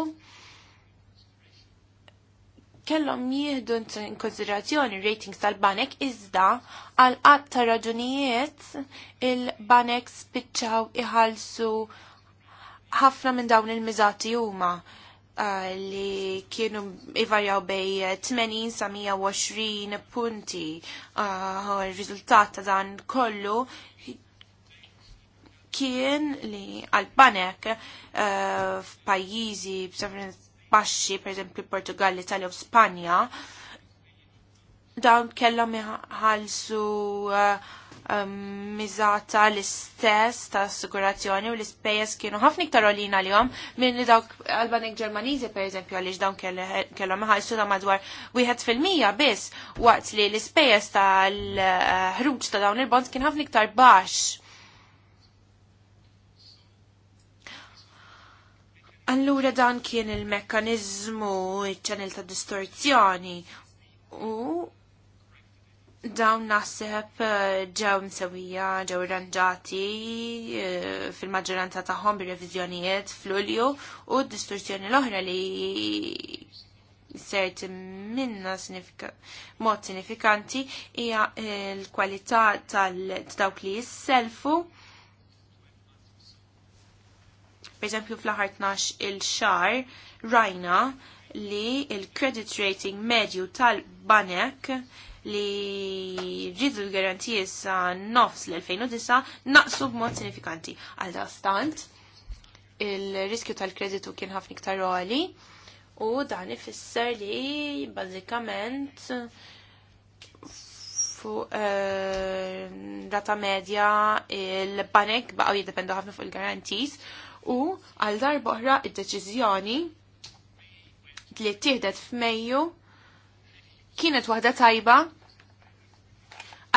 kellhom jieħdu konsiderazzjoni ratings tal-banek iżda għal qatt ta' raġunijiet il-banek spiċċaw iħallsu ħafna minn dawn il-miżati huma. Eh, li kienu ivarjaw bej 80 sa 120 punti uh, eh, il-rizultat ta' dan kollu kien li għal panek uh, eh, f'pajjiżi baxxi, per esempio Portugal, Italja u Spanja, dawn kellhom iħallsu uh, Um, miżata l-istess ta' assigurazzjoni u l-ispejjeż kienu ħafna iktar għolina li minn dawk Albanek Ġermaniżi per eżempju għaliex dawn kellhom ħalsu ta' madwar wieħed fil-mija biss waqt li l-ispejjeż tal-ħruġ ta' dawn il-bonds kien ħafna iktar baxx. Allura dan kien il-mekkanizmu, iċ ċanel ta' distorzjoni u dawn naħseb eh, ġew msewija, ġew irranġati eh, fil-maġġoranza tagħhom bir-reviżjonijiet fl-Ulju u d-distorsjoni l-oħra li sert minna mod sinifikanti hija l-kwalità tal-dawk li jisselfu. Per eżempju fl-aħħar 12 il-xar rajna li il-credit rating medju tal-banek li ġidu l-garanti issa nofs l-2009 naqsu b'mod sinifikanti. Għal stant, il-riskju tal-kreditu kien ħafna iktar għali u dan ifisser li bażikament data eh, rata medja il-banek baqgħu jiddependu ħafna fuq il-garantis u għal darba oħra id-deċiżjoni li tieħdet f'Mejju kienet waħda tajba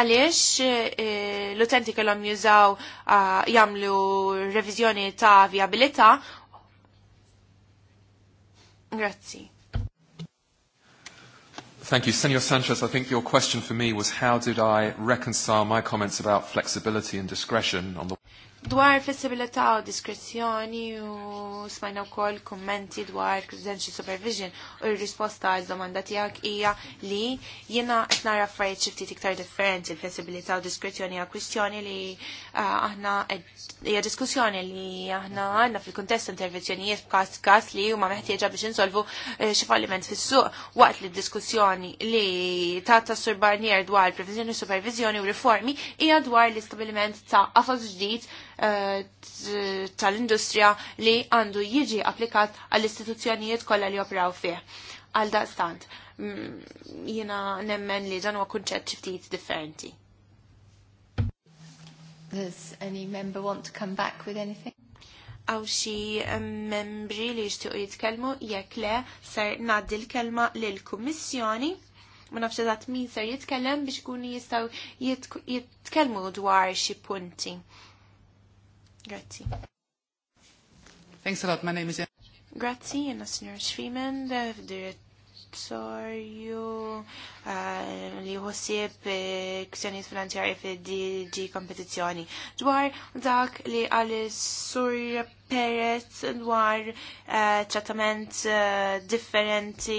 għaliex eh, eh, l-utenti kellhom jużaw ah, jagħmlu reviżjoni ta' viabilità. Grazzi. Thank you. Senor Sanchez, I think your question for me was how did I reconcile my comments about flexibility and discretion on the Dwar flessibilità u diskrezzjoni u smajna wkoll kommenti dwar credential supervision u r-risposta għal domanda tiegħek hija li jiena qed nara affarijiet xi ftit iktar differenti flessibilità u diskrezzjoni hija kwistjoni li uh, aħna hija diskussjoni li aħna għandna fil-kuntest intervenzjonijiet b'każ każ li huma meħtieġa biex insolvu uh, xi falliment fis-suq waqt li diskussjoni li tata Sur Barnier dwar previżjoni supervizjoni u riformi hija dwar l-istabiliment ta' qafas ġdid Eh, tal-industrija li għandu jiġi applikat għall-istituzzjonijiet kollha li jopraw fih. Għal daqstant, mm, jiena nemmen li dan huwa kunċett ftit differenti. Does any member want to come back with anything? Għaw xi membri li jixtiequ jitkellmu jekk le ser ngħaddi l-kelma lill-Kummissjoni. Ma nafx eżatt min ser jitkellem biex ikunu jistgħu jitkellmu dwar xi punti Grazie. Thanks a lot, my name is... Grazzi, jenna signor the director. Sorju eh, li jħossib eh, kwestjonijiet finanzjarji fid-DG kompetizzjoni. Dwar dak li għal sur Perez dwar eh, trattament differenti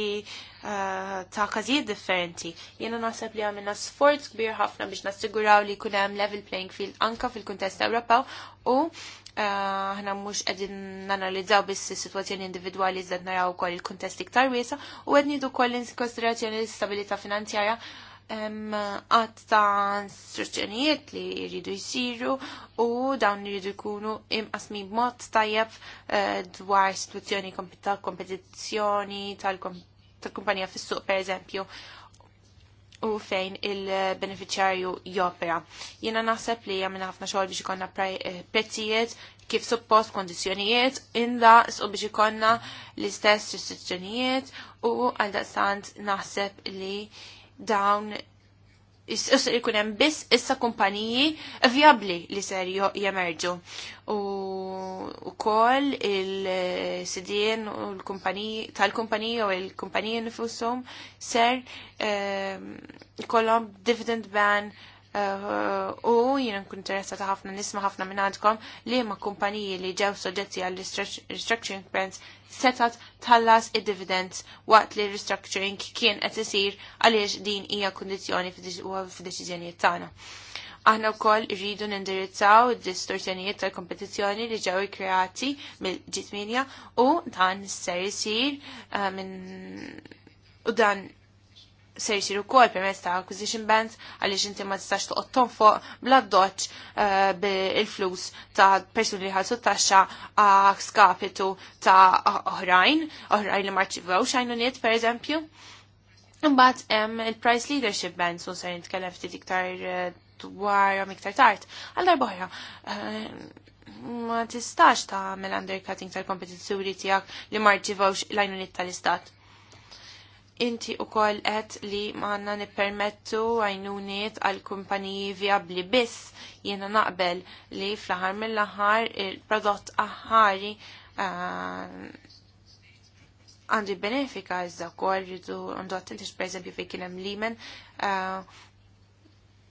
ta' każijiet differenti. Jiena naħseb li għamilna sforz kbir ħafna biex nassiguraw li jkun hemm level playing field anka fil-kuntest Ewropew u Eh, aħna mhux qegħdin nanalizzaw biss is-sitwazzjoni individwali iżda naraw ukoll il kontest iktar wiesa u qed nieħdu wkoll konsiderazzjoni l-istabilità finanzjarja għat ta' struzzjonijiet li jridu jisiru u dawn jridu jkunu imqasmi b'mod tajjeb eh, dwar situazzjoni tal-kompetizzjoni tal-kumpanija fis-suq per eżempju u fejn il-beneficjarju jopera. Jena naħseb li jgħamil ħafna xogħol biex ikonna eh, prezzijiet kif suppost kondizjonijiet inda u biex ikonna l-istess restrizzjonijiet u għaldaqstant naħseb li dawn Issa ikun hemm biss issa kumpaniji vjabli li ser jemerġu. U wkoll il-sidien u l-kumpaniji tal-kumpaniji u l-kumpaniji nifushom ser ikollhom ehm, dividend ban Eh, u jina nkun interessata ħafna nisma ħafna minn għandkom li ma kumpaniji li ġew soġġetti għall restructuring plans setat tallas id-dividends waqt li restructuring kien qed isir għaliex din hija kundizzjoni f'deċiżjonijiet tagħna. Aħna wkoll irridu nindirizzaw id-distorsjonijiet tal-kompetizzjoni li ġew ikkreati mill-ġitminja u dan ser isir eh, minn u dan se jisir ukoll permezz ta' acquisition bands għaliex inti ma tistax toqgħod fuq bla doċ eh, bil-flus ta' persuni li ħalsu taxxa skapitu ta' oħrajn, oħrajn li niet għajnuniet pereżempju. Imbagħad hemm il-price leadership bands u se nitkellem ftit iktar eh, dwarhom iktar tard. Għal darba oħra, eh, ma tistax ta' mill-undercutting tal kompetizzuri tiegħek li marċivewx l-għajnuniet tal-istat inti u koll għet li maħna nipermettu għajnuniet għal kumpaniji viabli biss jena naqbel li fl-ħar mill-ħar il-prodott aħħari eh, għandu uh, benefika iżda kol rridu għandu attenti per eżempju limen uh,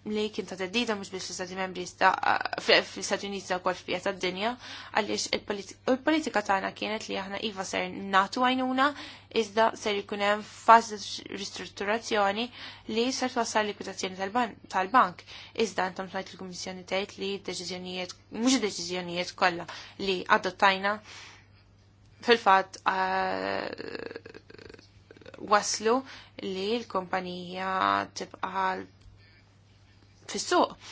li kien ta' teddida mux biex l-Stati Membri fl-Stati Uniti ta' kol fija ta' dinja għaliex il-politika tagħna kienet li aħna iva ser natu għajnuna iżda ser ikun hemm ristrutturazzjoni li ser twassal likwidazzjoni tal-bank. Iżda intom smajt il-Kummissjoni tgħid li deċiżjonijiet mhux deċiżjonijiet kollha li adottajna fil-fatt eh, waslu li l-kumpanija tibqa' fis-suq.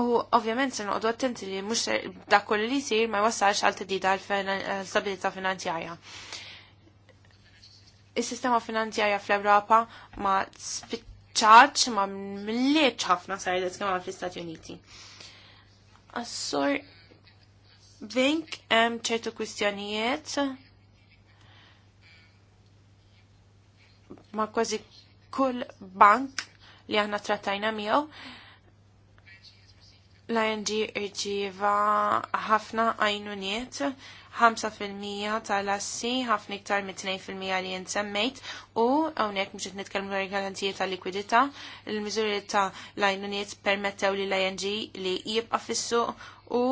U ovvjament se noqgħodu attenti li mhux dak kollu li jsir ma jwassalx għal tedida għal stabilità finanzjarja. Is-sistema finanzjarja fl-Ewropa ma spiċċaċ ma mlietx ħafna sajdet kemm fl-Istati Uniti. Assur Vink hemm ċertu kwistjonijiet ma' kważi kull bank li aħna trattajna miegħu l-ING irċiva ħafna għajnuniet 5% tal-assi, ħafna iktar mit 2% li jinsemmejt u għonek mġet nitkellmu għar garantijiet tal likwidità il-miżuri ta' l-għajnuniet permettew li l-ING li jibqa' fissuq u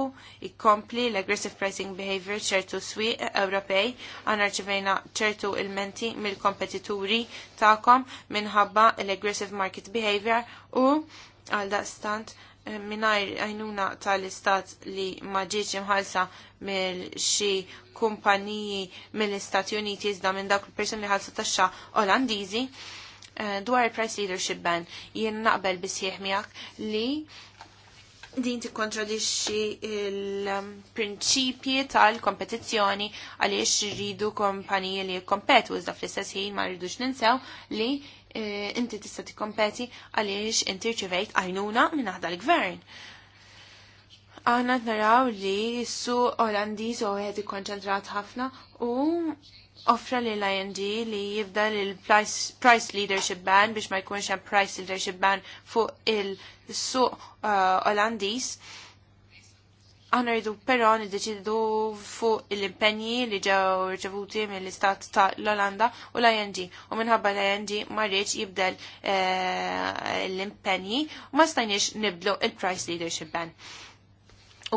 jkompli l-aggressive pricing behavior ċertu swieq Ewropej għana rċivejna ċertu il-menti mill-kompetituri ta'kom minħabba l-aggressive market behavior u għal daqstant eh, minnajr għajnuna tal-istat li maġiċ imħalsa mill xi kumpaniji mill-Istati Uniti iżda minn dak il-persuni li ħalsa taxxa Olandiżi eh, dwar il-price leadership ban jien naqbel bisħieħ miegħek li din tikkontradixxi il-prinċipji tal-kompetizzjoni għaliex rridu kompaniji li jikkompetu iżda fl-istess ħin ma rridux ninsew li eh, inti tista' tikkompeti għaliex inti rċivejt għajnuna minn aħda l-gvern. Aħna naraw li s-su Olandiż u għed ikkonċentrat ħafna u offra li l-IND li jibda l-price leadership ban biex ma jkunx hemm price leadership ban fuq il-suq uh, Olandis. Olandiż. Aħna rridu però niddeċidu fuq l-impenji li ġew rċevuti mill-istat ta' l-Olanda u l-ING. U minħabba l-ING ma rridx jibdel uh, l-impenji u ma stajniex niblu il-price leadership ban.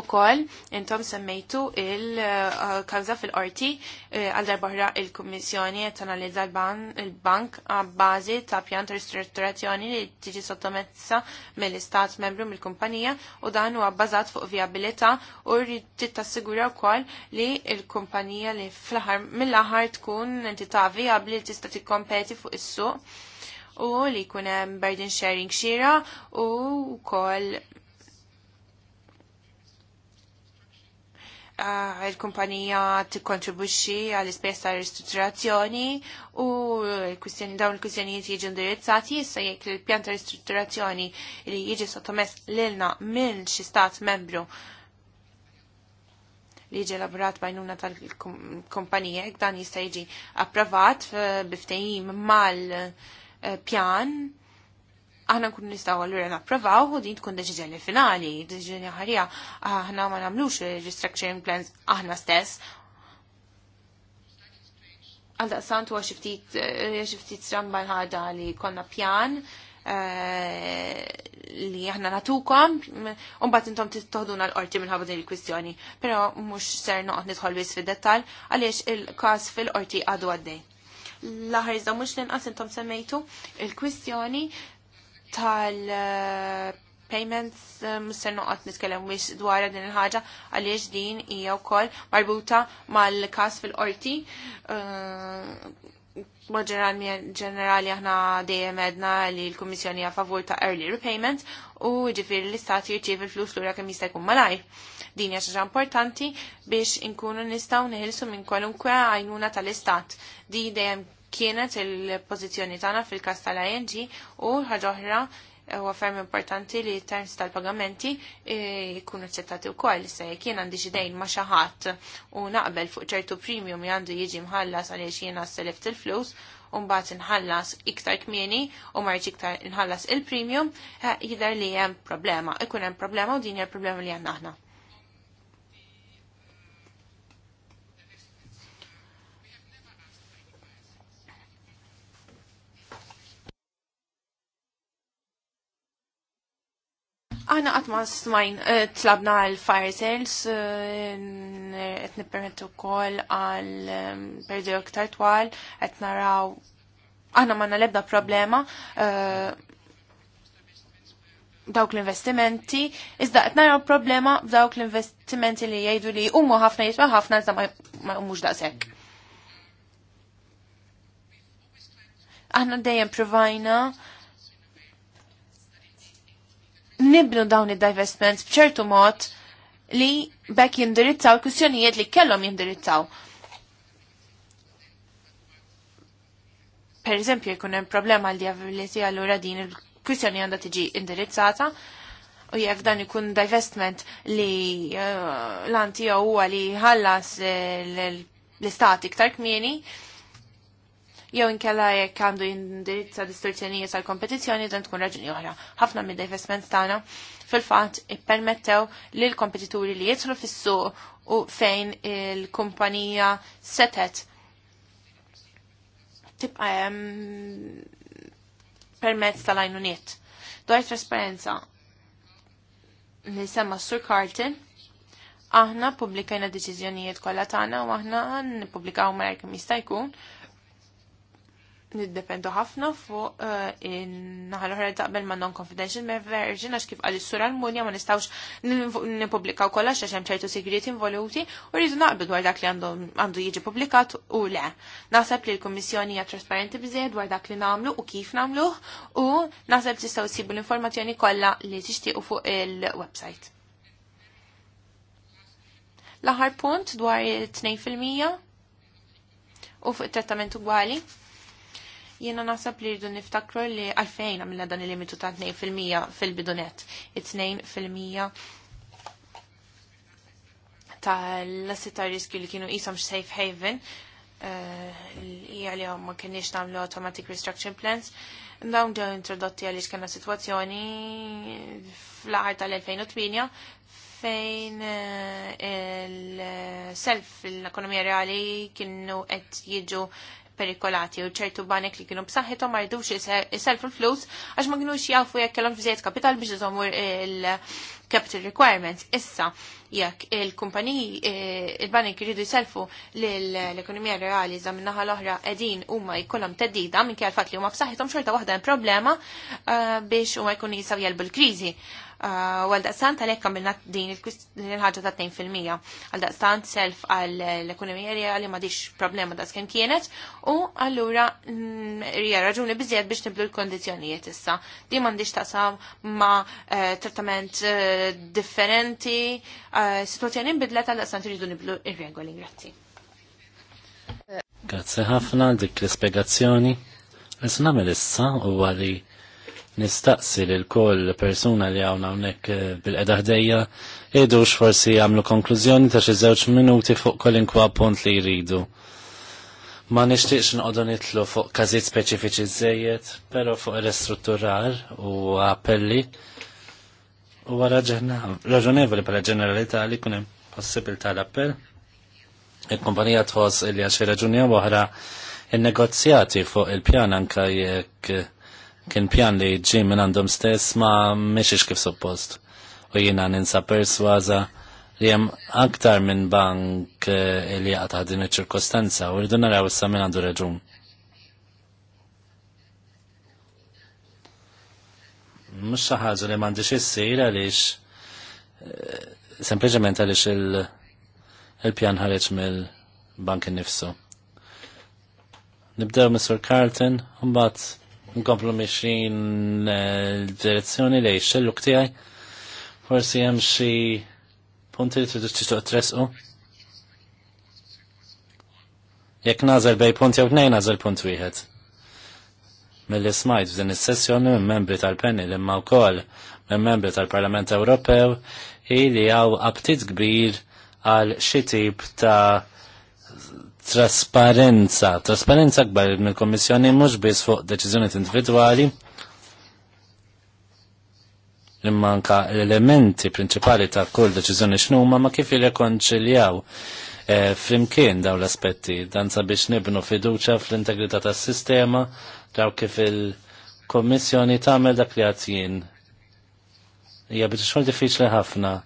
U koll, intom semmejtu il-kawza uh, fil-qorti uh, għal darbohra il-Kommissjoni qed analizza l-bank bazi ta' pjan ristrutturazzjoni li tiġi sottomessa mill-Istat membru mill-kumpanija u dan huwa bbażat fuq viabilità u rrid tassigura wkoll li l-kumpanija li fl-aħħar mill-aħħar tkun entità viabli li tista' tikkompeti fuq is-suq u li jkun hemm burden sharing xira u wkoll Ah, il-kumpanija tikkontribwixxi għall ispess ta' ristrutturazzjoni u l-kwistjoni dawn il-kwistjonijiet jieġi indirizzati issa jekk il-pjan ta' ristrutturazzjoni li jiġi sottomess lilna minn xi stat membru li jiġi elaborat bajnuna tal-kumpanija, dan jista' jiġi approvat eh, biftejim mal-pjan eh, aħna nkun nistgħu għallura napprovaw u din tkun deċiżjoni finali, deċiżjoni ħarija aħna ma nagħmlux restructuring plans aħna stess. Għalda huwa xi ftit eh, xi ħada li konna pjan eh, li aħna natukom, unbat intom tittoħduna l-qorti minnħabba din il-kwistjoni, pero mux ser noqot nidħol bis fil-dettal, għaliex il-kas fil-qorti għadu għaddej. Laħar iżda mux l-inqas intom semmejtu il-kwistjoni tal-payments eh, mister noqgħod nitkellem wiex dwar din il-ħaġa għaliex din hija wkoll marbuta mal-każ fil-qorti. Eh, ġenerali aħna dejjem edna li l-Kummissjoni hija favur ta' early repayment u ġifieri l-istat jirċievi il flus lura kemm jista' jkun malajr. Din hija xi importanti biex inkunu nistgħu neħilsu minn kwalunkwe għajnuna tal-istat. Di dejjem kienet il-pozizjoni tagħna fil-kas tal-ING u ħaġa oħra huwa ferm importanti li terms tal-pagamenti e, jkunu ċettati u koll se jekk għandi ġidejn ma' xi ħadd u naqbel fuq ċertu premium li għandu jiġi mħallas għaliex jiena selift il-flus u mbagħad inħallas iktar kmieni u marġi iktar nħallas il-premium eh, jidher li hemm problema. Ikun hemm problema u din hija problema li għandna aħna. Aħna għatma ma smajn eh, tlabna għal fire sales eh, qed nippermettu wkoll għal ehm, perdu iktar twal qed naraw aħna ma lebda problema eh, dawk l-investimenti, iżda qed naraw problema b'dawk l-investimenti li jgħidu li huma ħafna jitwa ħafna iżda ma hemmux daqshekk. Aħna dejjem provajna nibnu dawn id-divestments bċertu mod li bekk jindirizzaw kustjonijiet li kellhom jindirizzaw. Per eżempju, jkun hemm problema għal diabiliti allura din il-kwistjoni għandha tiġi indirizzata u jekk dan ikun divestment li uh, eh, l antija huwa li ħallas l-istati iktar kmieni, jew inkella jekk għandu jindirizza distruzzjonijiet tal kompetizzjoni dan tkun raġuni oħra. Ħafna mid-divestments tagħna fil-fatt ippermettew lil kompetituri li jidħlu fis-suq u fejn il-kumpanija setet tibqa' hemm permezz tal-għajnuniet. Dwar trasparenza li semma Sur Carlton, aħna publikajna deċiżjonijiet kollha tagħna u aħna nippubblikaw mara kemm jista' jkun niddependu ħafna fuq eh, in-naħa l-oħra taqbel ma' non-confidential ma' verġin għax kif għal is-sura l-munja ma nistgħux nippubblikaw kollha għax hemm ċertu segreti involuti u rridu naqbel dwar dak li għandu jiġi publikat u le. Naħseb li l-Kummissjoni hija trasparenti biżejjed dwar dak li nagħmlu u kif nagħmluh u naħseb tistgħu tsibu l-informazzjoni kollha li tixtiequ fuq il-website. L-aħħar punt dwar 2% u fuq it-trattament ugwali Jiena naħseb li rridu niftakru li għalfejn għamilna dan il-limitu ta' 2% fil-bidunet. 2% tal-assi ta' riskju li kienu jisom safe haven eh, li għalli ma kienix namlu automatic restructuring plans. Dawn ġew introdotti għaliex kena situazzjoni fl-aħar tal-2008 fejn eh, il-self l-ekonomija reali kienu qed jiġu perikolati u ċertu banek li kienu b'saħħithom ma rridux iselfu l-flus għax ma kienux jafu jekk kellhom bżejjed kapital biex iżommu il-capital requirements. Issa jekk il-kumpaniji eh, il-banek jridu jselfu l-ekonomija reali iżda minnaħa naħa l-oħra qegħdin huma jkollhom teddida minn kien fatt li huma b'saħħithom xorta waħda hemm problema eh, biex huma jkunu jisaw jelbu l-kriżi Eh, għal-daqstant għalek għamilna din il-ħagġa ta' 2%. Għal-daqstant self għall-ekonomija reali ma diċ problema da' skem kienet u għallura rija mm, raġuni bizzijed biex nibdu l-kondizjonijiet issa. Di ta' taqsam ma eh, trattament eh, differenti, situazzjoni nbidlet għal-daqstant rridu niblu il-regoli. Grazzi. Grazzi ħafna dik l-ispiegazzjoni. Nisnamel issa u għalli nistaqsi li l-koll persuna li għawna unnek eh, bil-qeda ħdejja idu forsi għamlu konklużjoni ta' xi żewġ minuti fuq kwa punt li jridu. Ma nixtieqx nqogħdu nitlu fuq każijiet speċifiċi żejjed, però fuq ristrutturar u appelli huwa raġonevoli pala ġeneralità li kunem hemm tal appell Il-kumpanija tħoss li għal xi u oħra il negozjati fuq il-pjan anke jekk kien pjan li ġi minn għandhom stess ma mexiex kif suppost. U jina ninsa perswaza li jem aktar minn bank eh, li għata din il-ċirkostanza u rridu naraw issa minn għandu reġun. Mux xaħġa li mandi xissir għalix eh, sempliciment għalix il-pjan ħareċ mill-bank nifsu. Nibdew Mr. Carlton, un bat nkomplu mixin eh, direzzjoni li xellu ktijaj. Forsi jem xie punti li tridu t-tistuq tresqu. Jek nazel bej punt jew nej nazel punt wieħed. Mill-li smajt f'din is-sessjoni minn membri tal-Penni li ma wkoll minn membri tal-Parlament Ewropew illi għaw aptit kbir għal xi tip ta' trasparenza, trasparenza għbar mill-Kommissjoni mhux biss fuq deċiżjonijiet individwali, imma anka l-elementi principali ta' kull deċiżjoni x'numa ma kif jirrekonċiljaw e, eh, flimkien daw l-aspetti dan sabiex nibnu fiduċa fl-integrità tas-sistema daw kif il-Kommissjoni tagħmel dak li għatjien. Hija biex xogħol diffiċli ħafna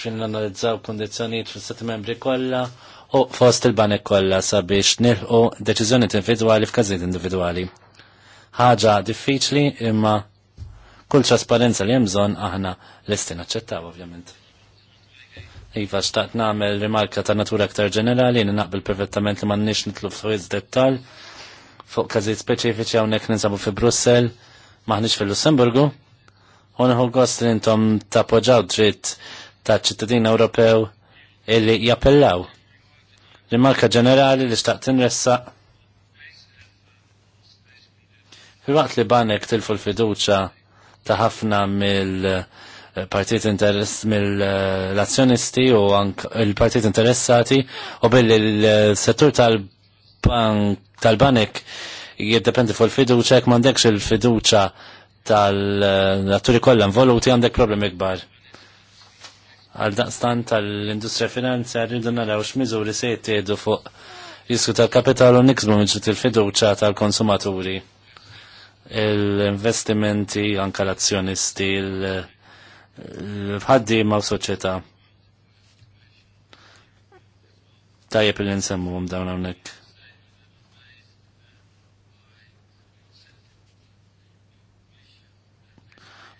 xin analizzaw kondizjoniet fil sett membri kollha u fost il-banek kollha sabiex nilħu deċiżjoni individwali f'każijiet individwali. Ħaġa diffiċli imma kull trasparenza li jemżon aħna l-istin aċċettaw ovvjament. Iva, xtaqt namel rimarka ta' natura aktar ġenerali, naqbel perfettament li man nix nitlu f'suiz dettal, fuq kazit speċifiċi għawnek ninsabu fi Brussel, maħnix fil-Lussemburgu, unħu għost li intom ta' poġaw dritt ta' ċittadin Ewropew illi jappellaw Rimarka ġenerali li xtaqt inressaq. Fil-waqt li banek tilfu l-fiduċa ta' ħafna mill-partit interess mill-azzjonisti u il-partit interessati u billi l-settur tal-banek jiddependi fuq il-fiduċa jekk m'għandekx il-fiduċa tal-atturi kollha involuti għandek problemi kbar għal daqstan tal-industrija finanzja rridu naraw x'miżuri se jittieħdu fuq risku tal-kapital u niksbu miġu til-fiduċa tal-konsumaturi. L-investimenti, anka l-azzjonisti, l-ħaddi ma' soċieta. Tajjeb li nsemmuhom għum dawn hawnhekk.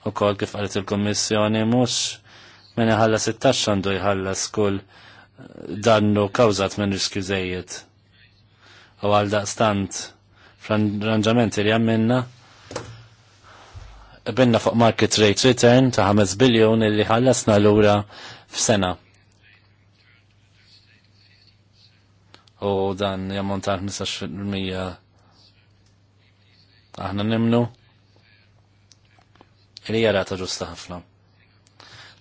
U kol kif għalet il-Kommissjoni mux minn ħalla 16 għandu jħalla skull eh, dannu kawzat minn riskju zejiet. U għal daqstant fl-arranġamenti li għamminna binna fuq market rate return ta' 5 biljon illi ħallasna l-ura f'sena. U dan ta' 15% aħna nimnu. jara ta' ġusta ħafna.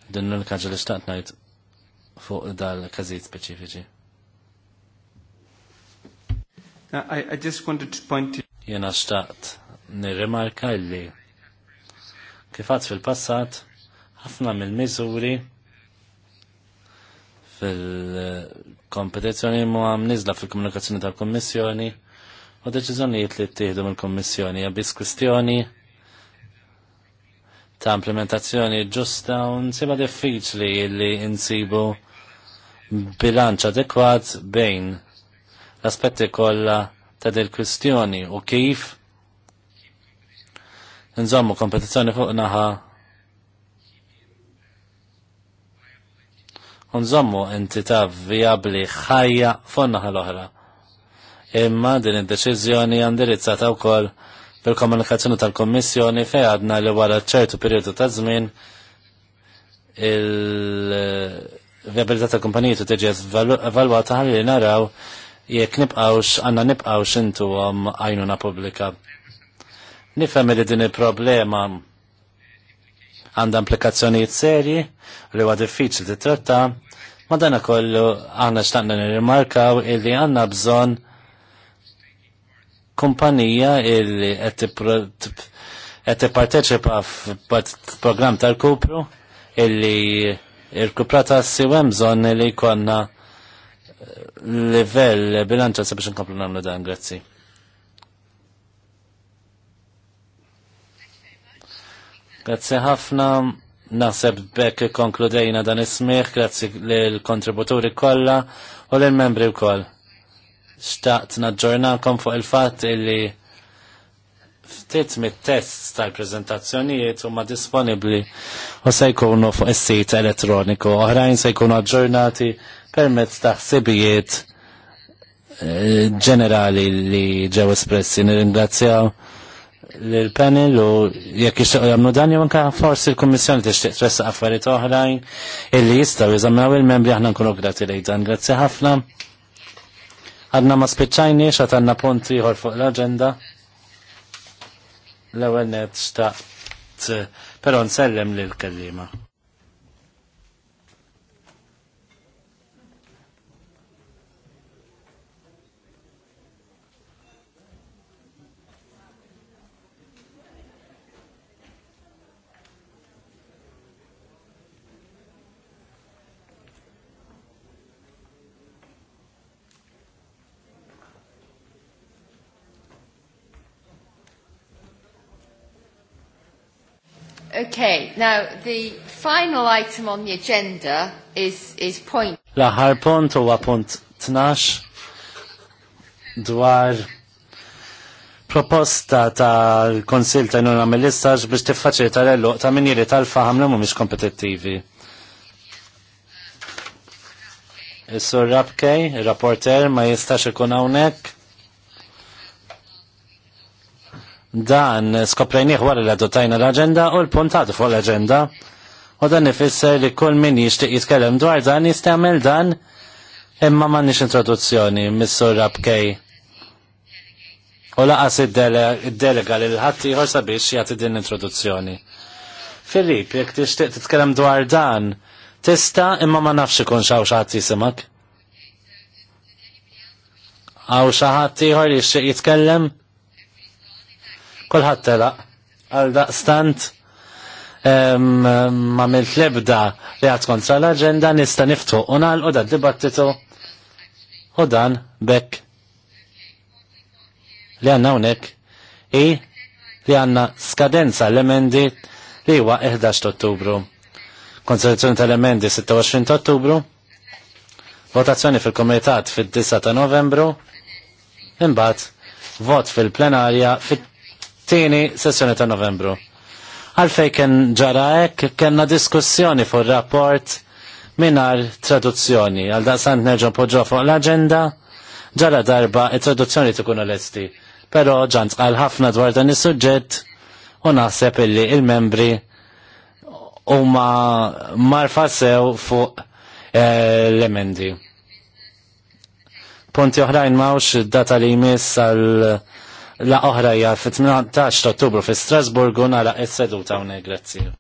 Din l-kaġa li xtaqt najt fuq dal-kazit speċifiċi. I, I just wanted to point to... Jena xtaqt nirrimarka illi kifat fil-passat ħafna mill-miżuri fil mu għam nizla fil-komunikazzjoni tal-Kommissjoni u deċiżjonijiet li ttieħdu mill-Kommissjoni għabis biss kwistjoni ta' implementazzjoni ġusta un siba diffiċli li insibu bilanċ adekwat bejn l-aspetti kollha ta' del kwistjoni u kif nżommu kompetizzjoni fuq naħa unżommu entità viabli ħajja fuq naħa l-oħra. Imma din id-deċiżjoni għandirizzata wkoll fil komunikazzjoni tal-Kommissjoni fej għadna li wara ċertu periodu ta' żmien il-viabilità tal-kumpanijiet tiġi evalwata ħalli naraw jekk nibqgħux għandna nibqgħux intuhom għajnuna pubblika. Nifhem li din il-problema għandha implikazzjonijiet serji li huwa diffiċli titratta, ma dana kollu għandna xtaqna nirrimarkaw illi għandna bżonn kumpanija illi qed tipparteċipa program tal-kupru illi il-kuprata s-siwem bżonn li konna eh, livell bilanċa sabiex nkomplu nagħmlu dan, grazzi. Grazzi ħafna. Naħseb bekk konkludejna dan ismiħ, grazzi l-kontributuri kollha u l-membri wkoll. Xtaqt naġġornakom fuq il-fatt illi ftit mit-tests tal-prezentazzjonijiet huma disponibbli u se jkunu fuq is-sit elettroniku. Oħrajn se jkunu aġġornati permezz ta' ħsibijiet eh, ġenerali li ġew espressi nirringrazzjaw l-panel u jekk jixtieq jagħmlu dan jew anke forsi l-Kummissjoni tixtieq tressaq affarijiet oħrajn illi jistgħu jeżaminaw il-membri aħna nkunu grati lejn dan. Grazzi ħafna. Għadna ma spiċċajni xat għanna punt ieħor fuq l-agenda. L-ewwel net xtaqt, eh, però nsellem l kellima. Okay, now the final item on the agenda is, is point. L-aħħar punt huwa punt 12 dwar proposta tal-Konsil ta' Nuna mill-istax biex tiffaċilita l-eluq ta' minjiri tal-faham li mhumiex kompetittivi. Is-sur Rabkej, il-rapporter, ma jistax ikun hawnhekk Dan skoprejnieh wara li adottajna l-agenda u l-puntat fuq l-agenda u dan ifisser li kull min jixtieq jitkellem dwar dan jistgħmel dan imma m'għandniex introduzzjoni mis-sur Rabkej. U laqas id-delega li l-ħadd ieħor sabiex jagħti din introduzzjoni. Filip, jekk tixtieq titkellem dwar dan, tista' imma ma nafx ikun xi ħadd jisimak. Għaw xi ħadd ieħor jixtieq jitkellem? Kulħadd telaq għal daqstant ma mill lebda li għad kontra l-agenda nista niftu u dibattitu u dan bekk li għanna unek i li għanna skadenza l-emendi li huwa 11 ottubru. Konsolizjoni tal-emendi 26 ottubru, votazzjoni fil-komitat fil-9 ta' novembru, imbagħad vot fil-plenarja fit tieni sessjoni ta' novembru. Għalfej kien ġara hekk kellna diskussjoni fuq rapport minar traduzzjoni. Għal sant neġon poġġo fuq l-aġenda ġara darba it-traduzzjoni tkun esti Però ġant għal ħafna dwar dan is-suġġett u naħseb illi il-membri huma marfa sew fuq eh, l-emendi. Punti oħrajn mawx data li jmiss għal la oħra hija fit-18 Ottubru fi Strasburgu nara s-seduta hawnhekk grazzi.